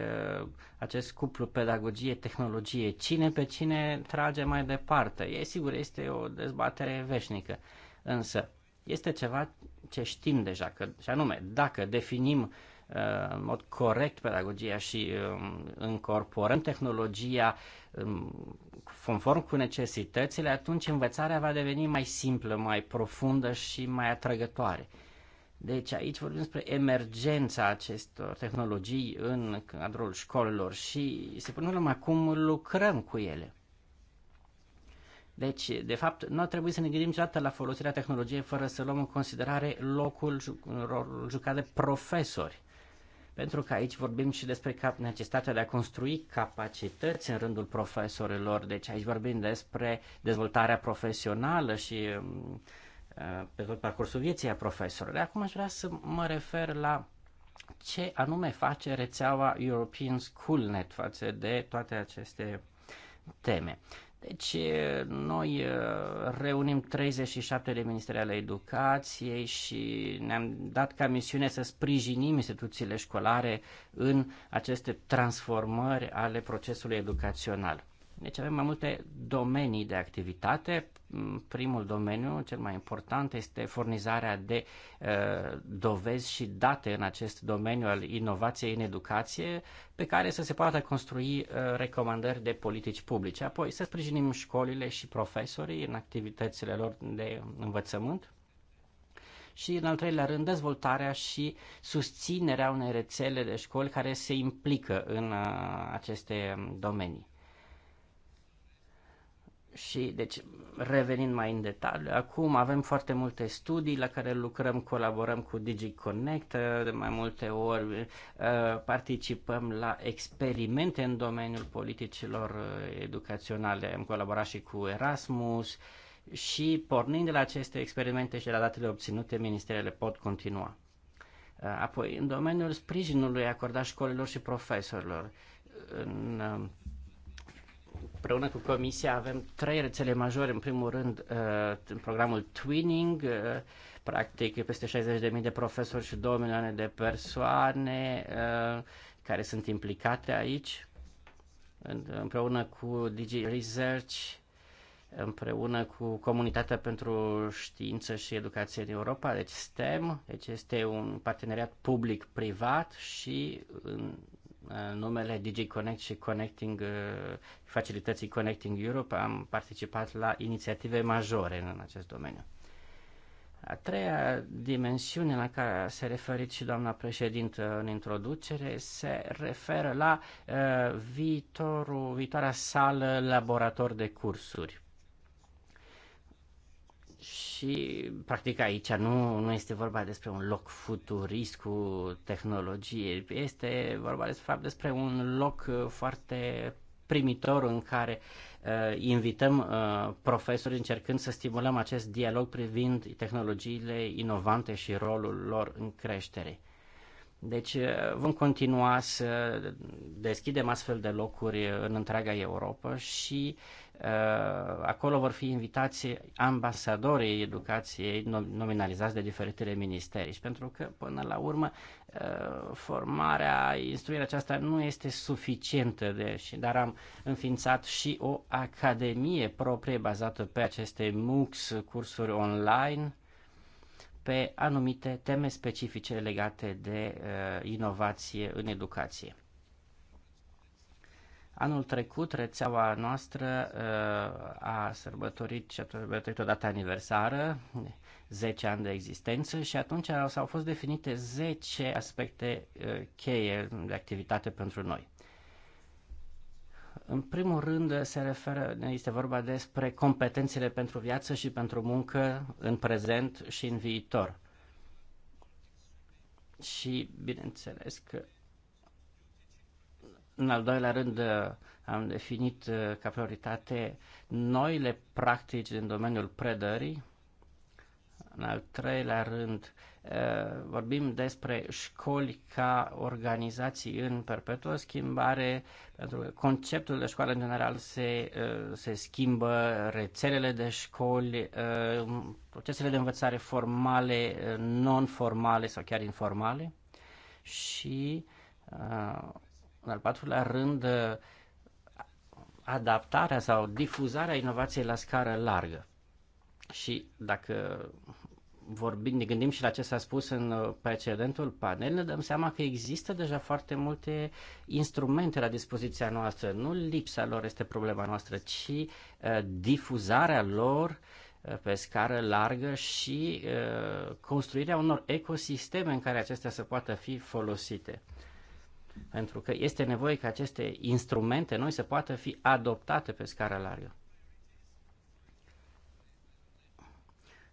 acest cuplu pedagogie-tehnologie. Cine pe cine trage mai departe? E sigur, este o dezbatere veșnică. Însă, este ceva ce știm deja, că, și anume, dacă definim Uh, în mod corect pedagogia și um, încorporăm tehnologia um, conform cu necesitățile, atunci învățarea va deveni mai simplă, mai profundă și mai atrăgătoare. Deci aici vorbim despre emergența acestor tehnologii în cadrul școlilor și se până la acum lucrăm cu ele. Deci, de fapt, nu ar trebui să ne gândim niciodată la folosirea tehnologiei fără să luăm în considerare locul, rolul jucat de profesori pentru că aici vorbim și despre necesitatea de a construi capacități în rândul profesorilor, deci aici vorbim despre dezvoltarea profesională și um, uh, pe tot parcursul vieții a profesorului. Acum aș vrea să mă refer la ce anume face rețeaua European Schoolnet față de toate aceste teme. Deci noi reunim 37 de ministere ale educației și ne-am dat ca misiune să sprijinim instituțiile școlare în aceste transformări ale procesului educațional. Deci avem mai multe domenii de activitate. Mm, primul domeniu, cel mai important, este furnizarea de uh, dovezi și date în acest domeniu al inovației în educație, pe care să se poată construi uh, recomandări de politici publice. Apoi să sprijinim școlile și profesorii în activitățile lor de învățământ și, în al treilea rând, dezvoltarea și susținerea unei rețele de școli care se implică în uh, aceste domenii. Și, deci, revenind mai în detaliu, acum avem foarte multe studii la care lucrăm, colaborăm cu DigiConnect, de mai multe ori uh, participăm la experimente în domeniul politicilor uh, educaționale, am colaborat și cu Erasmus și pornind de la aceste experimente și de la datele obținute, ministerele pot continua. Uh, apoi, în domeniul sprijinului acordat școlilor și profesorilor, în împreună cu Comisia avem trei rețele majore. În primul rând, uh, în programul Twinning, uh, practic peste 60.000 de profesori și 2 milioane de persoane uh, care sunt implicate aici, împreună cu Digi Research, împreună cu Comunitatea pentru Știință și Educație din Europa, deci STEM, deci este un parteneriat public-privat și în numele Connect și Connecting, uh, facilității Connecting Europe, am participat la inițiative majore în acest domeniu. A treia dimensiune la care se referit și doamna președintă în introducere se referă la uh, viitorul, viitoarea sală laborator de cursuri. Și, practic, aici nu, nu este vorba despre un loc futurist cu tehnologie, este vorba de fapt, despre un loc uh, foarte primitor în care uh, invităm uh, profesori încercând să stimulăm acest dialog privind tehnologiile inovante și rolul lor în creștere. Deci uh, vom continua să deschidem astfel de locuri în întreaga Europa și Eh, acolo vor fi invitați ambasadorii educației nominalizați de diferitele ministerii. Și pentru că, până la urmă, eh, formarea, instruirea aceasta nu este suficientă, Și dar am înființat și o academie proprie bazată pe aceste MOOCs, cursuri online, pe anumite teme specifice legate de uh, inovație în educație. Anul trecut, rețeaua noastră uh, a sărbătorit, și a sărbătorit o dată aniversară, 10 ani de existență și atunci s-au fost definite 10 aspecte uh, cheie de activitate pentru noi. În primul rând se referă, este vorba despre competențele pentru viață și pentru muncă în prezent și în viitor. Și bineînțeles că în al doilea rând, uh, am definit uh, ca prioritate noile practici în domeniul predării. În al treilea rând, uh, vorbim despre școli ca organizații în perpetuă schimbare, pentru că conceptul de școală în general se, se schimbă, rețelele de școli, procesele de învățare formale, non-formale sau chiar informale și în al patrulea rând, uh, adaptarea sau difuzarea inovației la scară largă. Și dacă vorbim, ne gândim și la ce s-a spus în uh, precedentul panel, ne dăm seama că există deja foarte multe instrumente la dispoziția noastră. Nu lipsa lor este problema noastră, ci uh, difuzarea lor pe scară largă și construirea unor ecosisteme în care acestea să poată fi folosite pentru că este nevoie ca aceste instrumente noi să poată fi adoptate pe scară largă.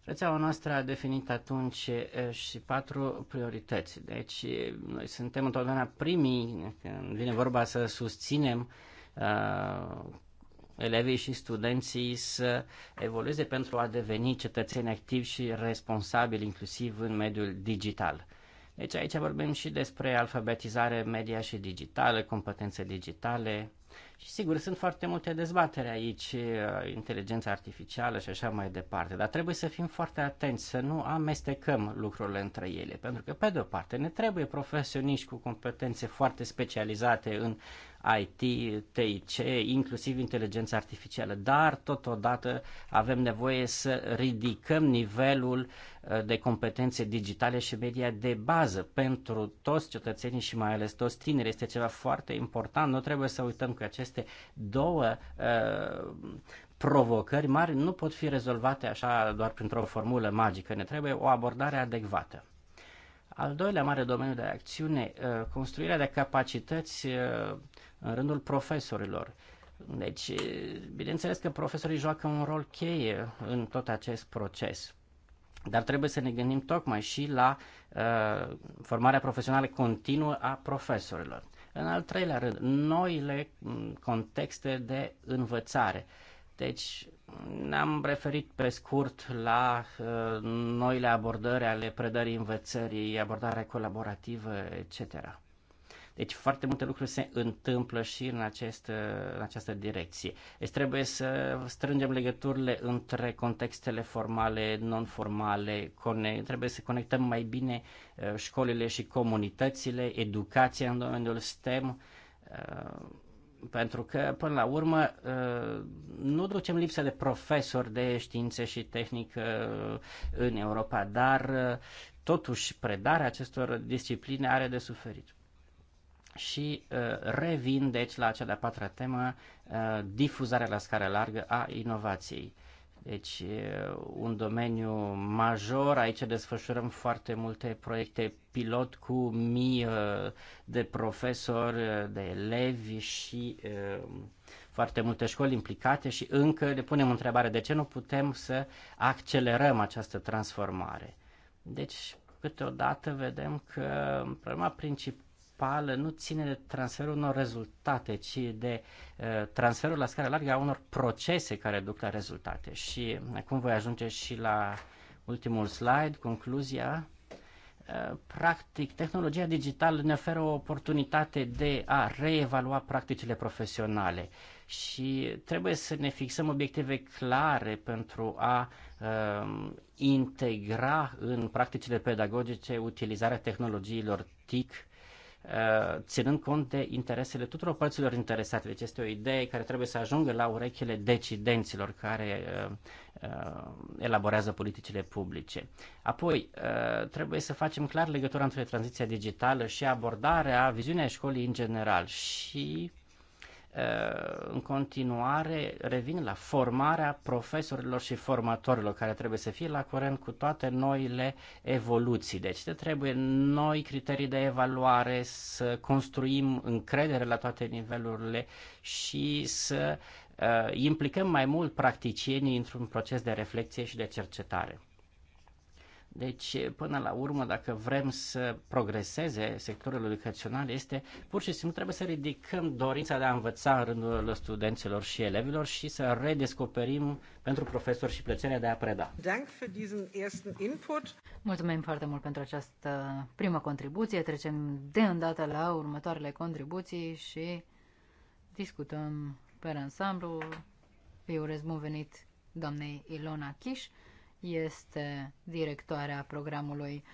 Rețeaua noastră a definit atunci eh, și patru priorități. Deci eh, noi suntem întotdeauna primii când vine vorba să susținem uh, elevii și studenții să evolueze pentru a deveni cetățeni activi și responsabili, inclusiv în mediul digital. Deci aici vorbim și despre alfabetizare media și digitală, competențe digitale și sigur sunt foarte multe dezbatere aici, uh, inteligența artificială și așa mai departe, dar trebuie să fim foarte atenți, să nu amestecăm lucrurile între ele, pentru că pe de o parte ne trebuie profesioniști cu competențe foarte specializate în IT, TIC, inclusiv inteligența artificială. Dar, totodată, avem nevoie să ridicăm nivelul uh, de competențe digitale și media de bază pentru toți cetățenii și mai ales toți tineri. Este ceva foarte important. Nu trebuie să uităm că aceste două uh, provocări mari nu pot fi rezolvate așa doar printr-o formulă magică. Ne trebuie o abordare adecvată. Al doilea mare domeniu de acțiune, uh, construirea de capacități uh, în rândul profesorilor. Deci, bineînțeles că profesorii joacă un rol cheie în tot acest proces. Dar trebuie să ne gândim tocmai și la uh, formarea profesională continuă a profesorilor. În al treilea rând, noile mm, contexte de învățare. Deci, ne-am referit pe scurt la uh, noile abordări ale predării învățării, abordarea colaborativă, etc. Deci foarte multe lucruri se întâmplă și în, acest, în această direcție. Deci trebuie să strângem legăturile între contextele formale, non-formale, trebuie să conectăm mai bine uh, școlile și comunitățile, educația în domeniul STEM, uh, pentru că, până la urmă, uh, nu ducem lipsă de profesori de științe și tehnică în Europa, dar totuși predarea acestor discipline are de suferit și uh, revin deci la cea de-a patra temă, uh, difuzarea la scară largă a inovației. Deci, uh, un domeniu major, aici desfășurăm foarte multe proiecte pilot cu mii uh, de profesori, uh, de elevi și uh, foarte multe școli implicate și încă ne punem întrebarea de ce nu putem să accelerăm această transformare. Deci, câteodată vedem că problema principală principală nu ține de transferul unor rezultate, ci de transferul la scară largă a unor procese care duc la rezultate. Și acum voi ajunge și la ultimul slide, concluzia. Practic, tehnologia digitală ne oferă o oportunitate de a reevalua practicile profesionale și trebuie să ne fixăm obiective clare pentru a uh, integra în practicile pedagogice utilizarea tehnologiilor TIC Uh, ținând cont de interesele tuturor părților interesate. Deci este o idee care trebuie să ajungă la urechile decidenților care uh, uh, elaborează politicile publice. Apoi, trebuie să facem clar legătura între tranziția digitală și abordarea, viziunea școlii în general și Uh, în continuare revin la formarea profesorilor și formatorilor care trebuie să fie la curent cu toate noile evoluții. Deci trebuie noi criterii de evaluare, să construim încredere la toate nivelurile și să uh, implicăm mai mult practicienii într-un proces de reflexie și de cercetare. Deci, până la urmă, dacă vrem să progreseze sectorul educațional, este pur și simplu trebuie să ridicăm dorința de a învăța în rândul studenților și elevilor și să redescoperim pentru profesori și plăcerea de a preda. Mulțumim foarte mult pentru această primă contribuție. Trecem de îndată la următoarele contribuții și discutăm pe ansamblu. Eu urez bun venit doamnei Ilona Chiș este directoarea programului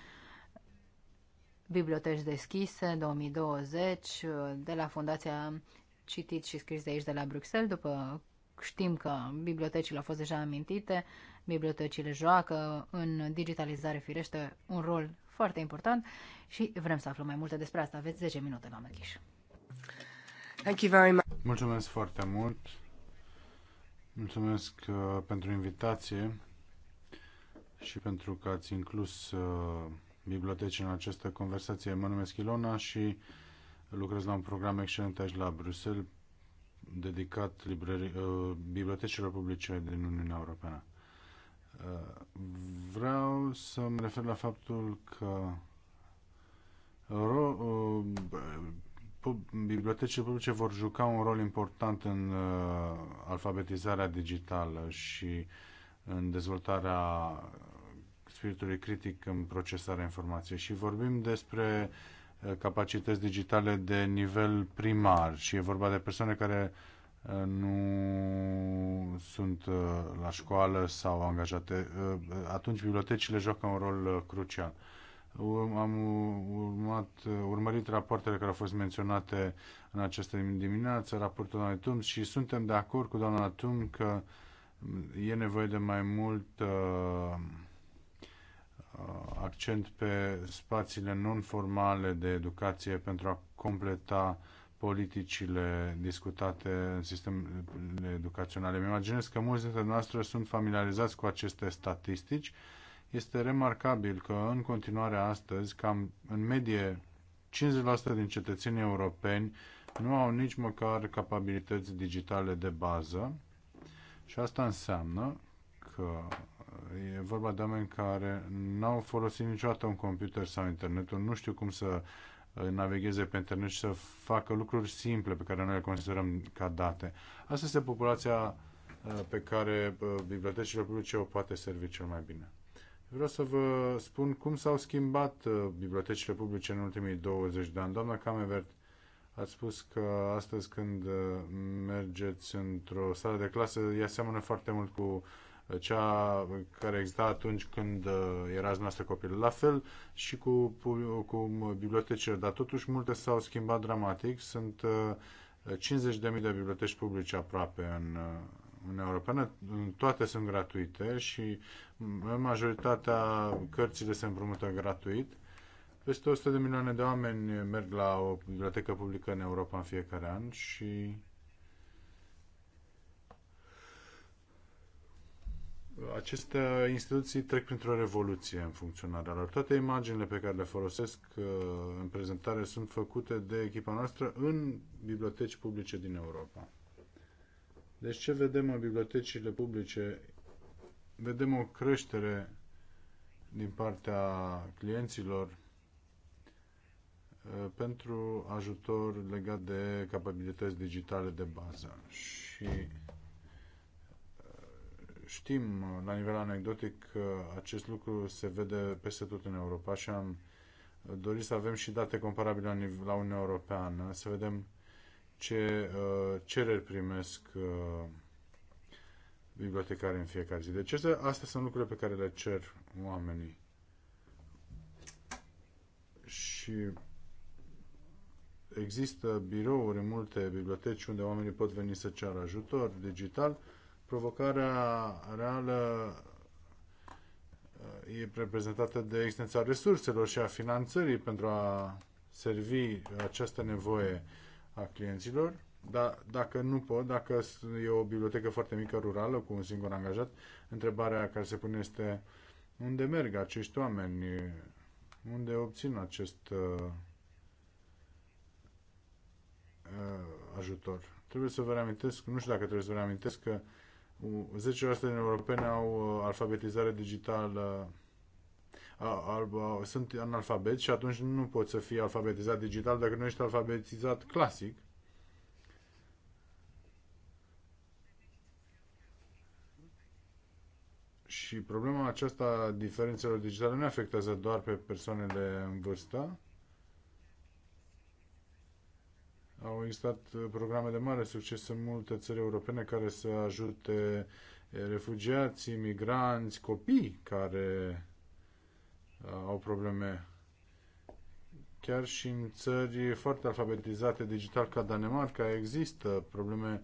Biblioteci Deschise 2020 de la Fundația Citit și Scris de aici de la Bruxelles. După știm că bibliotecile au fost deja amintite, bibliotecile joacă în digitalizare firește un rol foarte important și vrem să aflăm mai multe despre asta. Aveți 10 minute, doamnă Ghiș. Thank you very much. Mulțumesc foarte mult. Mulțumesc uh, pentru invitație și pentru că ați inclus uh, biblioteci în această conversație. Mă numesc Ilona și lucrez la un program excelent aici la Bruxelles dedicat librări, uh, bibliotecilor publice din Uniunea Europeană. Uh, vreau să mă refer la faptul că ro- uh, bibliotecile publice vor juca un rol important în uh, alfabetizarea digitală și în dezvoltarea spiritului critic în procesarea informației și vorbim despre eh, capacități digitale de nivel primar și e vorba de persoane care eh, nu sunt eh, la școală sau angajate, atunci bibliotecile joacă un rol crucial. Am urmat, urmărit rapoartele care au fost menționate în această dimineață, raportul doamnei Tum și suntem de acord cu doamna Tum că mm, e nevoie de mai mult uh, Uh, accent pe spațiile non-formale de educație pentru a completa politicile discutate în sistemele educaționale. Îmi imaginez că mulți dintre noastre sunt familiarizați cu aceste statistici. Este remarcabil că în continuare astăzi, cam în medie 50% din cetățenii europeni nu au nici măcar capabilități digitale de bază și asta înseamnă că E vorba de oameni care n-au folosit niciodată un computer sau internetul, nu știu cum să uh, navigheze pe internet și să facă lucruri simple pe care noi le considerăm ca date. Asta este populația uh, pe care uh, bibliotecile publice o poate servi cel mai bine. Vreau să vă spun cum s-au schimbat bibliotecile publice în ultimii 20 de ani. Doamna Camevert, ați spus că astăzi când mergeți într-o sală de clasă, ea seamănă foarte mult cu cea care exista atunci când uh, erați noastră copil. La fel și cu, cu um, bibliotecile, dar totuși multe s-au schimbat dramatic. Sunt 50.000 uh, de biblioteci publice aproape în uh, Uniunea Europeană. Toate sunt gratuite și mm, majoritatea cărțile se împrumută gratuit. Peste 100 de milioane de oameni merg la o bibliotecă publică în Europa în fiecare an și aceste instituții trec printr-o revoluție în funcționarea lor. Toate imaginile pe care le folosesc uh, în prezentare sunt făcute de echipa noastră în biblioteci publice din Europa. Deci ce vedem în bibliotecile publice? Vedem o creștere din partea clienților uh, pentru ajutor legat de capabilități digitale de bază. Și Știm la nivel anecdotic că acest lucru se vede peste tot în Europa și am dorit să avem și date comparabile la, nivel, la Uniunea Europeană, să vedem ce uh, cereri primesc uh, bibliotecare în fiecare zi. Deci astea, sunt lucrurile pe care le cer oamenii. Și există birouri în multe biblioteci unde oamenii pot veni să ceară ajutor digital Provocarea reală uh, e reprezentată de existența resurselor și a finanțării pentru a servi această nevoie a clienților. Dar dacă nu pot, dacă e o bibliotecă foarte mică rurală cu un singur angajat, întrebarea care se pune este unde merg acești oameni? Unde obțin acest uh, uh ajutor? Trebuie să vă reamintesc, nu știu dacă trebuie să vă reamintesc că uh, 10% din europene au uh, alfabetizare digitală sunt analfabet și atunci nu poți să fii alfabetizat digital dacă nu ești alfabetizat clasic. Și problema aceasta a diferențelor digitale nu afectează doar pe persoanele în vârstă, Au existat uh, programe de mare succes în multe țări europene care să ajute eh, refugiații, migranți, copii care uh, au probleme chiar și în țări foarte alfabetizate digital ca Danemarca există probleme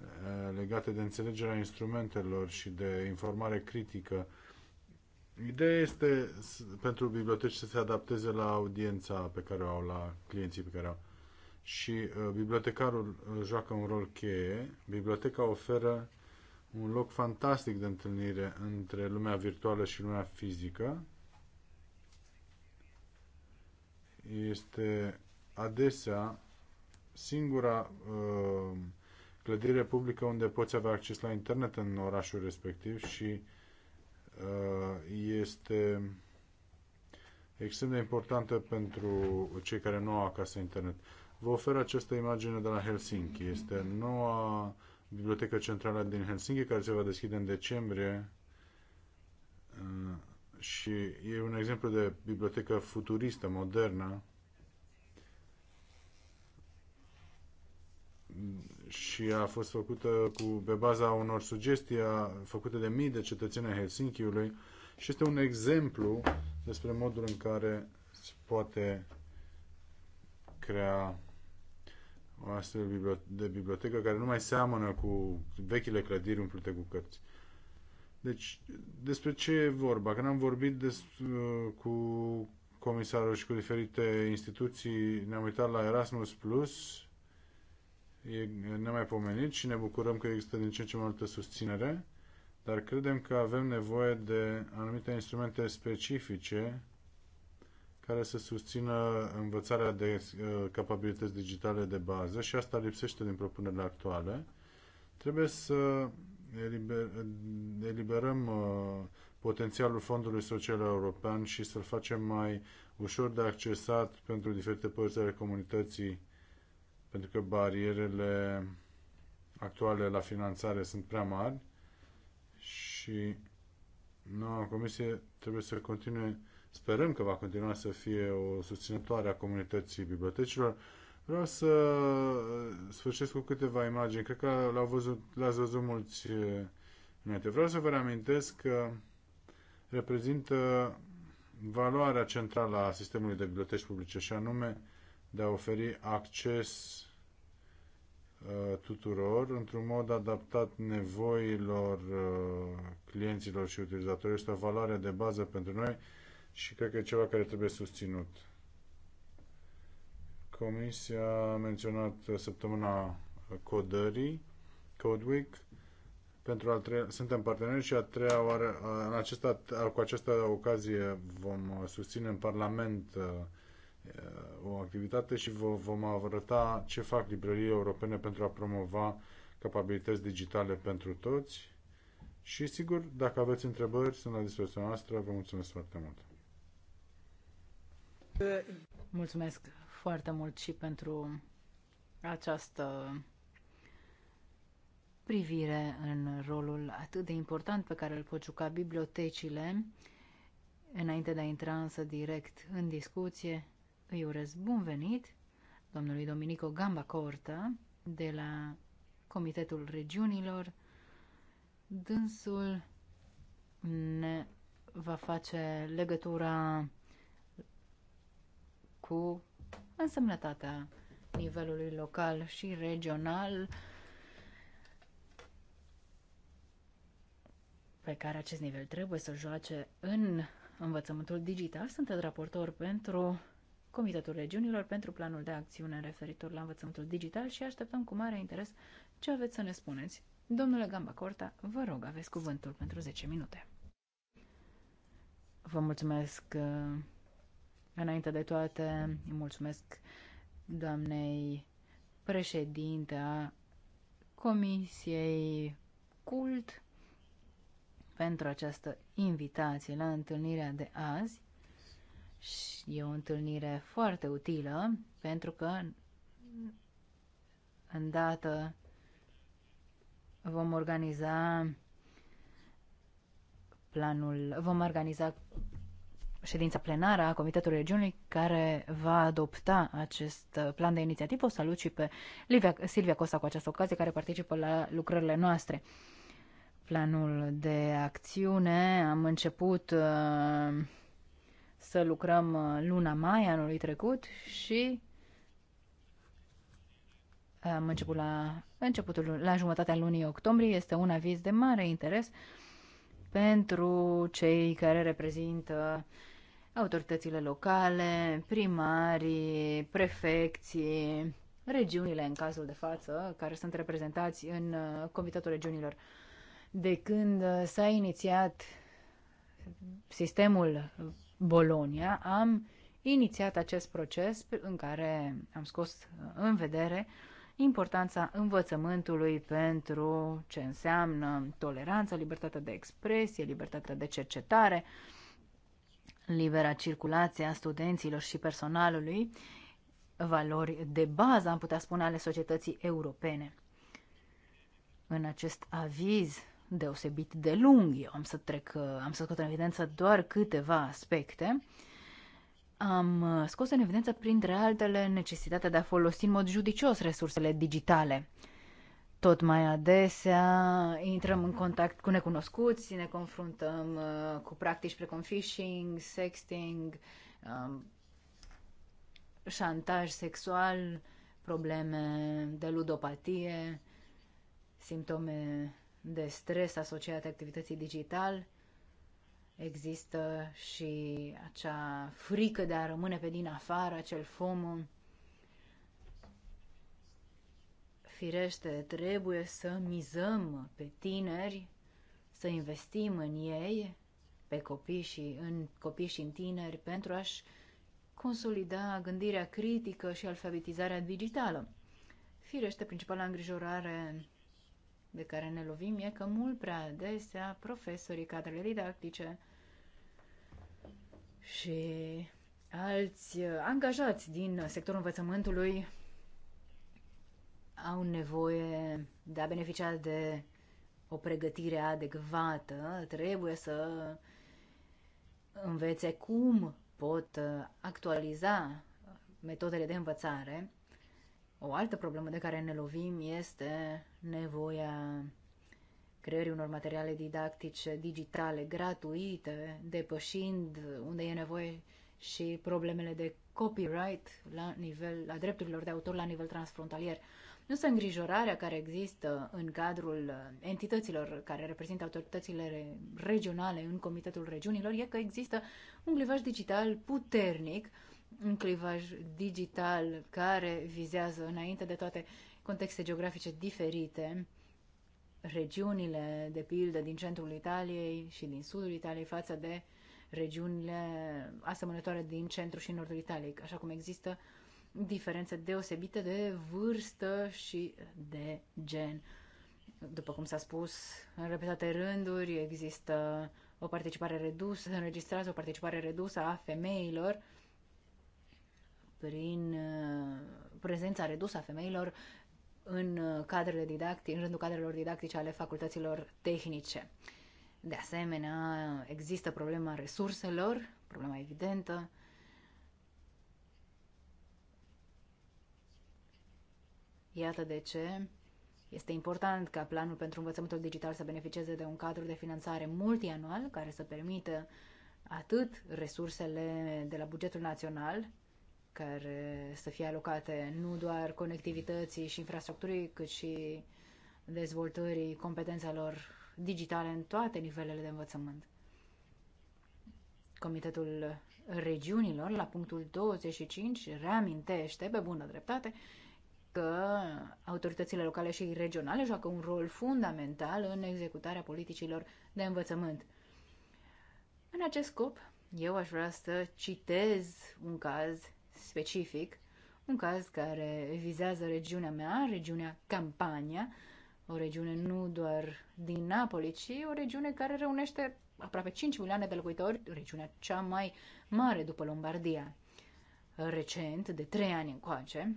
eh, legate de înțelegerea instrumentelor și de informare critică. Ideea este pentru biblioteci să se adapteze la audiența pe care o au, la clienții pe care o au și uh, bibliotecarul uh, joacă un rol cheie. Biblioteca oferă un loc fantastic de întâlnire între lumea virtuală și lumea fizică. Este adesea singura uh, clădire publică unde poți avea acces la internet în orașul respectiv și uh, este extrem de importantă pentru cei care nu au acasă internet. Vă ofer această imagine de la Helsinki. Este noua bibliotecă centrală din Helsinki care se va deschide în decembrie uh, și e un exemplu de bibliotecă futuristă, modernă și a fost făcută cu, pe baza unor sugestii făcute de mii de cetățeni ai Helsinkiului și este un exemplu despre modul în care se poate crea o astfel de bibliotecă care nu mai seamănă cu vechile clădiri umplute cu cărți. Deci, despre ce e vorba? Când am vorbit des, uh, cu comisarul și cu diferite instituții, ne-am uitat la Erasmus+, Plus, e nemaipomenit și ne bucurăm că există din ce în ce mai multă susținere, dar credem că avem nevoie de anumite instrumente specifice care să susțină învățarea de uh, capabilități digitale de bază și asta lipsește din propunerile actuale. Trebuie să eliber, eliberăm uh, potențialul Fondului Social European și să-l facem mai ușor de accesat pentru diferite părți ale comunității, pentru că barierele actuale la finanțare sunt prea mari și noua comisie trebuie să continue Sperăm că va continua să fie o susținătoare a comunității bibliotecilor. Vreau să uh, sfârșesc cu câteva imagini. Cred că l-au văzut, l-ați văzut mulți uh, înainte. Vreau să vă reamintesc că reprezintă valoarea centrală a sistemului de biblioteci publice și anume de a oferi acces uh, tuturor într-un mod adaptat nevoilor clienților și utilizatorilor. Este o valoare de bază pentru noi și cred că e ceva care trebuie susținut. Comisia a menționat uh, săptămâna codării, Code Week, pentru al treia, suntem parteneri și a treia oară, uh, în acesta, uh, cu această ocazie vom susține în Parlament o activitate și vă vom arăta ce fac librării europene pentru a promova capabilități digitale pentru toți. Și sigur, dacă aveți întrebări, sunt la dispoziția noastră. Vă mulțumesc foarte mult! Mulțumesc foarte mult și pentru această privire în rolul atât de important pe care îl pot juca bibliotecile. Înainte de a intra însă direct în discuție, îi urez bun venit domnului Dominico Gamba Corta de la Comitetul Regiunilor. Dânsul ne va face legătura cu însemnătatea nivelului local și regional pe care acest nivel trebuie să joace în învățământul digital. Sunt raportor pentru Comitetul Regiunilor pentru planul de acțiune referitor la învățământul digital și așteptăm cu mare interes ce aveți să ne spuneți. Domnule Gamba Corta, vă rog, aveți cuvântul pentru 10 minute. Vă mulțumesc Înainte de toate, îi mulțumesc doamnei președinte a Comisiei Cult pentru această invitație la întâlnirea de azi. Și e o întâlnire foarte utilă pentru că dată vom organiza planul, vom organiza ședința plenară a Comitetului Regiunii care va adopta acest uh, plan de inițiativă. O salut și pe Livia, Silvia Costa cu această ocazie care participă la lucrările noastre. Planul de acțiune am început uh, să lucrăm uh, luna mai anului trecut și am început la începutul, la jumătatea lunii octombrie. Este un aviz de mare interes pentru cei care reprezintă uh, autoritățile locale, primarii, prefecții, regiunile în cazul de față, care sunt reprezentați în uh, Comitetul Regiunilor. De când uh, s-a inițiat sistemul Bolonia, am inițiat acest proces în care am scos uh, în vedere importanța învățământului pentru ce înseamnă toleranță, libertatea de expresie, libertatea de cercetare, uh, libera circulație a studenților și personalului, valori de bază, am putea spune, ale societății europene. În acest aviz deosebit de lung, eu am să trec, am să scot în evidență doar câteva aspecte, am scos în evidență, printre altele, necesitatea de a folosi în mod judicios resursele digitale. Tot mai adesea intrăm în contact cu necunoscuți, ne confruntăm uh, cu practici precum phishing, sexting, um, șantaj sexual, probleme de ludopatie, simptome de stres asociate activității digital. Există și acea frică de a rămâne pe din afară, acel FOMO Firește, trebuie să mizăm pe tineri, să investim în ei, pe copii și în copii și în tineri, pentru a-și consolida gândirea critică și alfabetizarea digitală. Firește, principala îngrijorare de care ne lovim e că mult prea adesea profesorii, cadrele didactice și alți angajați din sectorul învățământului au nevoie de a beneficia de o pregătire adecvată, trebuie să învețe cum pot uh, actualiza metodele de învățare. O altă problemă de care ne lovim este nevoia creării unor materiale didactice digitale gratuite, depășind unde e nevoie și problemele de copyright la nivel, la drepturilor de autor la nivel transfrontalier. Însă îngrijorarea care există în cadrul uh, entităților care reprezintă autoritățile regionale în Comitetul Regiunilor e că există un clivaj digital puternic, un clivaj digital care vizează înainte de toate contexte geografice diferite, regiunile, de pildă, din centrul Italiei și din sudul Italiei față de regiunile asemănătoare din centrul și nordul Italiei, așa cum există uh, diferențe deosebite de vârstă și de gen. După cum s-a spus în repetate rânduri, există o participare redusă, înregistrează o participare redusă a femeilor prin uh, prezența redusă a femeilor în uh, cadrele didactice, în rândul cadrelor didactice ale facultăților tehnice. De asemenea, există problema resurselor, problema evidentă, Iată de ce este important ca planul pentru învățământul digital să beneficieze de un cadru de finanțare multianual care să permită atât resursele de la bugetul național, care să fie alocate nu doar conectivității și infrastructurii, cât și dezvoltării competențelor digitale în toate nivelele de învățământ. Comitetul regiunilor, la punctul 25, reamintește, pe bună dreptate, că autoritățile locale și regionale joacă un rol fundamental în executarea politicilor de învățământ. În acest scop, eu aș vrea să citez un caz specific, un caz care vizează regiunea mea, regiunea Campania, o regiune nu doar din Napoli, ci o regiune care reunește aproape 5 milioane de locuitori, regiunea cea mai mare după Lombardia. Recent, de 3 ani încoace,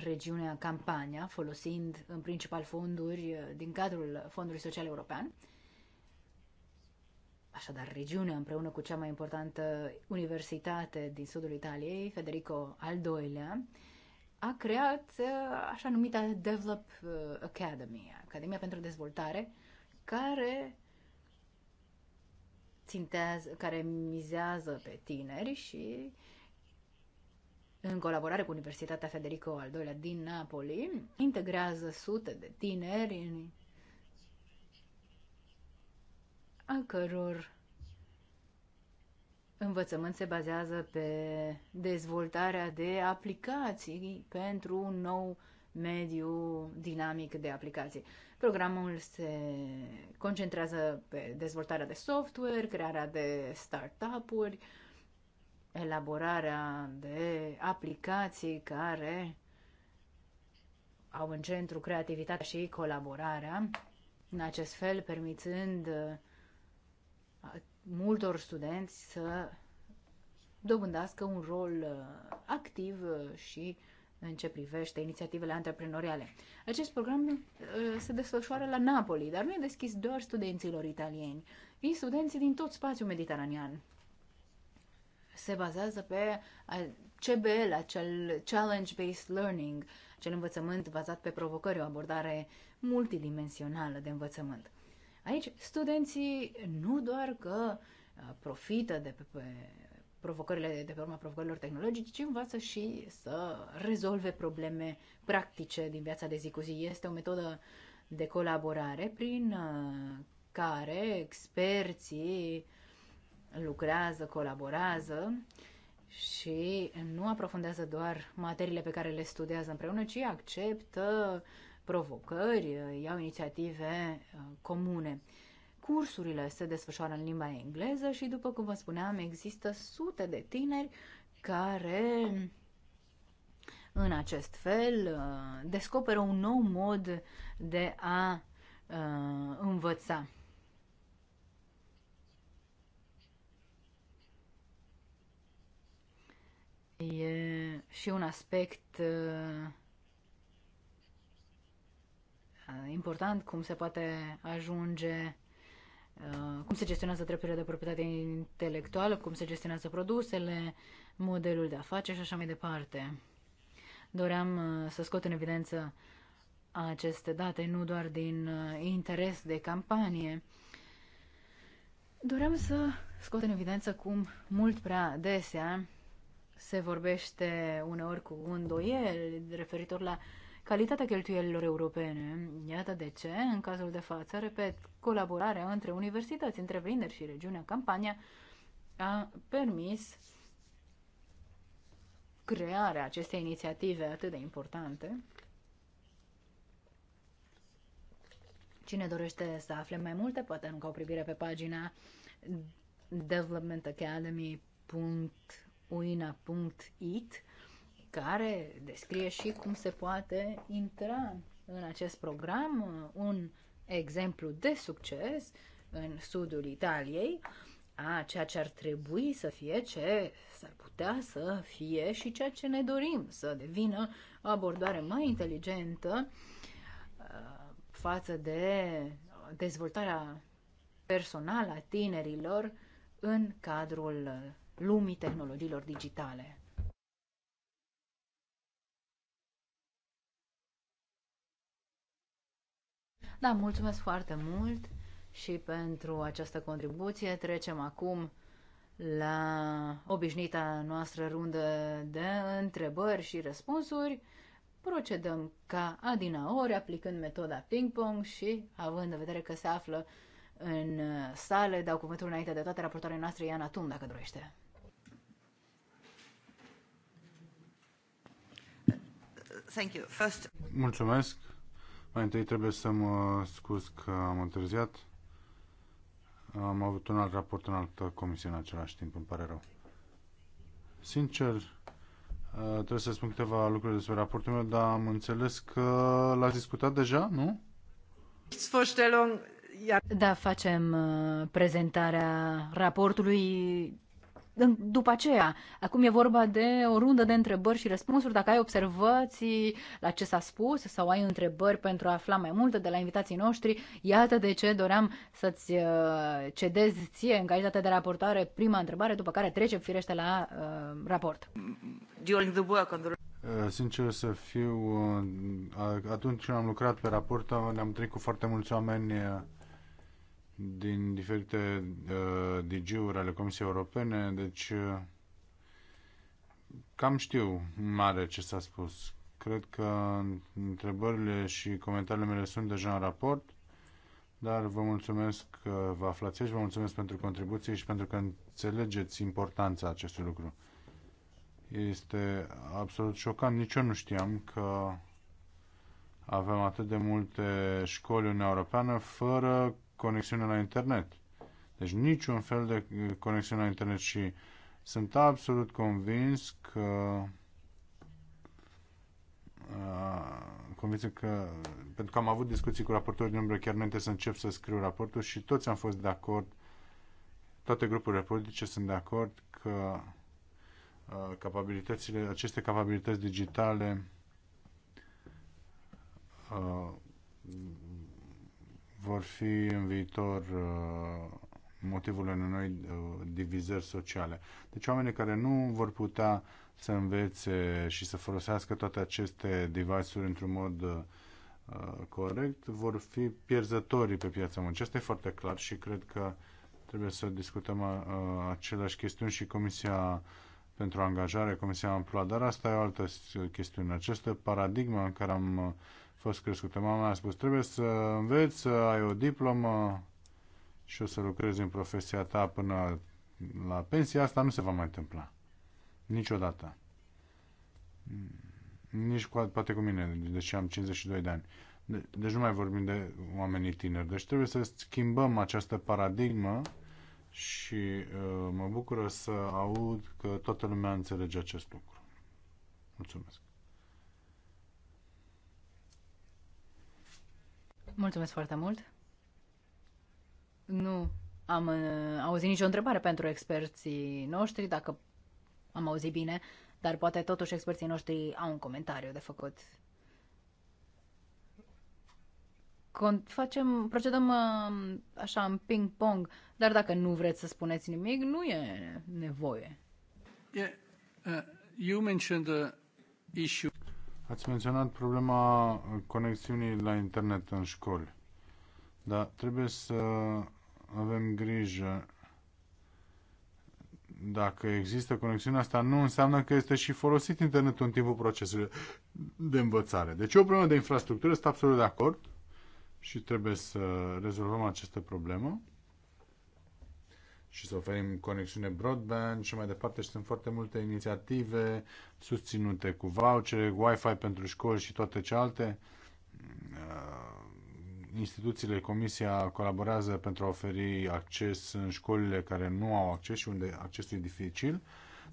regiunea Campania, folosind în principal fonduri eh, din cadrul Fondului Social European. Așadar, regiunea împreună cu cea mai importantă universitate din sudul Italiei, Federico al II-lea, a creat eh, așa numita Develop eh, Academy, Academia pentru Dezvoltare, care țintează, care mizează pe tineri și în colaborare cu Universitatea Federico al II-lea din Napoli, integrează sute de tineri în a căror învățământ se bazează pe dezvoltarea de aplicații pentru un nou mediu dinamic de aplicații. Programul se concentrează pe dezvoltarea de software, crearea de startup-uri, uh, elaborarea de aplicații care au în centru creativitatea și colaborarea, în acest fel permițând uh, multor studenți să dobândească un rol uh, activ uh, și în ce privește inițiativele antreprenoriale. Acest program se desfășoară la Napoli, dar nu e deschis doar studenților italieni, vin studenții din tot spațiul mediteranean se bazează pe CBL, acel Challenge-Based Learning, acel învățământ bazat pe provocări, o abordare multidimensională de învățământ. Aici, studenții nu doar că profită de pe, pe provocările, de pe urma provocărilor tehnologice, ci învață și să rezolve probleme practice din viața de zi cu zi. Este o metodă de colaborare prin care experții lucrează, colaborează și nu aprofundează doar materiile pe care le studiază împreună, ci acceptă provocări, iau inițiative uh, comune. Cursurile se desfășoară în limba engleză și, după cum vă spuneam, există sute de tineri care în acest fel uh, descoperă un nou mod de a uh, învăța. e și un aspect uh, uh, important cum se poate ajunge, uh, cum se gestionează drepturile de proprietate intelectuală, cum se gestionează produsele, modelul de afaceri și așa mai departe. Doream să scot în evidență aceste date, nu doar din interes de campanie. Doream să scot în evidență cum mult prea adesea se vorbește uneori cu îndoieli referitor la calitatea cheltuielilor europene. Iată de ce, în cazul de față, repet, colaborarea între universități, întreprinderi și regiunea Campania a permis crearea acestei inițiative atât de importante. Cine dorește să afle mai multe, poate arunca o privire pe pagina developmentacademy.com uina.it care descrie și cum se poate intra în acest program, un exemplu de succes în sudul Italiei a ceea ce ar trebui să fie, ce s-ar putea să fie și ceea ce ne dorim să devină o abordare mai inteligentă uh, față de dezvoltarea personală a tinerilor în cadrul lumii tehnologiilor digitale. Da, mulțumesc foarte mult și pentru această contribuție. Trecem acum la obișnuita noastră rundă de întrebări și răspunsuri. Procedăm ca adinaori, aplicând metoda ping-pong și, având în vedere că se află în sale, dau cuvântul înainte de toate raportoarele noastre Iana Tum, dacă dorește. Thank you. First... Mulțumesc. Mai întâi trebuie să mă scuz că am întârziat. Am avut un alt raport în altă comisie în același timp, îmi pare rău. Sincer, uh, trebuie să spun câteva lucruri despre raportul meu, dar am înțeles că l-ați discutat deja, nu? Da, facem prezentarea raportului după aceea. Acum e vorba de o rundă de întrebări și răspunsuri. Dacă ai observații la ce s-a spus sau ai întrebări pentru a afla mai multe de la invitații noștri, iată de ce doream să-ți uh, cedez ție în calitate de raportare prima întrebare, după care trecem firește la uh, raport. Uh, sincer să fiu, uh, atunci când am lucrat pe raport, ne-am întâlnit cu foarte mulți oameni din diferite uh, DG-uri ale Comisiei Europene, deci uh, cam știu în mare ce s-a spus. Cred că întrebările și comentariile mele sunt deja în raport, dar vă mulțumesc că vă aflați aici, vă mulțumesc pentru contribuții și pentru că înțelegeți importanța acestui lucru. Este absolut șocant, nici eu nu știam că avem atât de multe școli în Europeană fără conexiune la internet. Deci niciun fel de eh, conexiune la internet și sunt absolut convins că eh, convins că, pentru că am avut discuții cu raportori din umbră chiar înainte să încep să scriu raportul și toți am fost de acord, toate grupurile politice sunt de acord că eh, capabilitățile, aceste capabilități digitale vor fi în viitor uh, motivul unei noi uh, divizări sociale. Deci oamenii care nu vor putea să învețe și să folosească toate aceste device-uri într-un mod uh, corect, vor fi pierzătorii pe piața muncii. Asta e foarte clar și cred că trebuie să discutăm aceleași chestiuni și Comisia pentru Angajare, Comisia Amploa, dar asta e o altă chestiune. Această paradigma în care am fost crescută. Mama mea a spus, trebuie să înveți, să ai o diplomă și o să lucrezi în profesia ta până la pensie. Asta nu se va mai întâmpla. Niciodată. Nici cu, poate cu mine, deși am 52 de ani. De, deci nu mai vorbim de oamenii tineri. Deci trebuie să schimbăm această paradigmă și uh, mă bucură să aud că toată lumea înțelege acest lucru. Mulțumesc! Mulțumesc foarte mult. Nu am uh, auzit nicio întrebare pentru experții noștri, dacă am auzit bine, dar poate totuși experții noștri au un comentariu de făcut. Con- facem, procedăm um, așa în ping-pong, dar dacă nu vreți să spuneți nimic, nu e nevoie. Yeah, uh, you mentioned the issue. Ați menționat problema conexiunii la internet în școli, dar trebuie să avem grijă dacă există conexiunea asta, nu înseamnă că este și folosit internetul în timpul procesului de învățare. Deci e o problemă de infrastructură, sunt absolut de acord și trebuie să rezolvăm această problemă și să oferim conexiune broadband și mai departe și sunt foarte multe inițiative susținute cu vouchere, Wi-Fi pentru școli și toate cealaltă. Uh, instituțiile, Comisia colaborează pentru a oferi acces în școlile care nu au acces și unde accesul e dificil.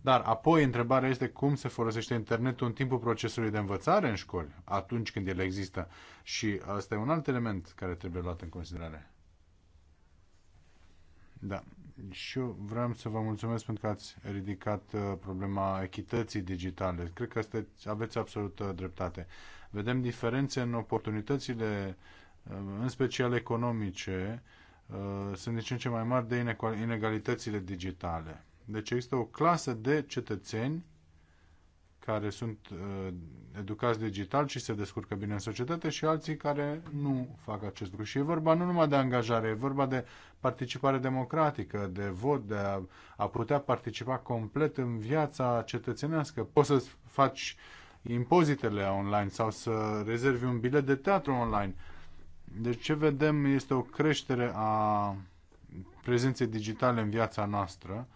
Dar apoi întrebarea este cum se folosește internetul în timpul procesului de învățare în școli, atunci când el există. Și asta e un alt element care trebuie luat în considerare. Da, și eu vreau să vă mulțumesc pentru că ați ridicat uh, problema echității digitale. Cred că aveți absolută dreptate. Vedem diferențe în oportunitățile, uh, în special economice, uh, sunt din ce în ce mai mari de inegalitățile digitale. Deci există o clasă de cetățeni care sunt uh, educați digital și se descurcă bine în societate și alții care nu fac acest lucru. Și e vorba nu numai de angajare, e vorba de participare democratică, de vot, de a, a putea participa complet în viața cetățenească. Poți să faci impozitele online sau să rezervi un bilet de teatru online. Deci ce vedem este o creștere a prezenței digitale în viața noastră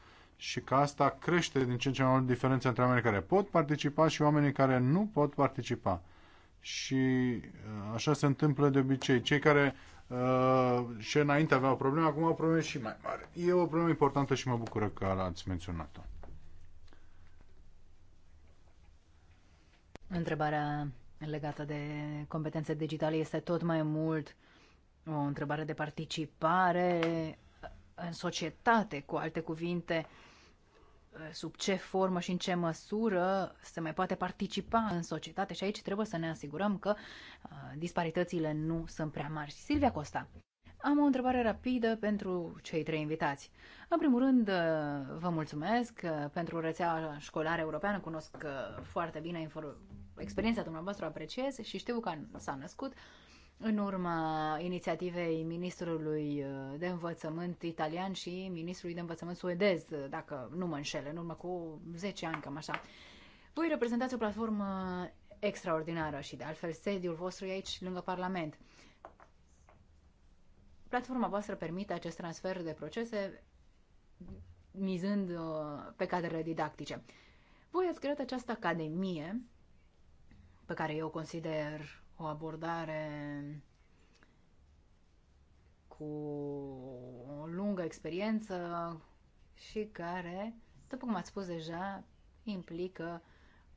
și că asta crește din ce în ce mai mult diferența între oamenii care pot participa și oamenii care nu pot participa. Și uh, așa se întâmplă de obicei. Cei care uh, și înainte aveau probleme, acum au probleme și mai mari. E o problemă importantă și mă bucură că l-ați menționat-o. Întrebarea legată de competențe digitale este tot mai mult o întrebare de participare în societate, cu alte cuvinte, Uh, sub ce formă și în ce măsură se mai poate participa în societate și aici trebuie să ne asigurăm că uh, disparitățile nu sunt prea mari. Silvia Costa. Am o întrebare rapidă pentru cei trei invitați. În primul rând, uh, vă mulțumesc pentru rețeaua școlară europeană. Cunosc foarte bine experiența dumneavoastră, apreciez și știu că s-a născut în urma inițiativei ministrului uh, de învățământ italian și ministrului de învățământ suedez, uh, dacă nu mă înșel, în urmă cu 10 ani, cam așa. Voi reprezentați o platformă extraordinară și, de altfel, sediul vostru e aici, lângă Parlament. Platforma voastră permite acest transfer de procese mizând uh, pe cadrele didactice. Voi ați creat această academie pe care eu o consider o abordare cu o lungă experiență și care, după cum ați spus deja, implică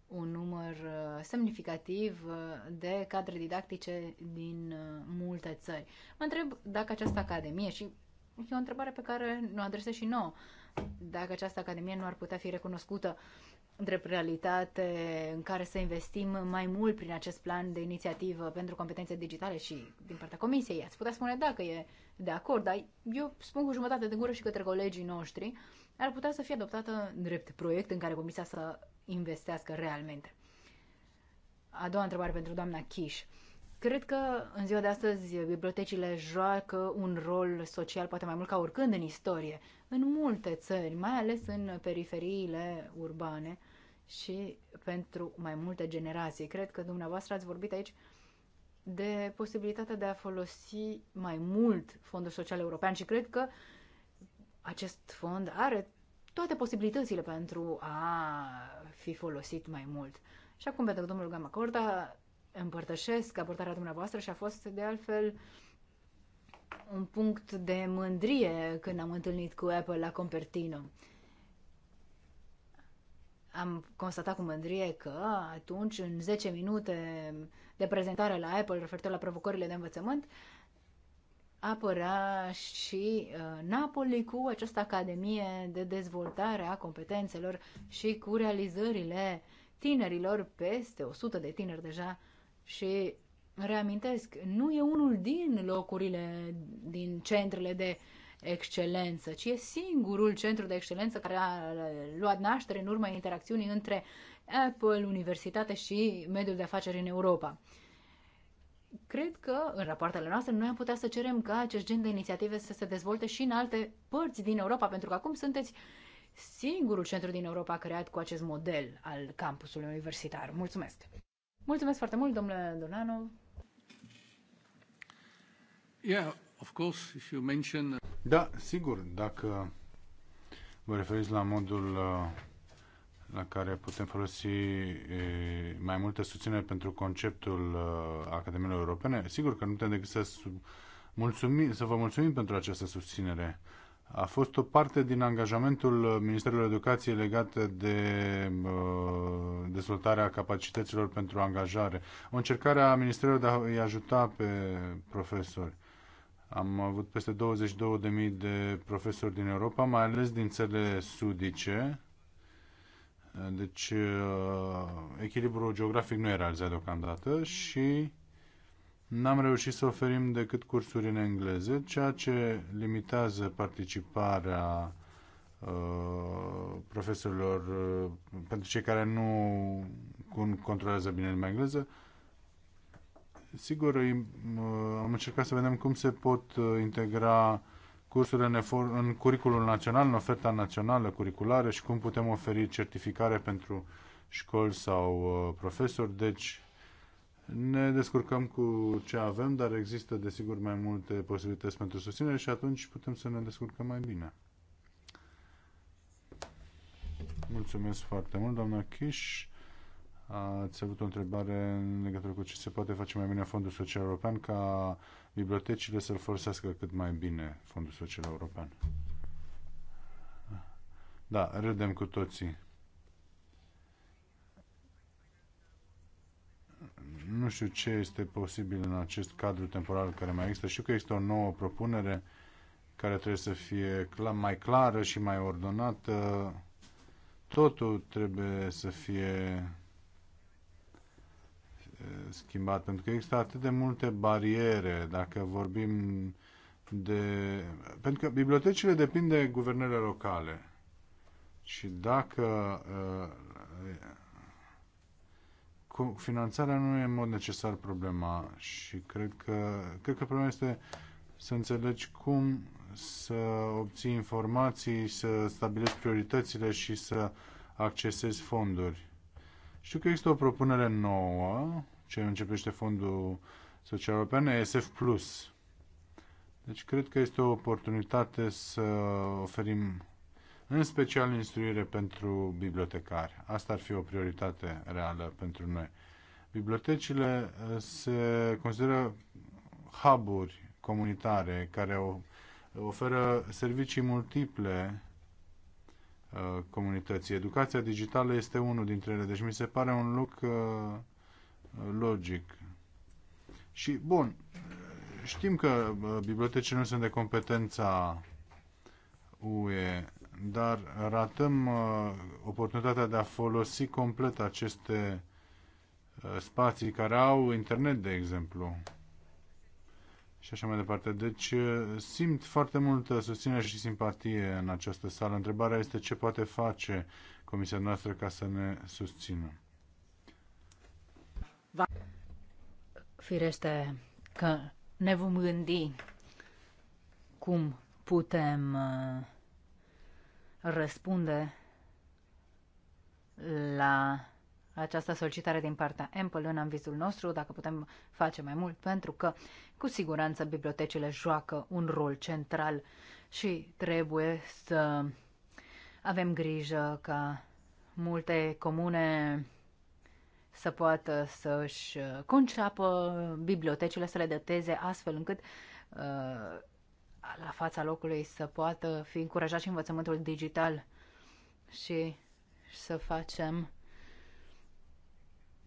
un număr uh, semnificativ uh, de cadre didactice din uh, multe țări. Mă întreb dacă această academie, și e o întrebare pe care nu adresez și nouă, dacă această academie nu ar putea fi recunoscută drept realitate în care să investim mai mult prin acest plan de inițiativă pentru competențe digitale și din partea Comisiei. Ați putea spune dacă e de acord, dar eu spun cu jumătate de gură și către colegii noștri, ar putea să fie adoptată drept proiect în care Comisia să investească realmente. A doua întrebare pentru doamna Chiș. Cred că în ziua de astăzi bibliotecile joacă un rol social poate mai mult ca oricând în istorie. În multe țări, mai ales în periferiile urbane, și pentru mai multe generații. Cred că dumneavoastră ați vorbit aici de posibilitatea de a folosi mai mult Fondul Social European și cred că acest fond are toate posibilitățile pentru a fi folosit mai mult. Și acum, pentru domnul Gama Gamacorda, împărtășesc abordarea dumneavoastră și a fost, de altfel, un punct de mândrie când am întâlnit cu Apple la Compertino. Am constatat cu mândrie că atunci, în 10 minute de prezentare la Apple referitor la provocările de învățământ, apărea și uh, Napoli cu această academie de dezvoltare a competențelor și cu realizările tinerilor, peste 100 de tineri deja, și reamintesc, nu e unul din locurile, din centrele de uh, excelență, ci e singurul centru de excelență care a luat naștere în urma interacțiunii între Apple, universitate și mediul de afaceri în Europa. Cred că în rapoartele noastre noi am putea să cerem ca acest gen de inițiative să se dezvolte și în alte părți din Europa, pentru că acum sunteți singurul centru din Europa creat cu acest model al campusului universitar. Mulțumesc! Mulțumesc foarte mult, domnule Donano! Yeah, Of course, if you mention... Uh, da, sigur, dacă vă referiți la modul uh, la care putem folosi mai multe susținere pentru conceptul uh, Academiilor Europene, sigur că nu putem decât să, mulțumim, să vă mulțumim pentru această susținere. A fost o parte din angajamentul Ministerului Educației legat de dezvoltarea capacităților pentru angajare, o încercare a Ministerului de a-i ajuta pe profesori. Am avut peste 22.000 de profesori din Europa, mai ales din țările sudice. Deci uh, echilibrul geografic nu e realizat deocamdată și n-am reușit să oferim decât cursuri în engleză, ceea ce limitează participarea uh, profesorilor uh, pentru cei care nu controlează bine limba engleză Sigur, am încercat să vedem cum se pot uh, integra cursurile în, în curiculul național, în oferta națională curriculară și cum putem oferi certificare pentru școli sau uh, profesori. Deci ne descurcăm cu ce avem, dar există desigur mai multe posibilități pentru susținere și atunci putem să ne descurcăm mai bine. Mulțumesc foarte mult, doamna Kish. Ați avut o întrebare în legătură cu ce se poate face mai bine Fondul Social European ca bibliotecile să-l folosească cât mai bine Fondul Social European. Da, râdem cu toții. Nu știu ce este posibil în acest cadru temporal care mai există. Știu că este o nouă propunere care trebuie să fie mai clară și mai ordonată. Totul trebuie să fie schimbat, pentru că există atât de multe bariere, dacă vorbim de... Pentru că bibliotecile depind de guvernele locale. Și dacă uh, cu finanțarea nu e în mod necesar problema și cred că, cred că problema este să înțelegi cum să obții informații, să stabilești prioritățile și să accesezi fonduri. Știu că există o propunere nouă ce începește Fondul Social European, ESF+. Deci cred că este o oportunitate să oferim în special instruire pentru bibliotecari. Asta ar fi o prioritate reală pentru noi. Bibliotecile eh, se consideră hub comunitare care oferă servicii multiple Uh, comunității. Educația digitală este unul dintre ele, deci mi se pare un loc uh, logic. Și, bun, știm că uh, bibliotecile nu sunt de competența UE, dar ratăm uh, oportunitatea de a folosi complet aceste uh, spații care au internet, de exemplu și așa mai departe. Deci uh, simt foarte multă susținere și simpatie în această sală. Întrebarea este ce poate face comisia noastră ca să ne susțină. Firește că ne vom gândi cum putem uh, răspunde la această solicitare din partea Apple în avizul nostru, dacă putem face mai mult, pentru că cu siguranță bibliotecile joacă un rol central și trebuie să avem grijă ca multe comune să poată să-și conceapă bibliotecile, să le dăteze astfel încât uh, la fața locului să poată fi încurajat și învățământul digital și să facem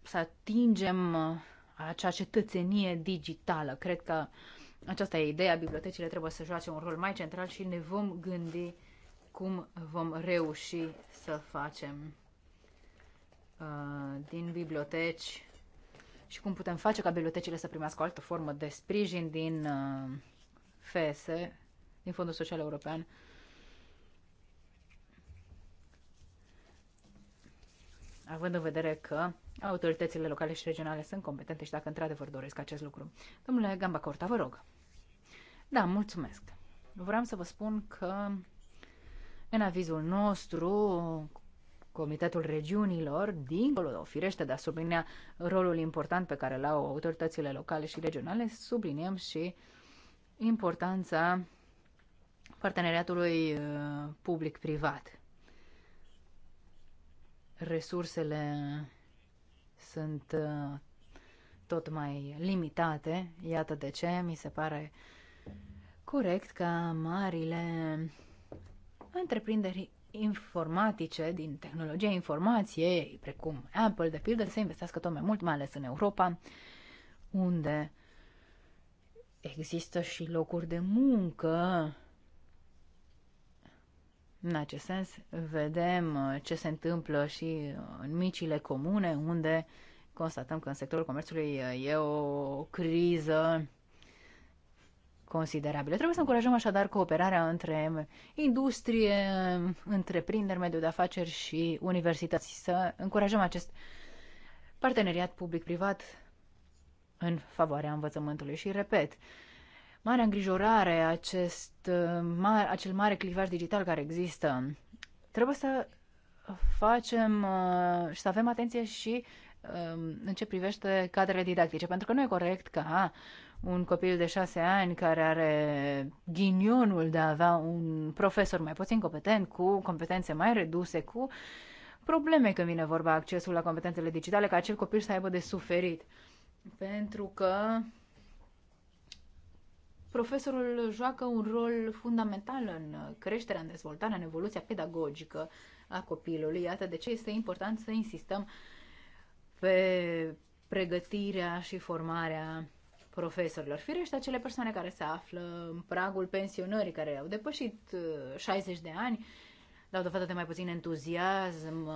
să atingem uh, acea cetățenie digitală. Cred că aceasta e ideea, bibliotecile trebuie să joace un rol mai central și ne vom gândi cum vom reuși să facem uh, din biblioteci și cum putem face ca bibliotecile să primească o altă formă de sprijin din uh, FS, din Fondul Social European. Având în vedere că autoritățile locale și regionale sunt competente și dacă într-adevăr doresc acest lucru. Domnule Gamba Corta, vă rog. Da, mulțumesc. Vreau să vă spun că în avizul nostru, Comitetul Regiunilor, dincolo, firește, de a sublinea rolul important pe care l-au autoritățile locale și regionale, subliniem și importanța parteneriatului uh, public-privat. Resursele sunt uh, tot mai limitate. Iată de ce mi se pare corect ca marile întreprinderi informatice, din tehnologia informației, precum Apple, de pildă, să investească tot mai mult, mai ales în Europa, unde există și locuri de muncă în acest sens, vedem uh, ce se întâmplă și uh, în micile comune, unde constatăm că în sectorul comerțului uh, e o criză considerabilă. Trebuie să încurajăm așadar cooperarea între industrie, întreprinderi, mediul de afaceri și universități, să încurajăm acest parteneriat public-privat în favoarea învățământului. Și repet, marea îngrijorare, acest, uh, acel mare clivaj digital care există. Trebuie să facem uh, și să avem atenție și um, în ce privește cadrele didactice, pentru că nu e corect ca un copil de șase ani care are ghinionul de a avea un profesor mai puțin competent, cu competențe mai reduse, cu probleme când vine vorba accesul la competențele digitale, ca acel copil să aibă de suferit. Pentru că profesorul joacă un rol fundamental în creșterea, în dezvoltarea, în evoluția pedagogică a copilului. Iată de ce este important să insistăm pe pregătirea și formarea profesorilor. Firește acele persoane care se află în pragul pensionării, care au depășit 60 uh, de ani, dau dovadă de mai puțin entuziasm uh,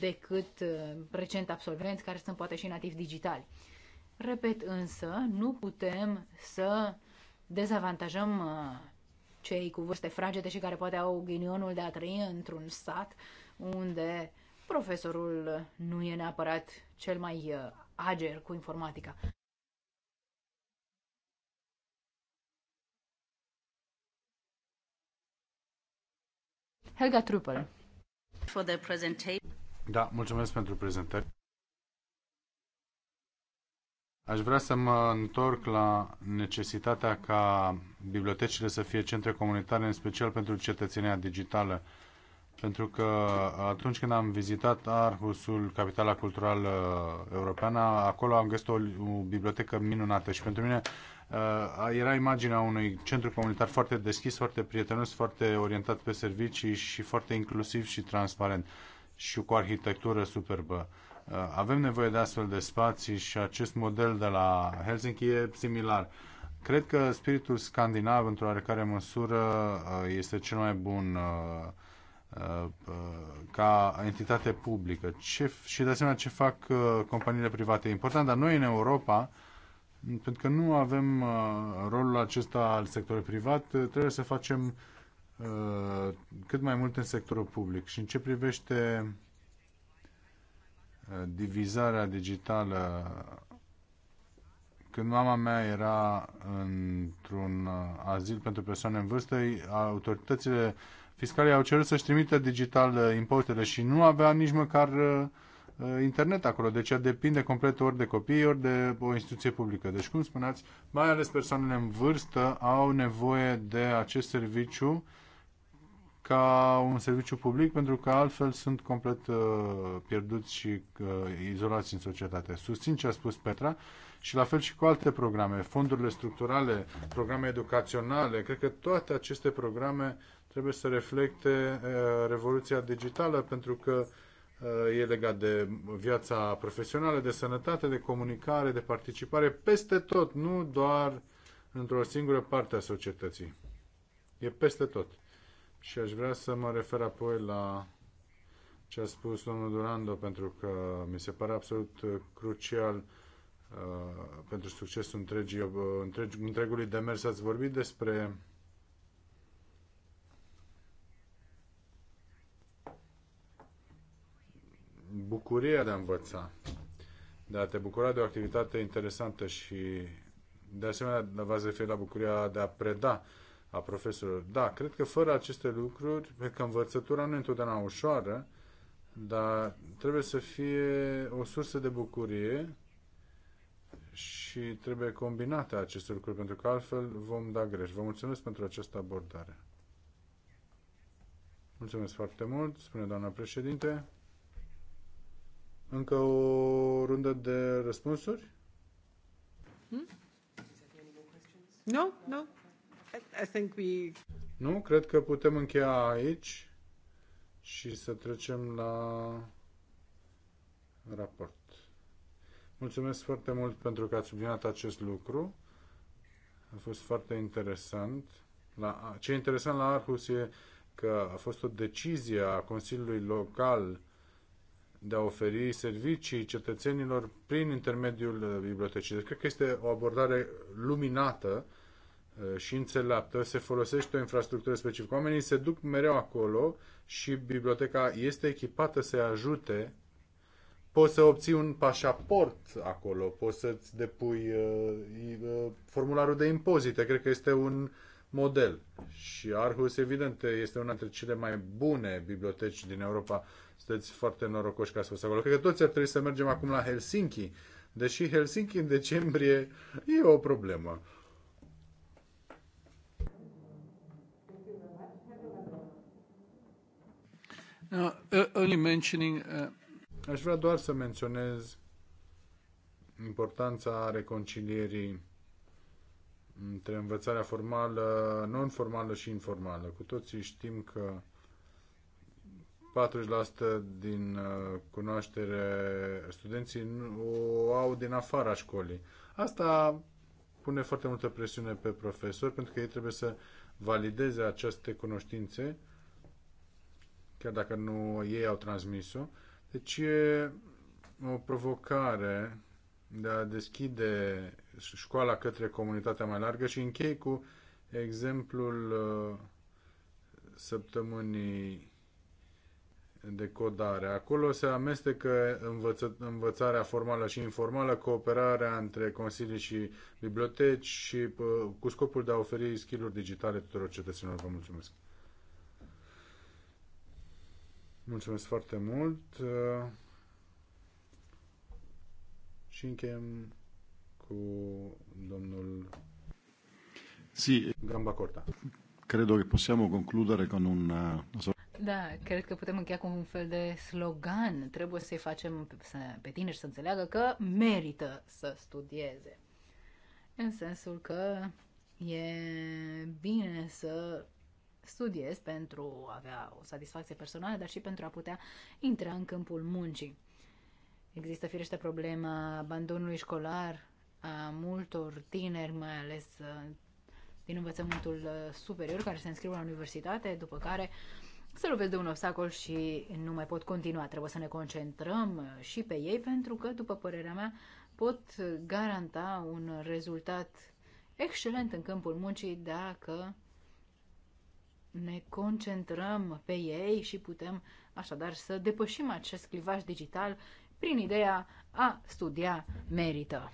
decât uh, recent absolvenți care sunt poate și nativi digitali. Repet însă, nu putem să dezavantajăm uh, cei cu vârste fragede și care poate au ghinionul de a trăi într-un sat unde profesorul nu e neapărat cel mai uh, ager cu informatica. Helga Truppel. Da, mulțumesc pentru prezentare. Aș vrea să mă întorc la necesitatea ca bibliotecile să fie centre comunitare, în special pentru cetățenia digitală. Pentru că atunci când am vizitat Arhusul, capitala culturală uh, europeană, acolo am găsit o, o bibliotecă minunată și pentru mine uh, era imaginea unui centru comunitar foarte deschis, foarte prietenos, foarte orientat pe servicii și foarte inclusiv și transparent și cu arhitectură superbă. Uh, Uh, avem nevoie de astfel de spații și acest model de la Helsinki e similar. Cred că spiritul scandinav, într-o oarecare măsură, uh, este cel mai bun uh, ca entitate publică. Ce, și de asemenea ce fac companiile private. E important, dar noi în Europa, pentru că nu avem rolul acesta al sectorului privat, trebuie să facem cât mai mult în sectorul public. Și în ce privește divizarea digitală. Când mama mea era într-un uh, azil pentru persoane în vârstă, autoritățile fiscale au cerut să-și trimită digital uh, impozitele și nu avea nici măcar uh, internet acolo. Deci ea depinde complet ori de copii, ori de o instituție publică. Deci, cum spuneați, mai ales persoanele în vârstă au nevoie de acest serviciu ca un serviciu public, pentru că altfel sunt complet uh, pierduți și uh, izolați în societate. Susțin ce a spus Petra și la fel și cu alte programe, fondurile structurale, programe educaționale, cred că toate aceste programe trebuie să reflecte uh, revoluția digitală, pentru că uh, e legat de viața profesională, de sănătate, de comunicare, de participare, peste tot, nu doar într-o singură parte a societății. E peste tot. Și aș vrea să mă refer apoi la ce a spus domnul Durando, pentru că mi se pare absolut crucial uh, pentru succesul întregii, uh, întreg, întregului demers. Ați vorbit despre bucuria de a învăța, de a te bucura de o activitate interesantă și de asemenea v-ați referit la bucuria de a preda. Uh, a profesorilor. Da, cred că fără aceste lucruri, pe că învățătura nu e întotdeauna ușoară, dar trebuie să fie o sursă de bucurie și trebuie combinate aceste lucruri, pentru că altfel vom da greș. Vă mulțumesc pentru această abordare. Mulțumesc foarte mult, spune doamna președinte. Încă o rundă de răspunsuri? Hmm? No, no. Nu, cred că putem încheia aici și să trecem la raport. Mulțumesc foarte mult pentru că ați subliniat acest lucru. A fost foarte interesant. La, ce e interesant la Arhus e că a fost o decizie a Consiliului Local de a oferi servicii cetățenilor prin intermediul bibliotecii. Deci cred că este o abordare luminată Uh, și înțeleaptă, se folosește o infrastructură specifică. Oamenii se duc mereu acolo și biblioteca este echipată să-i ajute. Poți să obții un pașaport acolo, poți să-ți depui uh, uh, formularul de impozite, cred că este un model. Și Arhus, evident, este una dintre cele mai bune biblioteci din Europa. Sunteți foarte norocoși că ați fost acolo. Cred că toți ar trebui să mergem acum la Helsinki, deși Helsinki în decembrie e o problemă only uh, mentioning, uh... Aș vrea doar să menționez importanța reconcilierii între învățarea formală, non-formală și informală. Cu toții știm că 40% din uh, cunoaștere studenții o au din afara școlii. Asta pune foarte multă presiune pe profesori pentru că ei trebuie să valideze aceste cunoștințe chiar dacă nu ei au transmis-o. Deci e o provocare de a deschide școala către comunitatea mai largă și închei cu exemplul uh, săptămânii de codare. Acolo se amestecă învăță, învățarea formală și informală, cooperarea între consilii și biblioteci și uh, cu scopul de a oferi skill-uri digitale tuturor cetățenilor. Vă mulțumesc! Mulțumesc foarte mult și încheiem cu domnul sì. Gamba Corta. Credo che possiamo concludere con un... Eh, da, cred că putem încheia cu un fel de slogan. Trebuie să-i facem pe, pe tineri să înțeleagă că merită să studieze. În sensul că e bine să studiez pentru a avea o satisfacție personală, dar și pentru a putea intra în câmpul muncii. Există firește problema abandonului școlar a multor tineri, mai ales uh, din învățământul uh, superior, care se înscriu la universitate, după care se lovesc de un obstacol și nu mai pot continua. Trebuie să ne concentrăm uh, și pe ei, pentru că, după părerea mea, pot garanta un rezultat excelent în câmpul muncii dacă ne concentrăm pe ei și putem așadar să depășim acest clivaj digital prin ideea a studia merită.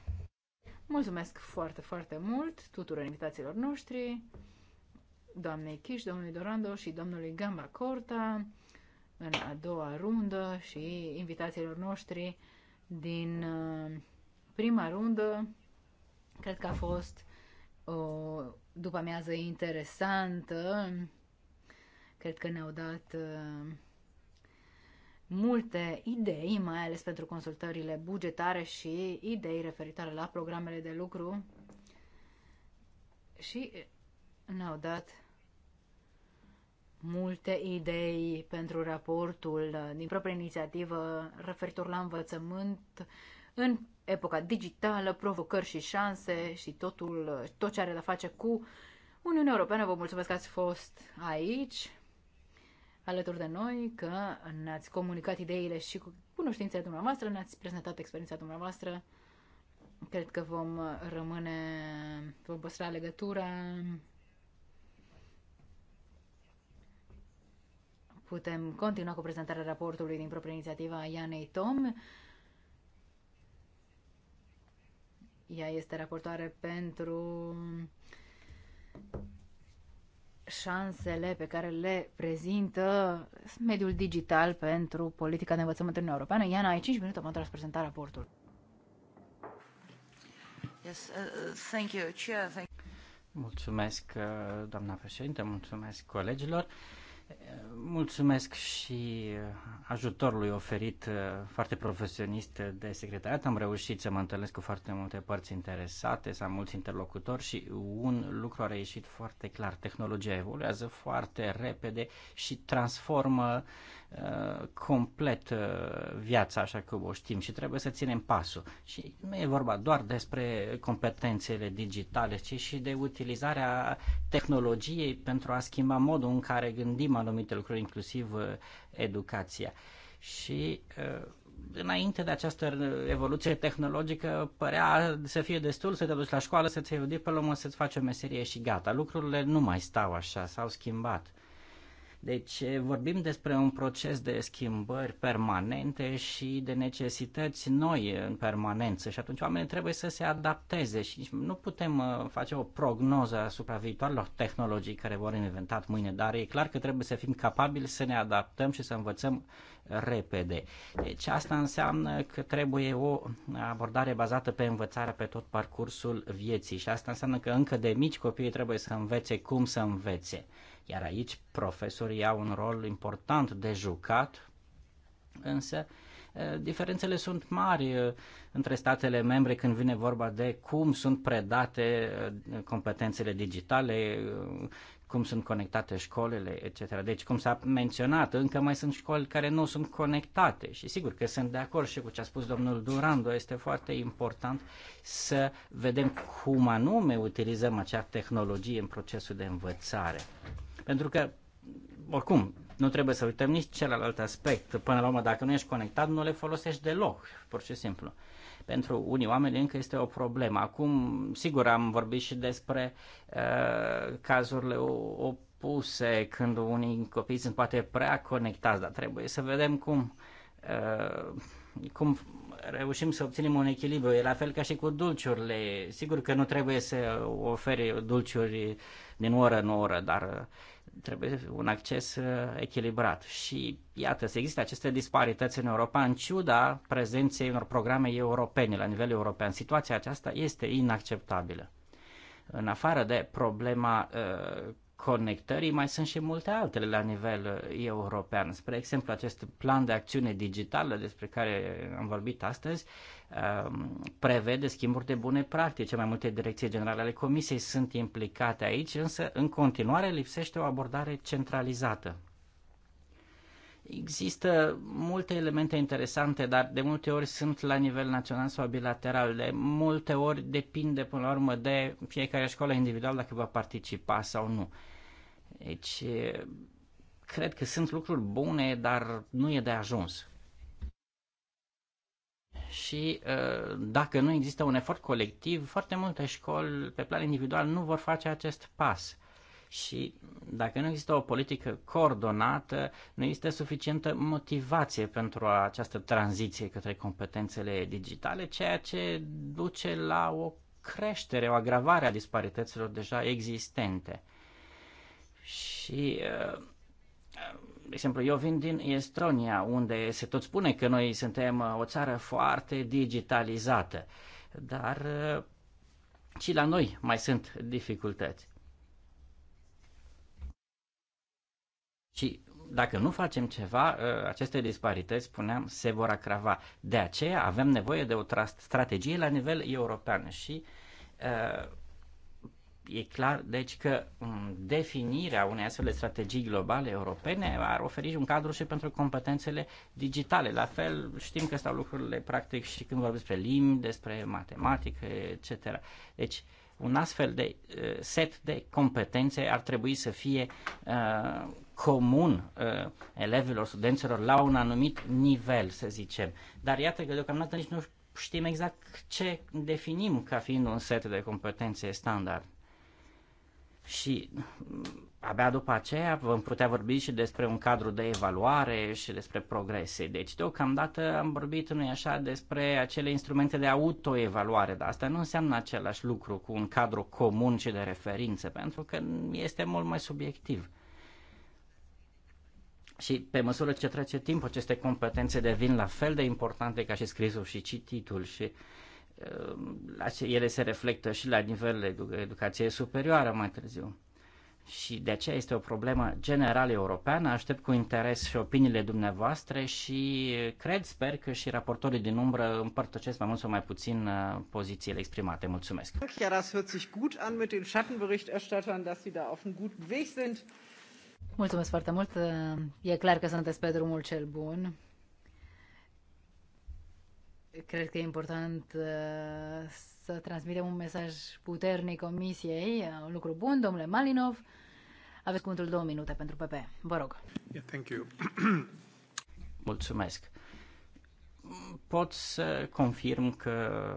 Mulțumesc foarte, foarte mult tuturor invitațiilor noștri, doamnei Chiș, domnului Dorando și domnului Gamba Corta în a doua rundă și invitațiilor noștri din uh, prima rundă. Cred că a fost o după amiază interesantă. Cred că ne-au dat uh, multe idei, mai ales pentru consultările bugetare și idei referitoare la programele de lucru și ne-au dat multe idei pentru raportul din propria inițiativă referitor la învățământ în epoca digitală, provocări și șanse și totul, tot ce are de face cu Uniunea Europeană. Vă mulțumesc că ați fost aici alături de noi, că ne-ați comunicat ideile și cu cunoștințele dumneavoastră, ne-ați prezentat experiența dumneavoastră. Cred că vom rămâne, vom păstra legătura. Putem continua cu prezentarea raportului din propria inițiativă a Ianei Tom. Ea este raportoare pentru șansele pe care le prezintă mediul digital pentru politica de învățământ în Europeană. Iana, ai 5 minute pentru a-ți prezenta raportul. Yes, uh, thank you, Chair. Thank you. Mulțumesc, uh, doamna președinte, mulțumesc colegilor. Uh, Mulțumesc și uh, ajutorului oferit uh, foarte profesionist de secretariat. Am reușit să mă întâlnesc cu foarte multe părți interesate, să am mulți interlocutori și un lucru a reieșit foarte clar. Tehnologia evoluează foarte repede și transformă complet uh, viața așa cum o știm și trebuie să ținem pasul. Și nu e vorba doar despre competențele digitale, ci și de utilizarea tehnologiei pentru a schimba modul în care gândim anumite lucruri, inclusiv uh, educația. Și uh, înainte de această evoluție tehnologică părea să fie destul să te duci la școală, să-ți iei o diplomă, să-ți faci o meserie și gata. Lucrurile nu mai stau așa, s-au schimbat deci eh, vorbim despre un proces de schimbări permanente și de necesități noi în permanență și atunci oamenii trebuie să se adapteze și nu putem eh, face o prognoză asupra viitoarelor tehnologii care vor inventat mâine, dar e clar că trebuie să fim capabili să ne adaptăm și să învățăm repede. Deci asta înseamnă că trebuie o abordare bazată pe învățarea pe tot parcursul vieții și asta înseamnă că încă de mici copiii trebuie să învețe cum să învețe. Iar aici profesorii au un rol important de jucat, însă diferențele sunt mari între statele membre când vine vorba de cum sunt predate competențele digitale, cum sunt conectate școlile, etc. Deci, cum s-a menționat, încă mai sunt școli care nu sunt conectate și sigur că sunt de acord și cu ce a spus domnul Durando, este foarte important să vedem cum anume utilizăm acea tehnologie în procesul de învățare. Pentru că, oricum, nu trebuie să uităm nici celălalt aspect. Până la urmă, dacă nu ești conectat, nu le folosești deloc, pur și simplu. Pentru unii oameni încă este o problemă. Acum, sigur, am vorbit și despre uh, cazurile opuse, când unii copii sunt poate prea conectați, dar trebuie să vedem cum, uh, cum reușim să obținem un echilibru. E la fel ca și cu dulciurile. Sigur că nu trebuie să oferi dulciuri din oră în oră, dar uh, trebuie un acces uh, echilibrat. Și iată, se există aceste disparități în Europa în ciuda prezenței unor programe europene la nivel european. Situația aceasta este inacceptabilă. În afară de problema uh, conectării, mai sunt și multe altele la nivel uh, european. Spre exemplu, acest plan de acțiune digitală despre care am vorbit astăzi um, prevede schimburi de bune practici. Mai multe direcții generale ale Comisiei sunt implicate aici, însă în continuare lipsește o abordare centralizată. Există multe elemente interesante, dar de multe ori sunt la nivel național sau bilateral. De multe ori depinde, până la urmă, de fiecare școală individuală dacă va participa sau nu. Deci, cred că sunt lucruri bune, dar nu e de ajuns. Și dacă nu există un efort colectiv, foarte multe școli pe plan individual nu vor face acest pas. Și dacă nu există o politică coordonată, nu există suficientă motivație pentru această tranziție către competențele digitale, ceea ce duce la o creștere, o agravare a disparităților deja existente. Și, uh, de exemplu, eu vin din Estonia, unde se tot spune că noi suntem uh, o țară foarte digitalizată, dar uh, și la noi mai sunt dificultăți. Și dacă nu facem ceva, aceste disparități, spuneam, se vor acrava. De aceea avem nevoie de o strategie la nivel european și uh, E clar, deci, că mm, definirea unei astfel de strategii globale europene ar oferi un cadru și pentru competențele digitale. La fel, știm că stau lucrurile practic și când vorbim despre limbi, despre matematică, etc. Deci, un astfel de eh, set de competențe ar trebui să fie uh, comun uh, elevilor, studenților la un anumit nivel, să zicem. Dar iată că deocamdată nici nu știm exact ce definim ca fiind un set de competențe standard și mm, abia după aceea vom putea vorbi și despre un cadru de evaluare și despre progrese. Deci deocamdată am vorbit, nu așa, despre acele instrumente de autoevaluare, dar asta nu înseamnă același lucru cu un cadru comun și de referință, pentru că este mult mai subiectiv. Și pe măsură ce trece timp, aceste competențe devin la fel de importante ca și scrisul și cititul și uh, ele se reflectă și la nivelul edu- educației superioare mai târziu. Și de aceea este o problemă generală europeană. Aștept cu interes și opiniile dumneavoastră și cred, sper că și raportorii din umbră împărtășesc mai mult sau mai puțin uh, pozițiile exprimate. Mulțumesc! Ja, das hört sich gut an mit den Schattenberichterstattern, dass sie da auf einem guten Weg sind. Mulțumesc foarte mult! E clar că sunteți pe drumul cel bun. Cred că e important uh, să transmitem un mesaj puternic comisiei, un lucru bun, domnule Malinov. Aveți cuvântul două minute pentru PP. Vă rog. Yeah, thank you. <clears throat> Mulțumesc. Pot să confirm că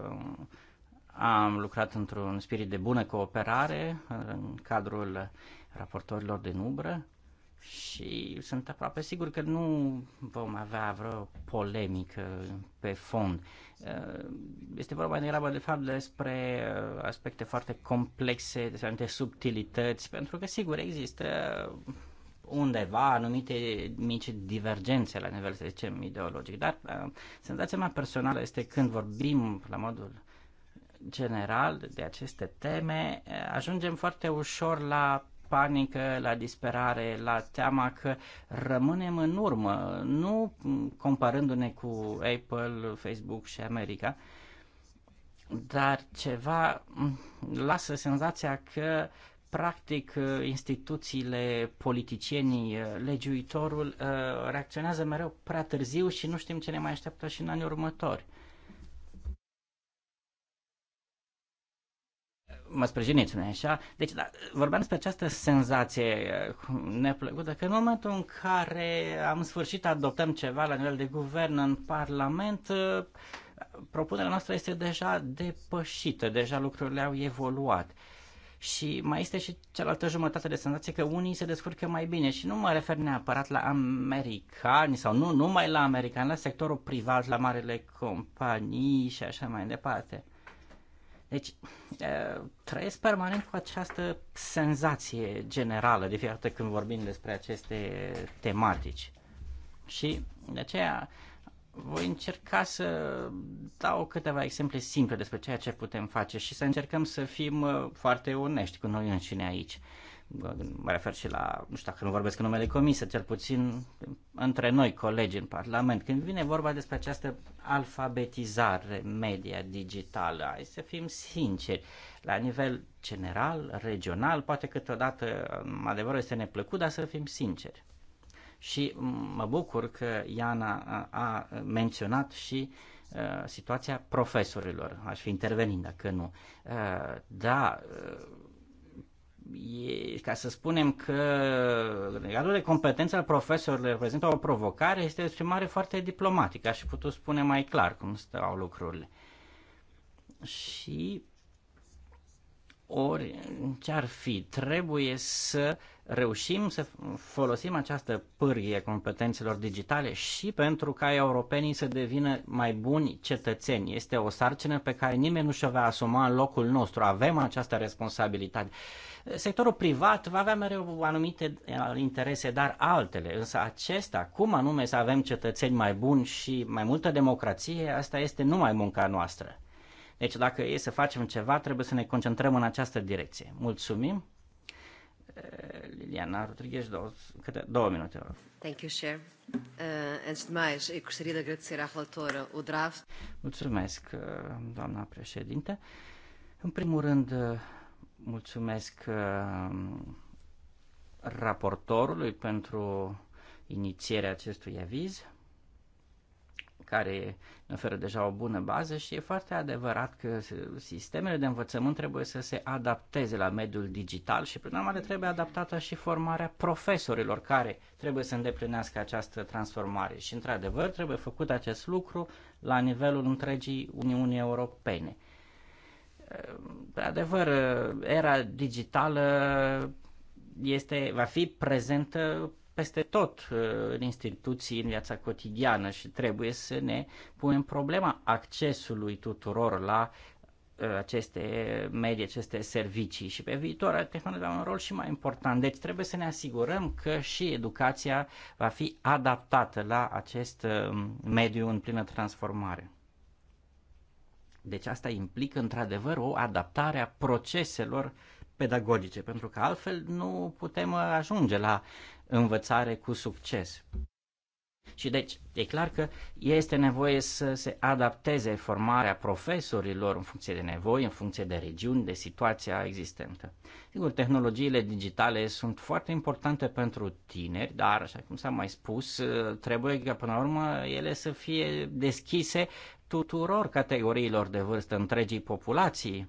am lucrat într-un spirit de bună cooperare în cadrul raportorilor de umbră și sunt aproape sigur că nu vom avea vreo polemică pe fond. Uh, este vorba degrabă de fapt despre uh, aspecte foarte complexe, despre anumite subtilități, pentru că sigur există undeva anumite mici divergențe la nivel, să zicem, ideologic, dar uh, senzația mea personală este când vorbim la modul general de aceste teme, ajungem foarte ușor la panică, la disperare, la teama că rămânem în urmă, nu comparându-ne cu Apple, Facebook și America, dar ceva lasă senzația că practic instituțiile, politicienii, legiuitorul uh, reacționează mereu prea târziu și nu știm ce ne mai așteaptă și în anii următori. mă sprijiniți, nu așa? Deci, da, vorbeam despre această senzație eh, neplăcută că în momentul în care am sfârșit adoptăm ceva la nivel de guvern în Parlament, eh, propunerea noastră este deja depășită, deja lucrurile au evoluat. Și mai este și cealaltă jumătate de senzație că unii se descurcă mai bine și nu mă refer neapărat la americani sau nu numai la americani, la sectorul privat, la marile companii și așa mai departe. Deci trăiesc permanent cu această senzație generală de fiecare dată când vorbim despre aceste tematici. Și de aceea voi încerca să dau câteva exemple simple despre ceea ce putem face și să încercăm să fim foarte onești cu noi înșine aici mă refer și la, nu știu dacă nu vorbesc în numele comisă, cel puțin între noi, colegi în Parlament, când vine vorba despre această alfabetizare media digitală, hai să fim sinceri, la nivel general, regional, poate câteodată mm, adevărul este neplăcut, dar să fim sinceri. Și mm, mă bucur că Iana a menționat și uh, situația profesorilor. Aș fi intervenind dacă nu. Uh, da, uh, e, ca să spunem că legatul de competență al profesorilor reprezintă o provocare, este o exprimare foarte diplomatică, aș putut spune mai clar cum stau lucrurile. Și ori ce ar fi, trebuie să uh, reușim să folosim această pârghie competențelor digitale și pentru ca europenii să devină mai buni cetățeni. Este o sarcină pe care nimeni nu și-o va asuma în locul nostru. Avem această responsabilitate. Sectorul privat va avea mereu anumite eh, interese, dar altele. Însă acesta, cum anume să avem cetățeni mai buni și mai multă democrație, asta este numai munca noastră. Deci dacă e să facem ceva, trebuie să ne concentrăm în această direcție. Mulțumim! Liliana Rodrigues, două, câte, două minute. Thank you, Chair. Uh, antes de mais, eu gostaria de agradecer à relatora o draft. Mulțumesc, uh, doamna președinte. În primul rând, uh, mulțumesc uh, raportorului pentru inițierea acestui aviz, care oferă deja o bună bază și e foarte adevărat că sistemele de învățământ trebuie să se adapteze la mediul digital și prin urmare trebuie adaptată și formarea profesorilor care trebuie să îndeplinească această transformare și într-adevăr trebuie făcut acest lucru la nivelul întregii Uniunii Europene. De adevăr, era digitală este, va fi prezentă peste tot uh, în instituții, în viața cotidiană și trebuie să ne punem problema accesului tuturor la uh, aceste medii, aceste servicii și pe viitor tehnologia are un rol și mai important. Deci trebuie să ne asigurăm că și educația va fi adaptată la acest uh, mediu în plină transformare. Deci asta implică într-adevăr o adaptare a proceselor pedagogice, pentru că altfel nu putem ajunge la învățare cu succes. Și deci, e clar că este nevoie să se adapteze formarea profesorilor în funcție de nevoi, în funcție de regiuni, de situația existentă. Sigur, tehnologiile digitale sunt foarte importante pentru tineri, dar, așa cum s-a mai spus, trebuie ca, până la urmă, ele să fie deschise tuturor categoriilor de vârstă, întregii populații,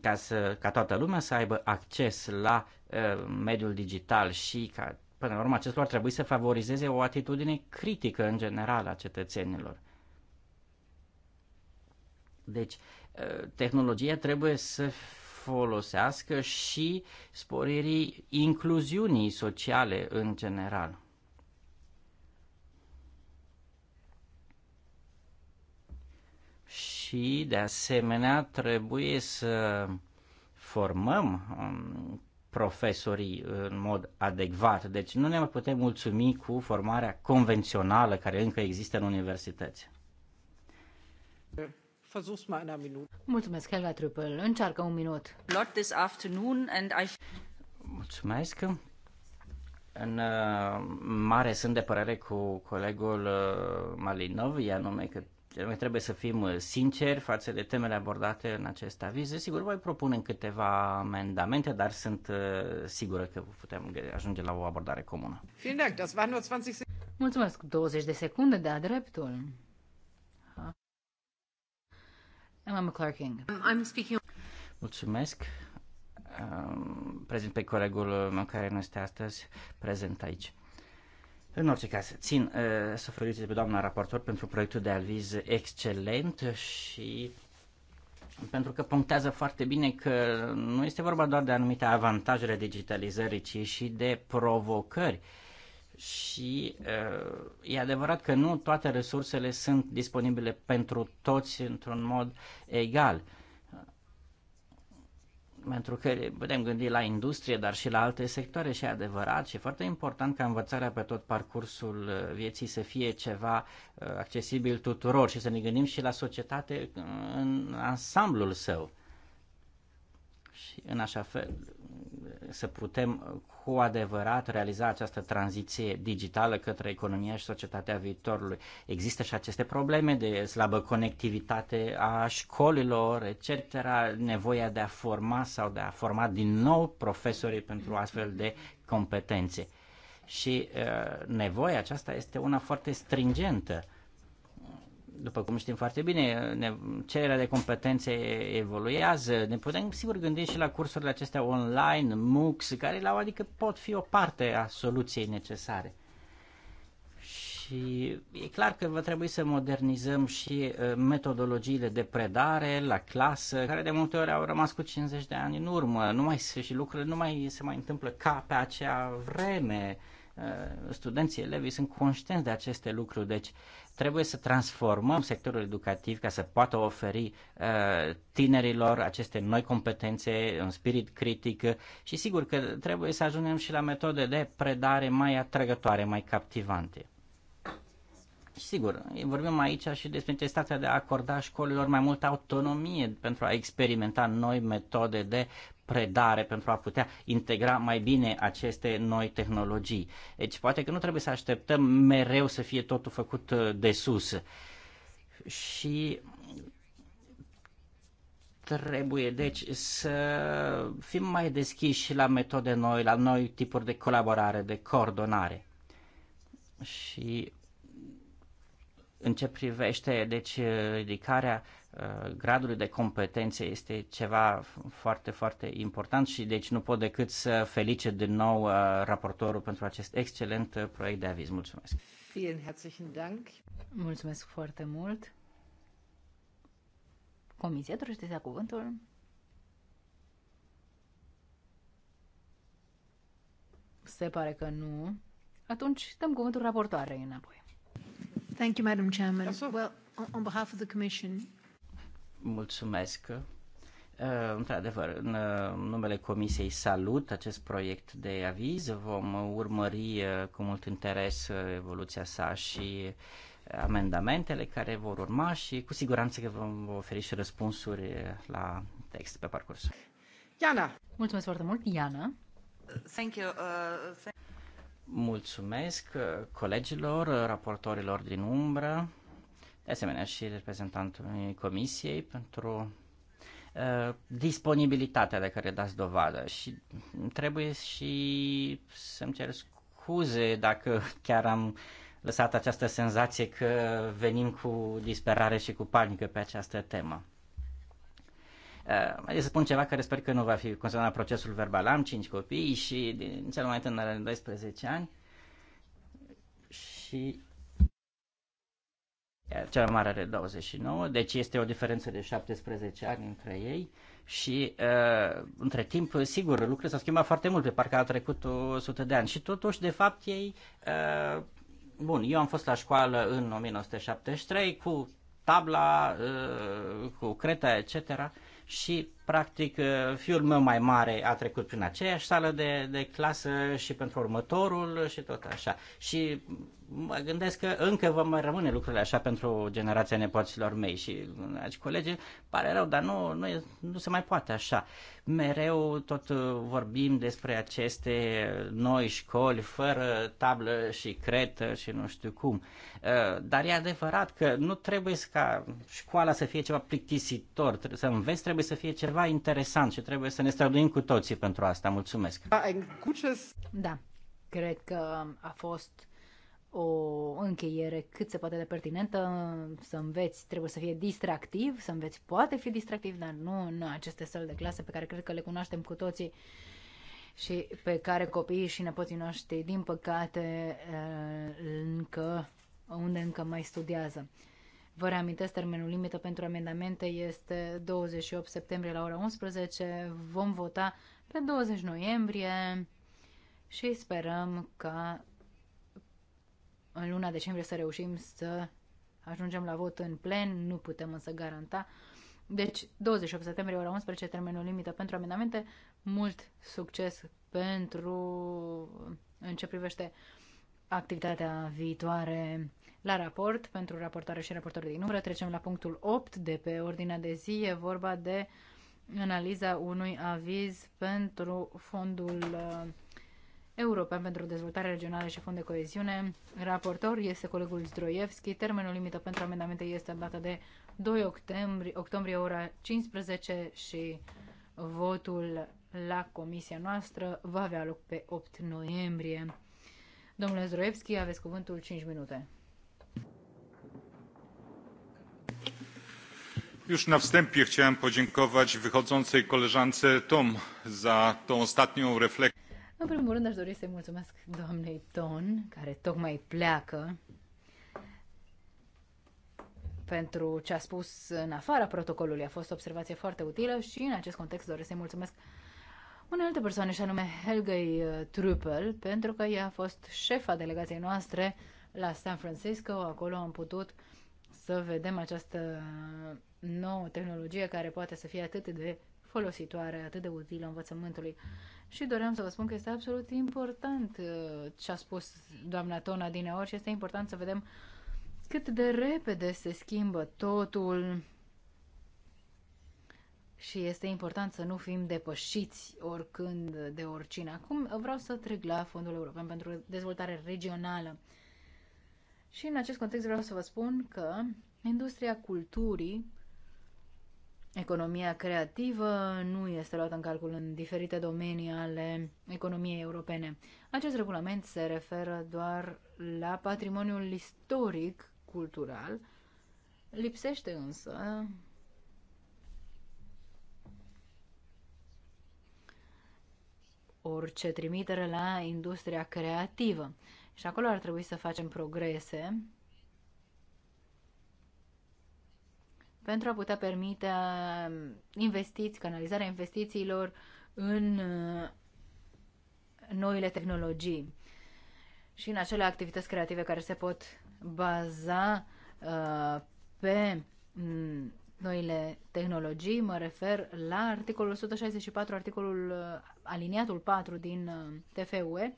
ca, să, ca toată lumea să aibă acces la Uh, mediul digital și ca, până la urmă, acest lucru ar trebui să favorizeze o atitudine critică în general a cetățenilor. Deci, uh, tehnologia trebuie să folosească și sporirii incluziunii sociale în general. Și, de asemenea, trebuie să formăm um, profesorii în mod adecvat. Deci nu ne mai putem mulțumi cu formarea convențională care încă există în universități. Mulțumesc, Helga Trupel. Încearcă un minut. this afternoon and I... Mulțumesc. În uh, mare sunt de părere cu colegul uh, Malinov, e anume că noi trebuie să fim uh, sinceri față de temele abordate în acest aviz. Sigur, voi propune câteva amendamente, dar sunt uh, sigură că putem ajunge la o abordare comună. Mulțumesc, 20 de secunde de-a dreptul. Emma McClarking. Um, I'm speaking... Mulțumesc. Um, prezint pe colegul meu care nu este astăzi prezent aici. În orice caz, țin uh, să felicit pe doamna raportor pentru proiectul de aviz excelent și pentru că punctează foarte bine că nu este vorba doar de anumite avantajele digitalizării, ci și de provocări. Și uh, e adevărat că nu toate resursele sunt disponibile pentru toți într-un mod egal. Uh, pentru că putem gândi la industrie, dar și la alte sectoare și e adevărat și e foarte important ca învățarea pe tot parcursul uh, vieții să fie ceva uh, accesibil tuturor și să ne gândim și la societate uh, în ansamblul său. Și în așa fel să putem cu adevărat realiza această tranziție digitală către economia și societatea viitorului. Există și aceste probleme de slabă conectivitate a școlilor, etc., nevoia de a forma sau de a forma din nou profesorii pentru astfel de competențe. Și uh, nevoia aceasta este una foarte stringentă după cum știm foarte bine, ne, cererea de competențe evoluează. Ne putem sigur gândi și la cursurile acestea online, MOOCs, care la adică pot fi o parte a soluției necesare. Și e clar că va trebui să modernizăm și uh, metodologiile de predare la clasă, care de multe ori au rămas cu 50 de ani în urmă. Nu mai, și lucrurile nu mai se mai întâmplă ca pe acea vreme Uh, studenții, elevii sunt conștienți de aceste lucruri, deci trebuie să transformăm sectorul educativ ca să poată oferi uh, tinerilor aceste noi competențe, un spirit critic și sigur că trebuie să ajungem și la metode de predare mai atrăgătoare, mai captivante. Și sigur, vorbim aici și despre necesitatea de a acorda școlilor mai multă autonomie pentru a experimenta noi metode de predare pentru a putea integra mai bine aceste noi tehnologii. Deci poate că nu trebuie să așteptăm mereu să fie totul făcut uh, de sus. Și trebuie deci să fim mai deschiși la metode noi, la noi tipuri de colaborare, de coordonare. Și în ce privește deci ridicarea Uh, gradului de competențe este ceva foarte, foarte important și deci nu pot decât să felice din nou uh, raportorul pentru acest excelent uh, proiect de aviz. Mulțumesc! Mulțumesc foarte mult! Comisia trebuie să cuvântul? Se pare că nu. Atunci dăm cuvântul raportoarei înapoi. Thank you, Madam Chairman. Well, on behalf of the Commission, Mulțumesc. Uh, într-adevăr, în uh, numele Comisiei salut acest proiect de aviz. Vom urmări uh, cu mult interes evoluția sa și amendamentele care vor urma și cu siguranță că vom oferi și răspunsuri la text pe parcurs. Iana! Mulțumesc foarte mult, Iana! Thank you. Uh, thank- Mulțumesc colegilor, raportorilor din umbră de asemenea și reprezentantul Comisiei pentru uh, disponibilitatea de care dați dovadă și trebuie și să-mi cer scuze dacă chiar am lăsat această senzație că venim cu disperare și cu panică pe această temă. Mai uh, să spun ceva care sper că nu va fi considerat procesul verbal. Am cinci copii și din cel mai tânăr 12 ani și cel mai mare are 29, deci este o diferență de 17 ani între ei și uh, între timp, sigur, lucrurile s-au schimbat foarte mult, pe parcă a trecut 100 de ani și totuși, de fapt, ei... Uh, bun, eu am fost la școală în 1973 cu tabla, uh, cu creta, etc. Și, practic, uh, fiul meu mai mare a trecut prin aceeași sală de, de clasă și pentru următorul și tot așa. Și mă gândesc că încă vă mai rămâne lucrurile așa pentru generația nepoților mei și aici colegi, pare rău, dar nu, nu, e, nu se mai poate așa. Mereu tot uh, vorbim despre aceste noi școli fără tablă și cretă și nu știu cum. Uh, dar e adevărat că nu trebuie ca școala să fie ceva plictisitor, să înveți trebuie să fie ceva interesant și trebuie să ne străduim cu toții pentru asta. Mulțumesc! Da, da cred că a fost o încheiere cât se poate de pertinentă, să înveți trebuie să fie distractiv, să înveți poate fi distractiv, dar nu în aceste săli de clase pe care cred că le cunoaștem cu toții și pe care copiii și nepoții noștri, din păcate, eh, încă, unde încă mai studiază. Vă reamintesc, termenul limită pentru amendamente este 28 septembrie la ora 11. Vom vota pe 20 noiembrie și sperăm ca în luna decembrie să reușim să ajungem la vot în plen, nu putem însă garanta. Deci, 28 septembrie, ora 11, termenul limită pentru amendamente. Mult succes pentru, în ce privește activitatea viitoare la raport, pentru raportare și raportori din umbră. Trecem la punctul 8 de pe ordinea de zi. E vorba de analiza unui aviz pentru fondul uh, European pentru Dezvoltare Regională și Fond de Coeziune. Raportor este colegul Zdroievski. Termenul limită pentru amendamente este data de 2 octombrie, octombrie ora 15 și votul la comisia noastră va avea loc pe 8 noiembrie. Domnule Zdroievski, aveți cuvântul 5 minute. Już na wstępie chciałem podziękować wychodzącej koleżance Tom za tą ostatnią refleksję. În primul rând aș dori să-i mulțumesc doamnei Ton, care tocmai pleacă, pentru ce a spus în afara protocolului. A fost o observație foarte utilă și în acest context doresc să-i mulțumesc unei alte persoane, și anume Helgei uh, Trupel, pentru că ea a fost șefa delegației noastre la San Francisco. Acolo am putut să vedem această nouă tehnologie care poate să fie atât de folositoare, atât de utilă învățământului. Și doream să vă spun că este absolut important uh, ce a spus doamna Tona ori și este important să vedem cât de repede se schimbă totul și este important să nu fim depășiți oricând de oricine. Acum vreau să trec la Fondul European pentru Dezvoltare Regională. Și în acest context vreau să vă spun că industria culturii Economia creativă nu este luată în calcul în diferite domenii ale economiei europene. Acest regulament se referă doar la patrimoniul istoric cultural, lipsește însă orice trimitere la industria creativă. Și acolo ar trebui să facem progrese pentru a putea permite uh, investiții, canalizarea investițiilor în uh, noile tehnologii și în acele activități creative care se pot baza uh, pe mm, noile tehnologii. Mă refer la articolul 164, articolul uh, aliniatul 4 din TFUE,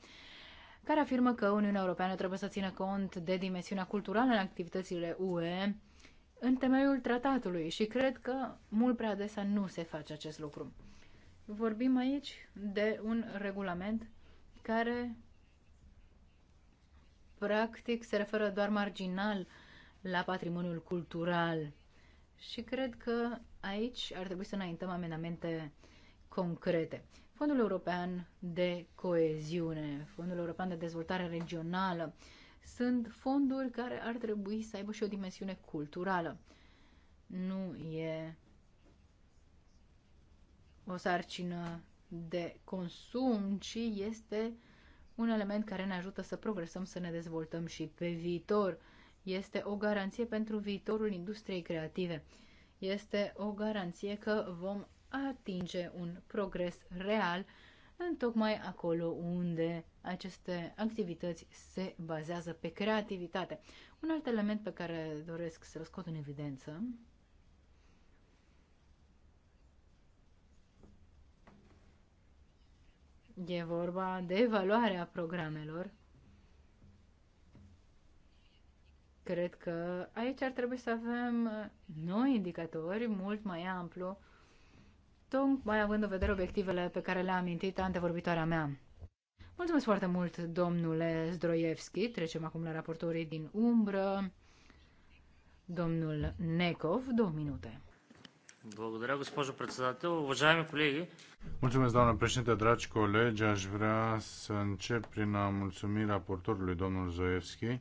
care afirmă că Uniunea Europeană trebuie să țină cont de dimensiunea culturală în activitățile UE în temeiul tratatului și cred că mult prea adesea nu se face acest lucru. Vorbim aici de un regulament care practic se referă doar marginal la patrimoniul cultural și cred că aici ar trebui să înaintăm amendamente concrete. Fondul European de Coeziune, Fondul European de Dezvoltare Regională, uh, sunt fonduri care ar trebui să aibă și o dimensiune culturală. Nu e o sarcină de consum, ci este un element care ne ajută să progresăm, să ne dezvoltăm și pe viitor. Este o garanție pentru viitorul industriei creative. Este o garanție că vom atinge un progres real în tocmai acolo unde aceste activități se bazează pe creativitate. Un alt element pe care doresc să-l scot în evidență e vorba de evaluarea programelor. Cred că aici ar trebui să avem noi indicatori mult mai amplu, tocmai având în vedere obiectivele pe care le-a amintit antevorbitoarea mea. Mulțumesc foarte mult, domnule Zdroievski. Trecem acum la raportorii din umbră. Domnul Nekov, două minute. Благодаря, госпожо председател. Уважаеми колеги! Mulțumesc, doamnă președinte, dragi colegi. Aș vrea să încep prin a mulțumi raportorului, domnul Zoevski.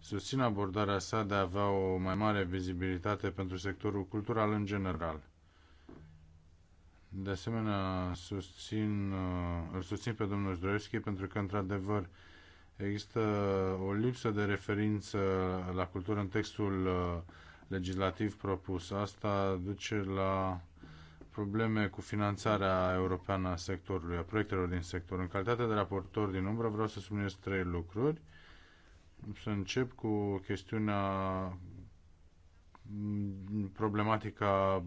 Susțin abordarea sa de a avea o mai mare vizibilitate pentru sectorul cultural în general. De asemenea, susțin, uh, îl susțin pe domnul Zdroevski pentru că, într-adevăr, există o lipsă de referință la cultură în textul uh, legislativ propus. Asta duce la probleme cu finanțarea europeană a sectorului, a proiectelor din sector. În calitate de raportor din umbră vreau să subliniez trei lucruri. Să încep cu chestiunea problematica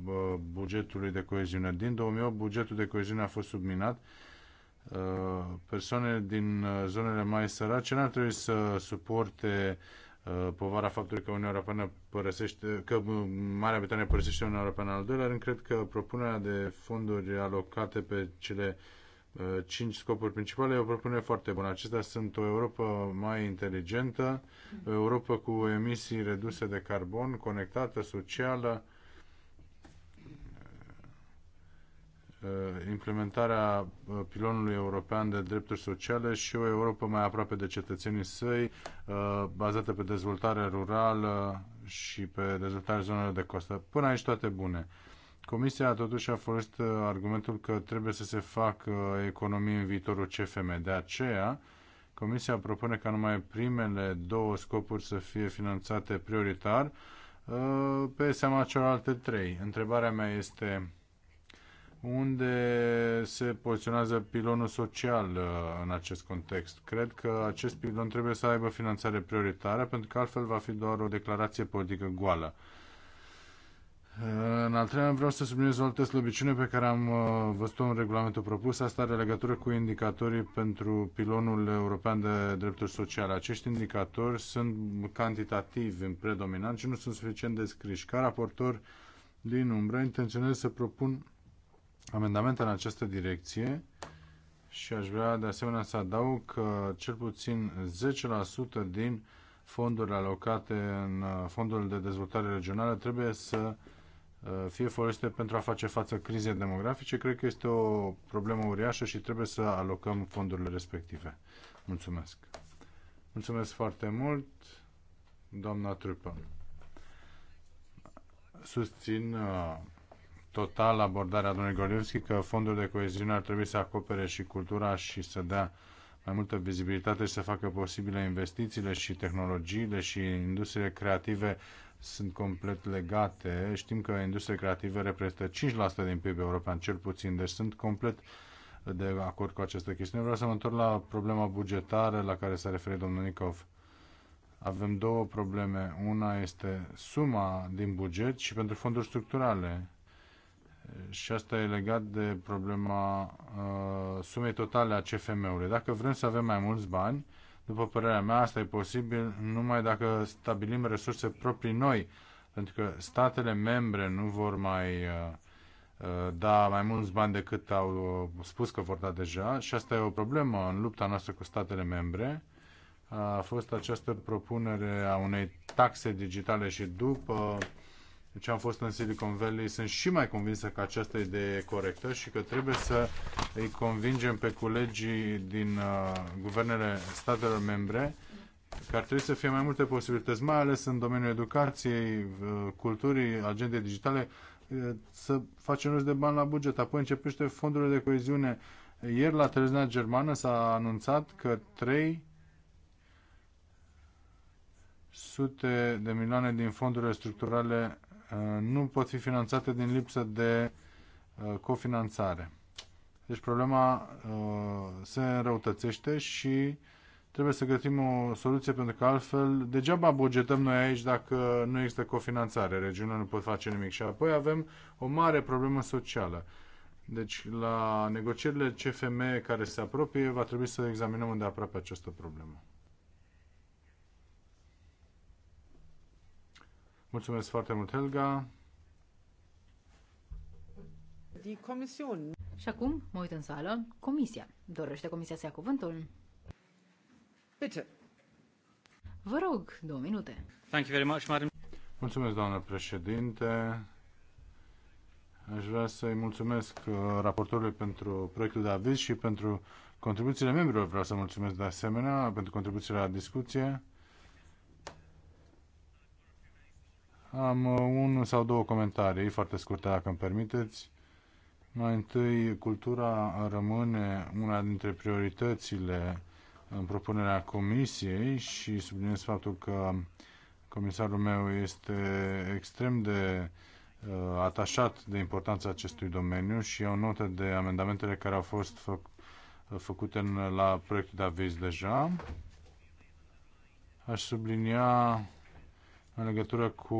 bugetului de coeziune. Din 2008, bugetul de coeziune a fost subminat. Ă, persoane din ă, zonele mai sărace n-ar trebui să suporte ă, povara faptului că Uniunea Europeană părăsește, că Marea Britanie părăsește Uniunea Europeană al doilea rând, cred că propunerea de fonduri alocate pe cele Uh, cinci scopuri principale, e o propunere foarte bună. Acestea sunt o Europa mai inteligentă, o Europa cu emisii reduse de carbon, conectată, socială, uh, implementarea uh, pilonului european de drepturi sociale și o Europa mai aproape de cetățenii săi, bazată pe dezvoltare rurală și pe dezvoltarea zonelor de costă. Până aici toate bune. Comisia totuși a folosit uh, argumentul că trebuie să se facă economii în viitorul CFM. De aceea, Comisia propune ca numai primele două scopuri să fie finanțate prioritar uh, pe seama celorlalte trei. Întrebarea mea este unde se poziționează pilonul social uh, în acest context. Cred că acest pilon trebuie să aibă finanțare prioritară, pentru că altfel va fi doar o declarație politică goală. În al treilea vreau să subliniez o altă slăbiciune pe care am uh, văzut-o în regulamentul propus. Asta are legătură cu indicatorii pentru pilonul european de drepturi sociale. Acești indicatori sunt cantitativi în predominant și nu sunt suficient de scriși. Ca raportor din umbră intenționez să propun amendamente în această direcție și aș vrea de asemenea să adaug că cel puțin 10% din fondurile alocate în uh, fondul de dezvoltare regională trebuie să Uh, fie folosite pentru a face față crizei demografice, cred că este o problemă uriașă și trebuie să alocăm fondurile respective. Mulțumesc! Mulțumesc foarte mult, doamna Trupă. Susțin uh, total abordarea domnului Gordievski că fondul de coeziune ar trebui să acopere și cultura și să dea mai multă vizibilitate și să facă posibile investițiile și tehnologiile și industriile creative sunt complet legate. Știm că industria creativă reprezintă 5% din PIB european, cel puțin, deci sunt complet de acord cu această chestiune. Vreau să mă întorc la problema bugetară la care s-a referit domnul Nicov. Avem două probleme. Una este suma din buget și pentru fonduri structurale. Și asta e legat de problema uh, sumei totale a CFM-ului. Dacă vrem să avem mai mulți bani, uh, după părerea mea, asta e posibil numai dacă stabilim resurse proprii noi, pentru că statele membre nu vor mai uh, uh, da mai mulți bani decât au uh, spus că vor da deja și asta e o problemă în lupta noastră cu statele membre. A fost această propunere a unei taxe digitale și după deci am fost în Silicon Valley, sunt și mai convinsă că această idee e corectă și că trebuie să îi convingem pe colegii din uh, guvernele statelor membre că ar trebui să fie mai multe posibilități, mai ales în domeniul educației, uh, culturii, agende digitale, uh, să facem rost de bani la buget. Apoi începește fondurile de coeziune. Ieri la televiziunea germană s-a anunțat că trei sute de milioane din fondurile structurale Uh, nu pot fi finanțate din lipsă de uh, cofinanțare. Deci problema uh, se înrăutățește și trebuie să gătim o soluție pentru că altfel degeaba bugetăm noi aici dacă nu există cofinanțare. regiunea nu pot face nimic. Și apoi avem o mare problemă socială. Deci la negocierile CFM care se apropie va trebui să examinăm îndeaproape această problemă. Mulțumesc foarte mult, Helga. Și acum mă uit în sală. Comisia. Dorește comisia să ia cuvântul? Bitte. Vă rog, două minute. Thank you very much, madam. Mulțumesc, doamnă președinte. Aș vrea să-i mulțumesc uh, raportorului pentru proiectul de aviz și pentru contribuțiile membrilor. Vreau să mulțumesc de asemenea pentru contribuțiile la discuție. Am uh, unul sau două comentarii, foarte scurte, dacă îmi permiteți. Mai întâi, cultura rămâne una dintre prioritățile în propunerea Comisiei și subliniez faptul că comisarul meu este extrem de uh, atașat de importanța acestui domeniu și iau notă de amendamentele care au fost fă, făcute în, la proiectul de aviz deja. Aș sublinia în legătură cu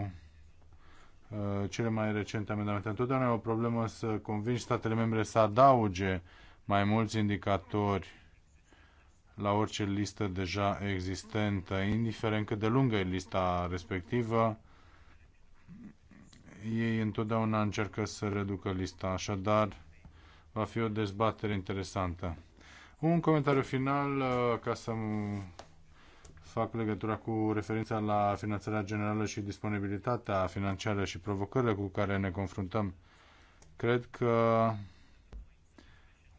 uh, cele mai recente amendamente. Întotdeauna e o problemă să convingi statele membre să adauge mai mulți indicatori la orice listă deja existentă, indiferent cât de lungă e lista respectivă, ei întotdeauna încercă să reducă lista, așadar va fi o dezbatere interesantă. Un comentariu final uh, ca să fac legătura cu referința la finanțarea generală și disponibilitatea financiară și provocările cu care ne confruntăm. Cred că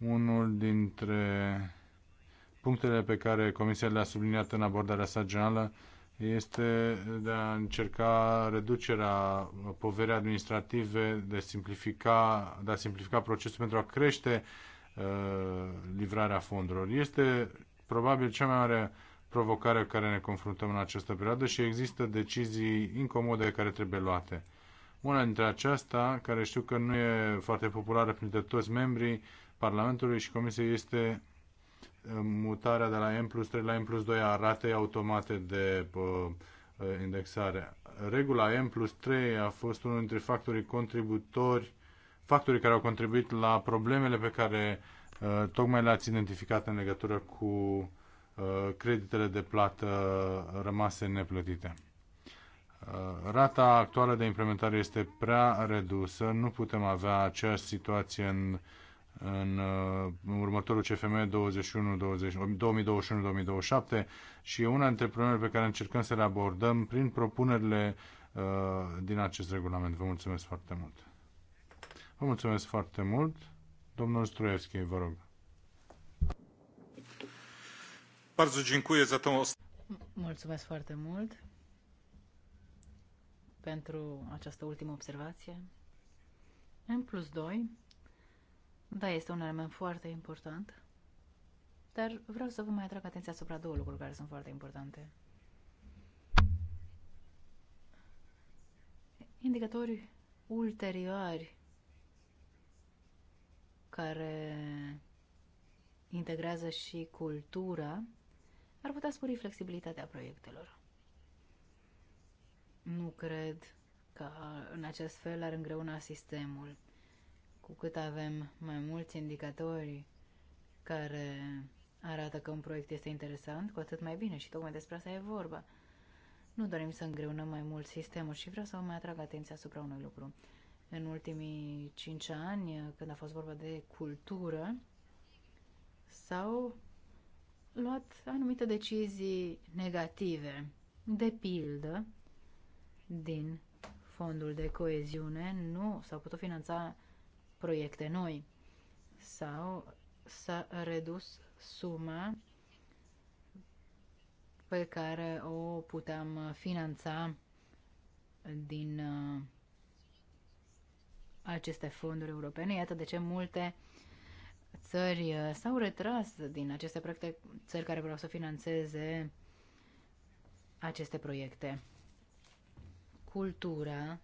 unul dintre punctele pe care Comisia le-a subliniat în abordarea sa generală este de a încerca reducerea poverii administrative, de, simplifica, de a simplifica procesul pentru a crește uh, livrarea fondurilor. Este probabil cea mai mare provocarea care ne confruntăm în această perioadă și există decizii incomode care trebuie luate. Una dintre aceasta, care știu că nu e foarte populară printre toți membrii Parlamentului și Comisiei, este uh, mutarea de la M plus 3 la M plus 2 a ratei automate de uh, indexare. Regula M plus 3 a fost unul dintre factorii contributori, factorii care au contribuit la problemele pe care uh, tocmai le-ați identificat în legătură cu Uh, creditele de plată rămase neplătite. Uh, rata actuală de implementare este prea redusă, nu putem avea aceeași situație în, în uh, următorul CFM 2021-2027 și e una dintre problemele pe care încercăm să le abordăm prin propunerile din acest regulament. Vă mulțumesc foarte mult! Vă mulțumesc foarte mult! Domnul Struievski, vă rog! Bardzo dziękuję za tą Mulțumesc foarte mult pentru această ultimă observație. M plus 2, da, este un element foarte important, dar vreau să vă mai atrag atenția asupra două lucruri care sunt foarte importante. Indicatori ulteriori care integrează și cultura ar putea spori flexibilitatea proiectelor. Nu cred că în acest fel ar îngreuna sistemul. Cu cât avem mai mulți indicatori care arată că un proiect este interesant, cu atât mai bine și tocmai despre asta e vorba. Nu dorim să îngreunăm mai mult sistemul și vreau să vă mai atrag atenția asupra unui lucru. În ultimii cinci ani, când a fost vorba de cultură, s-au luat anumite decizii negative. De pildă, din fondul de coeziune nu s-au putut finanța proiecte noi sau s-a redus suma pe care o puteam finanța din uh, aceste fonduri europene. Iată de ce multe țări uh, s-au retras din aceste proiecte, țări care vreau să financeze aceste proiecte. Cultura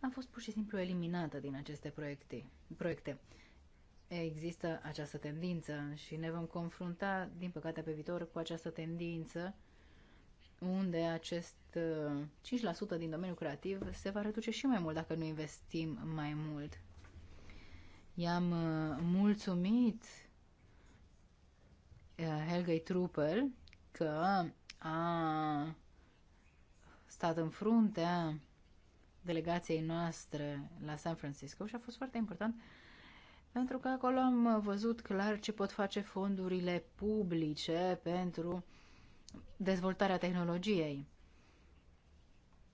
a fost pur și simplu eliminată din aceste proiecte. proiecte. Există această tendință și ne vom confrunta, din păcate, pe viitor cu această tendință unde acest 5% uh, din domeniul creativ se va reduce și mai mult dacă nu investim mai mult. I-am uh, mulțumit uh, Helgei Trupel că a stat în fruntea delegației noastre la San Francisco și a fost foarte important pentru că acolo am văzut clar ce pot face fondurile publice pentru dezvoltarea tehnologiei.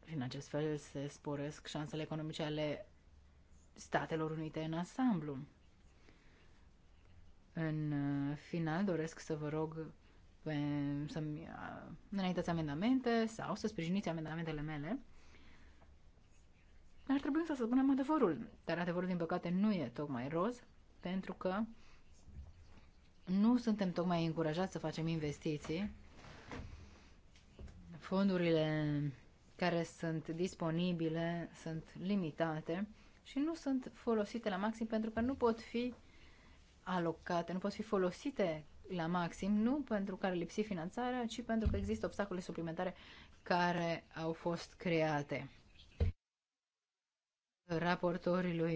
Și în acest fel se sporesc șansele economice ale Statelor Unite în ansamblu. În uh, final doresc să vă rog să-mi uh, înaintați amendamente sau să sprijiniți amendamentele mele. Ar trebui să spunem adevărul, dar adevărul din păcate nu e tocmai roz, pentru că nu suntem tocmai încurajați să facem investiții. Fondurile care sunt disponibile sunt limitate și nu sunt folosite la maxim pentru că nu pot fi alocate, nu pot fi folosite la maxim, nu pentru care lipsi finanțarea, ci pentru că există obstacole suplimentare care au fost create. Raportorilor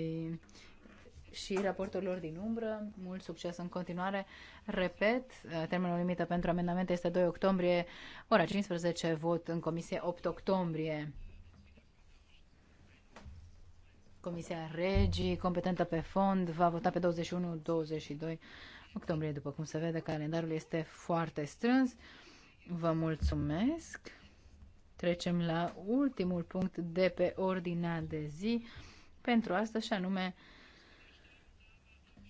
și raportorilor din umbră, mult succes în continuare. Repet, termenul limită pentru amendamente este 2 octombrie, ora 15, vot în comisie 8 octombrie. Comisia Regii, competentă pe fond, va vota pe 21-22 octombrie, după cum se vede, calendarul este foarte strâns. Vă mulțumesc. Trecem la ultimul punct de pe ordinea de zi pentru asta și anume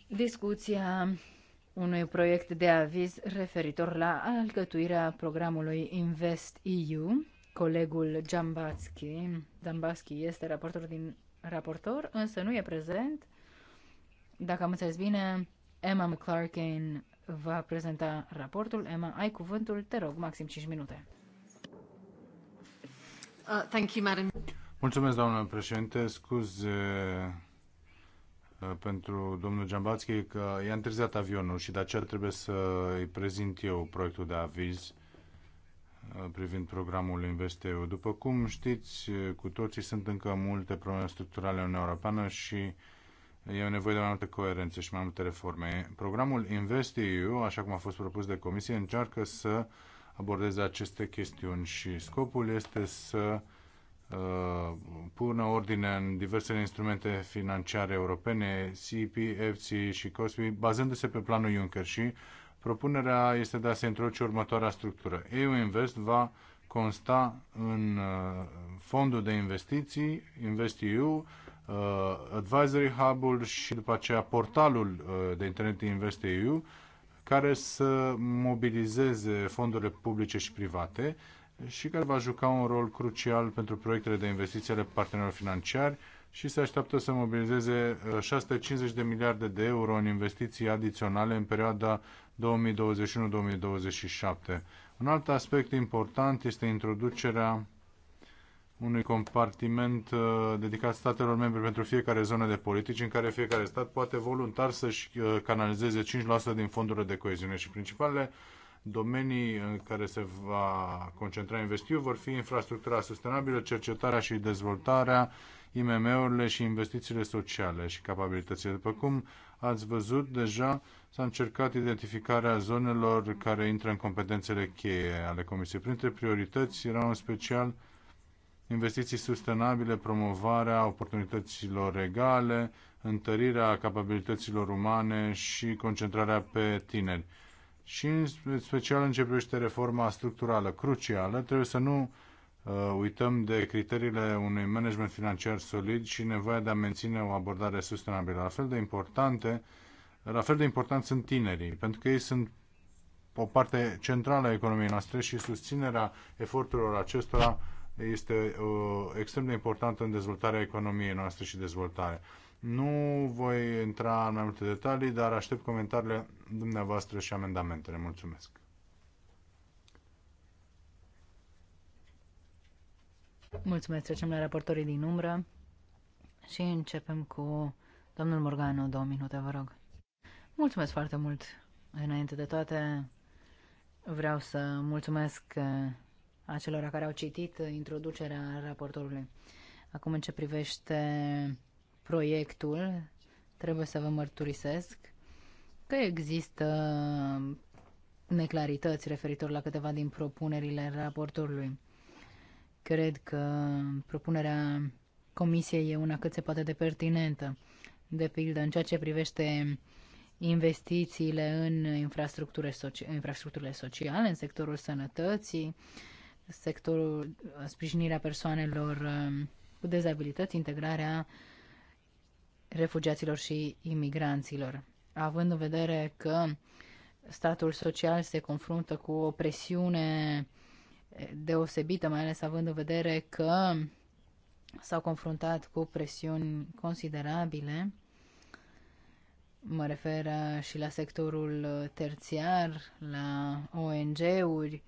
discuția unui proiect de aviz referitor la alcătuirea programului Invest EU. Colegul Jambatski, Jambatski este raportor din raportor, însă nu e prezent. Dacă am înțeles bine, Emma McClarkin va prezenta raportul. Emma, ai cuvântul, te rog, maxim 5 minute. Uh, thank you, madam. Mulțumesc, doamnă președinte. Scuze uh, pentru domnul Giambațchi că i-a întârziat avionul și de aceea trebuie să îi prezint eu proiectul de aviz privind programul InvestEU. După cum știți cu toții, sunt încă multe probleme structurale în Uniunea Europeană și e nevoie de mai multă coerență și mai multe reforme. Programul InvestEU, așa cum a fost propus de Comisie, încearcă să abordeze aceste chestiuni și scopul este să uh, pună ordine în diversele instrumente financiare europene, CP, FC și COSPI, bazându-se pe planul Juncker și Propunerea este de a se introduce următoarea structură. EU Invest va consta în uh, fondul de investiții, InvestEU, uh, Advisory Hub-ul și după aceea portalul uh, de internet InvestEU, care să mobilizeze fondurile publice și private și care va juca un rol crucial pentru proiectele de investiții ale partenerilor financiari, și se așteaptă să mobilizeze 650 uh, de miliarde de euro în investiții adiționale în perioada 2021-2027. Un alt aspect important este introducerea unui compartiment uh, dedicat statelor membre pentru fiecare zonă de politici, în care fiecare stat poate voluntar să-și uh, canalizeze 5% din fondurile de coeziune și principalele domenii în care se va concentra investiu vor fi infrastructura sustenabilă, cercetarea și dezvoltarea, IMM-urile și investițiile sociale și capabilitățile. După cum ați văzut, deja s-a încercat identificarea zonelor care intră în competențele cheie ale Comisiei. Printre priorități erau în special investiții sustenabile, promovarea oportunităților egale, întărirea capabilităților umane și concentrarea pe tineri. Și în special în ce privește reforma structurală crucială, trebuie să nu Uh, uităm de criteriile unui management financiar solid și nevoia de a menține o abordare sustenabilă. La fel de importante, la fel de important sunt tinerii, pentru că ei sunt o parte centrală a economiei noastre și susținerea eforturilor acestora este uh, extrem de importantă în dezvoltarea economiei noastre și dezvoltare. Nu voi intra în mai multe detalii, dar aștept comentariile dumneavoastră și amendamentele. Mulțumesc! Mulțumesc, trecem la raportorii din umbră și începem cu domnul Morgano, două minute, vă rog. Mulțumesc foarte mult. Înainte de toate, vreau să mulțumesc uh, acelora care au citit introducerea raportorului. Acum, în ce privește proiectul, trebuie să vă mărturisesc că există neclarități referitor la câteva din propunerile raportorului. Cred că propunerea Comisiei e una cât se poate de pertinentă. De pildă, în ceea ce privește investițiile în infrastructurile, soci- infrastructurile sociale, în sectorul sănătății, sectorul sprijinirea persoanelor um, cu dezabilități, integrarea refugiaților și imigranților. Având în vedere că statul social se confruntă cu o presiune deosebită, mai ales având în vedere că s-au confruntat cu presiuni considerabile. Mă refer și la sectorul terțiar, la ONG-uri.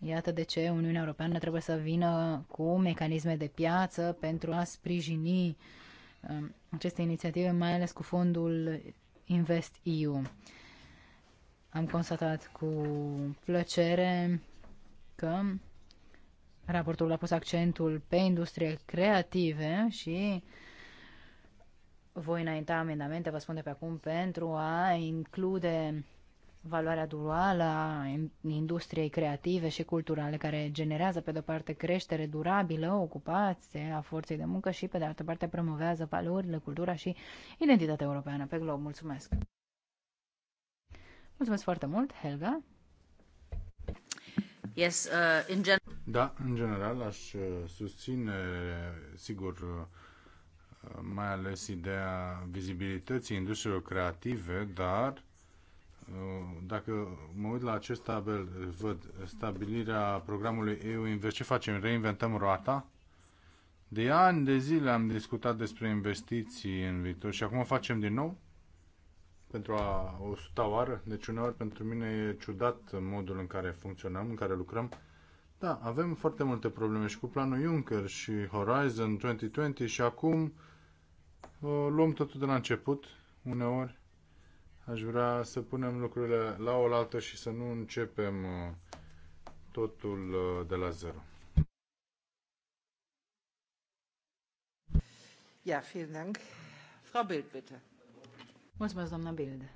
Iată de ce Uniunea Europeană trebuie să vină cu mecanisme de piață pentru a sprijini um, aceste inițiative, mai ales cu fondul Invest EU. Am constatat cu plăcere că Raportul a pus accentul pe industrie creative și voi înainta amendamente, vă spun de pe acum, pentru a include valoarea duală a industriei creative și culturale care generează pe de-o parte creștere durabilă, ocupație a forței de muncă și pe de altă parte promovează valorile, cultura și identitatea europeană pe glob. Mulțumesc! Mulțumesc foarte mult, Helga! Yes, uh, in gen- da, în general aș uh, susține, sigur, uh, mai ales ideea vizibilității industriilor creative, dar uh, dacă mă uit la acest tabel, văd stabilirea programului EU Invest, ce facem? Reinventăm roata? De ani de zile am discutat despre investiții în viitor și acum facem din nou? pentru a suta oară, deci uneori pentru mine e ciudat modul în care funcționăm, în care lucrăm. Da, avem foarte multe probleme și cu planul Juncker și Horizon 2020 și acum luăm totul de la început, uneori. Aș vrea să punem lucrurile la oaltă și să nu începem uh, totul uh, de la zero. Ja, vielen Dank. Frau Bild, bitte. Mulțumesc, doamna Bilde.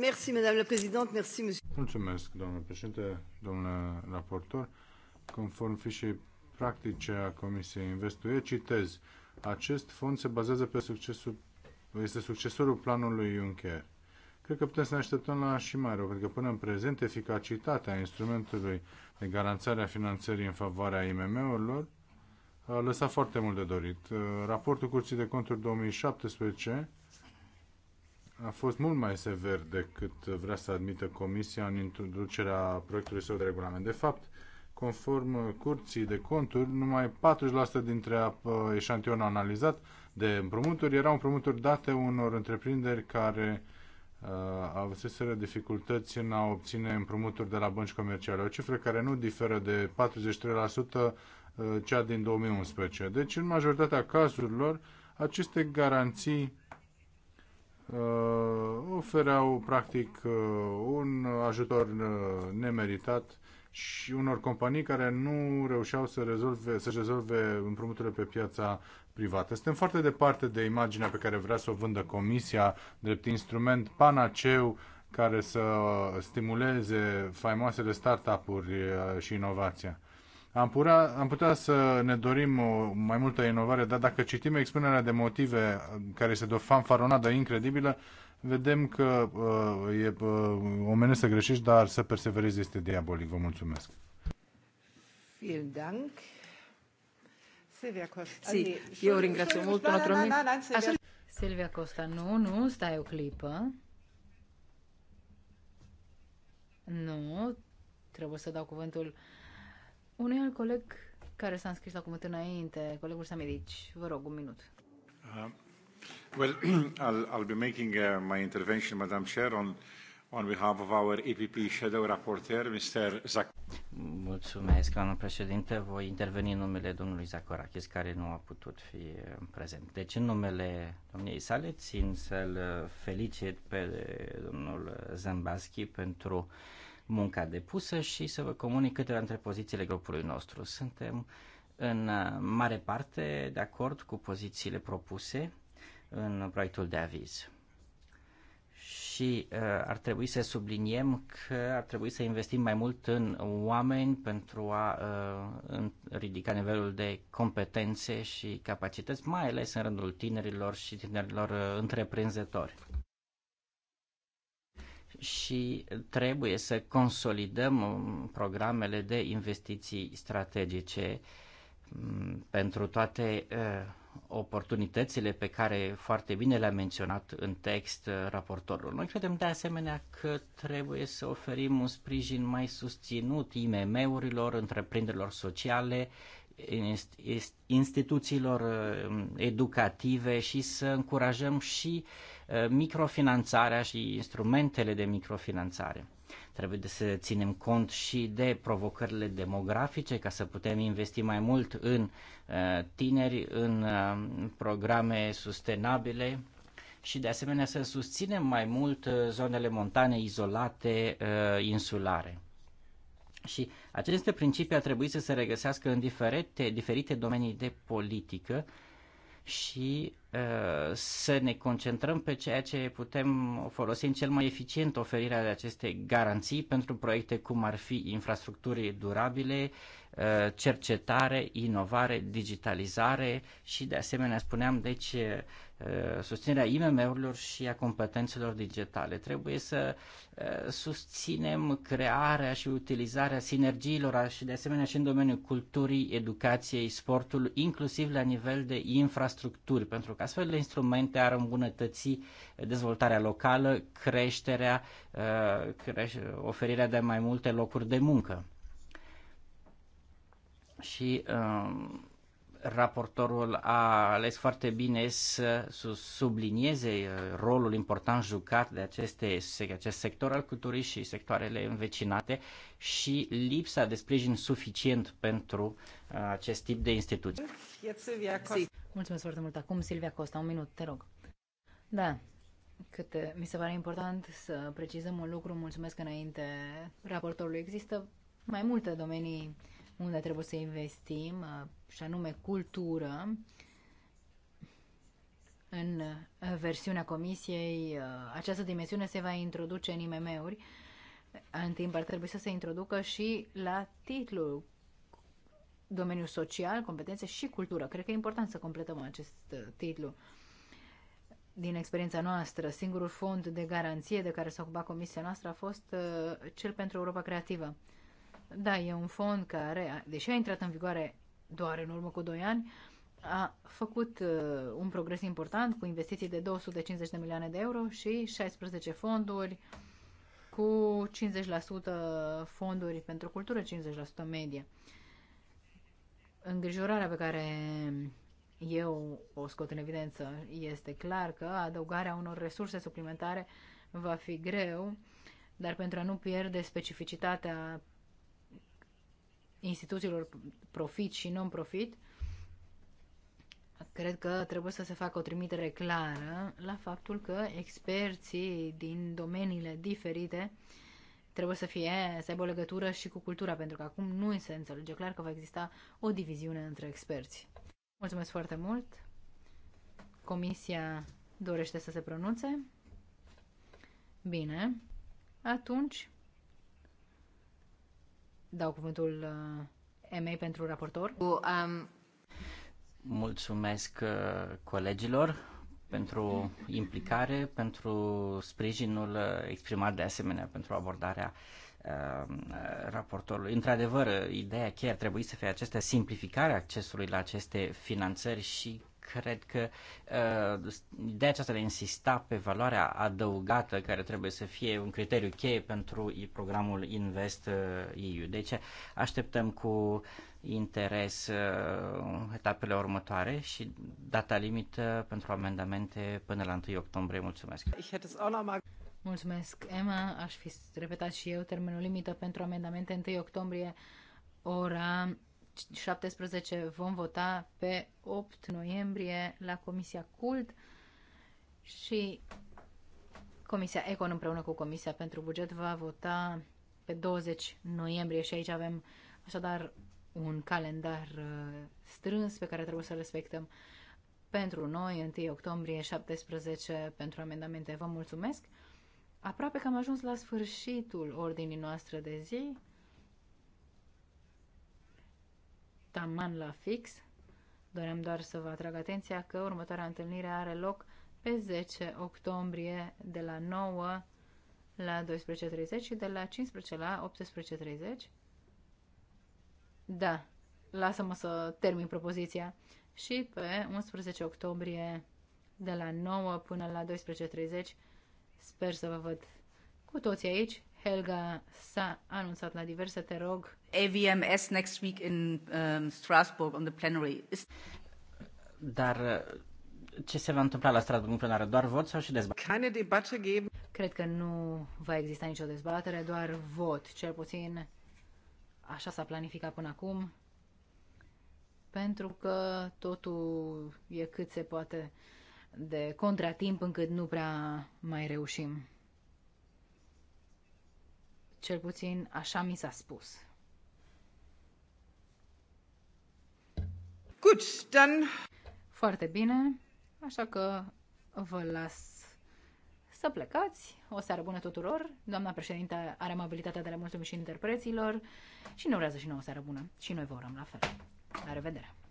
Merci, madame la présidente. Merci, monsieur. Mulțumesc, doamna președinte, doamna raportor. Conform fișei practice a Comisiei Investuie, citez, acest fond se bazează pe succesul, este succesorul planului Juncker. Cred că putem să ne așteptăm la și mai rău, pentru că până în prezent eficacitatea instrumentului de garanțare a finanțării în favoarea IMM-urilor a lăsat foarte mult de dorit. Uh, raportul Curții de Conturi 2017 a fost mult mai sever decât vrea să admită Comisia în introducerea proiectului său de regulament. De fapt, conform Curții de Conturi, numai 40% dintre eșantionul analizat de împrumuturi erau împrumuturi date unor întreprinderi care uh, avuseseră dificultăți în a obține împrumuturi de la bănci comerciale. O cifră care nu diferă de 43% Uh, cea din 2011. Deci, în majoritatea cazurilor, aceste garanții uh, ofereau practic uh, un ajutor uh, nemeritat și unor companii care nu reușeau să rezolve, să rezolve împrumuturile pe piața privată. Suntem foarte departe de imaginea pe care vrea să o vândă Comisia drept instrument panaceu care să stimuleze faimoasele startup-uri uh, și inovația. Am, pura, am putea să ne dorim o, mai multă inovare, dar dacă citim expunerea de motive, uh, care este de o fanfaronadă incredibilă, vedem că uh, e uh, omenesc să greșești, dar să perseverezi este diabolic. Vă mulțumesc. Vielen Dank. Silvia Costa. Sì, io ringrazio molto la tua Silvia Costa, nu, nu, stai o clipă. Nu, trebuie să dau cuvântul Uh, unui alt coleg care s-a înscris la cuvânt înainte, colegul Samedici, vă rog, un minut. Uh, well, <clears throat> I'll, I'll be making uh, my intervention, Madam Chair, on, on behalf of our EPP Shadow Rapporteur, Mr. Zak. Mulțumesc, doamnă președinte. Voi interveni în numele domnului Zacorakis, care nu a putut fi uh, prezent. Deci, în numele domniei sale, țin să-l felicit pe domnul Zambaschi pentru uh, munca depusă și să vă comunic câteva dintre pozițiile grupului nostru. Suntem în mare parte de acord cu pozițiile propuse în proiectul de aviz. Și uh, ar trebui să subliniem că ar trebui să investim mai mult în oameni pentru a uh, ridica nivelul de competențe și capacități, mai ales în rândul tinerilor și tinerilor uh, întreprinzători și trebuie să consolidăm um, programele de investiții strategice um, pentru toate uh, oportunitățile pe care foarte bine le-a menționat în text uh, raportorul. Noi credem de asemenea că trebuie să oferim un sprijin mai susținut IMM-urilor, întreprinderilor sociale, instituțiilor uh, educative și să încurajăm și uh, Uh, microfinanțarea și instrumentele de microfinanțare. Trebuie să ținem cont și de provocările demografice ca să putem investi mai mult în uh, tineri, în uh, programe sustenabile și de asemenea să susținem mai mult zonele montane izolate, insulare. Și aceste principii ar trebui să se regăsească în diferite, diferite domenii de politică și uh, să ne concentrăm pe ceea ce putem folosi în cel mai eficient oferirea de aceste garanții pentru proiecte cum ar fi infrastructuri durabile, Uh, cercetare, inovare, digitalizare și de asemenea spuneam, deci uh, susținerea IMM-urilor și a competențelor digitale. Trebuie să uh, susținem crearea și utilizarea sinergiilor și de asemenea și în domeniul culturii, educației, sportului, inclusiv la nivel de infrastructuri, pentru că astfel de instrumente ar îmbunătăți dezvoltarea locală, creșterea, oferirea de mai multe locuri de muncă și um, raportorul a ales foarte bine să sublinieze uh, rolul important jucat de aceste, acest sector al culturii și sectoarele învecinate și lipsa de sprijin suficient pentru uh, acest tip de instituții. Mulțumesc foarte mult. Acum Silvia Costa, un minut, te rog. Da, câte mi se pare important să precizăm un lucru, mulțumesc că înainte raportorului. Există mai multe domenii unde trebuie să investim, uh, și anume cultură. În uh, versiunea comisiei, uh, această dimensiune se va introduce în IMM-uri. În timp ar trebui să se introducă și la titlul domeniul social, competențe și cultură. Cred că e important să completăm acest titlu. Din experiența noastră, singurul fond de garanție de care s-a ocupat comisia noastră a fost cel pentru Europa Creativă. Da, e un fond care, deși a intrat în vigoare doar în urmă cu 2 ani, a făcut uh, un progres important cu investiții de 250 de milioane de euro și 16 fonduri cu 50% fonduri pentru cultură, 50% medie. Îngrijorarea pe care eu o scot în evidență este clar că adăugarea unor resurse suplimentare va fi greu, dar pentru a nu pierde specificitatea instituțiilor profit și non-profit, cred că trebuie să se facă o trimitere clară la faptul că experții din domeniile diferite trebuie să fie, să aibă o legătură și cu cultura, pentru că acum nu se înțelege clar că va exista o diviziune între experți. Mulțumesc foarte mult! Comisia dorește să se pronunțe? Bine. Atunci, dau cuvântul Emei uh, pentru raportor. Um, Mulțumesc uh, colegilor pentru implicare, pentru sprijinul uh, exprimat de asemenea pentru abordarea raportorului. Într-adevăr, ideea cheie ar trebui să fie acestea simplificarea accesului la aceste finanțări și cred că uh, de aceasta de insista pe valoarea adăugată care trebuie să fie un criteriu cheie pentru programul Invest uh, EU. Deci așteptăm cu interes uh, etapele următoare și data limită pentru amendamente până la 1 octombrie. Mulțumesc! Mulțumesc, Emma. Aș fi repetat și eu termenul limită pentru amendamente 1 octombrie, ora 17 vom vota pe 8 noiembrie la Comisia CULT și Comisia Econ împreună cu Comisia pentru Buget va vota pe 20 noiembrie și aici avem așadar un calendar uh, strâns pe care trebuie să respectăm pentru noi, 1 octombrie, 17 pentru amendamente. Vă mulțumesc! Aproape că am ajuns la sfârșitul ordinii noastre de zi. taman la fix. Dorem doar să vă atrag atenția că următoarea întâlnire are loc pe 10 octombrie de la 9 la 12.30 și de la 15 la 18.30. Da, lasă-mă să termin propoziția. Și pe 11 octombrie de la 9 până la 12.30 sper să vă văd cu toții aici Helga s-a anunțat la diverse, te rog. AVMS next week in um, Strasbourg on the plenary. Is... Dar uh, ce se va întâmpla la Strasbourg în plenară? Doar vot sau și dezbatere? Geben... Cred că nu va exista nicio dezbatere, doar vot. Cel puțin așa s-a planificat până acum. Pentru că totul e cât se poate de contratimp încât nu prea mai reușim. Cel puțin așa mi s-a spus. Gut, dann... Foarte bine, așa că vă las să plecați. O seară bună tuturor. Doamna președinte are amabilitatea de a mulțumim și interpreților și ne urează și nouă o seară bună. Și noi vă urăm la fel. La revedere!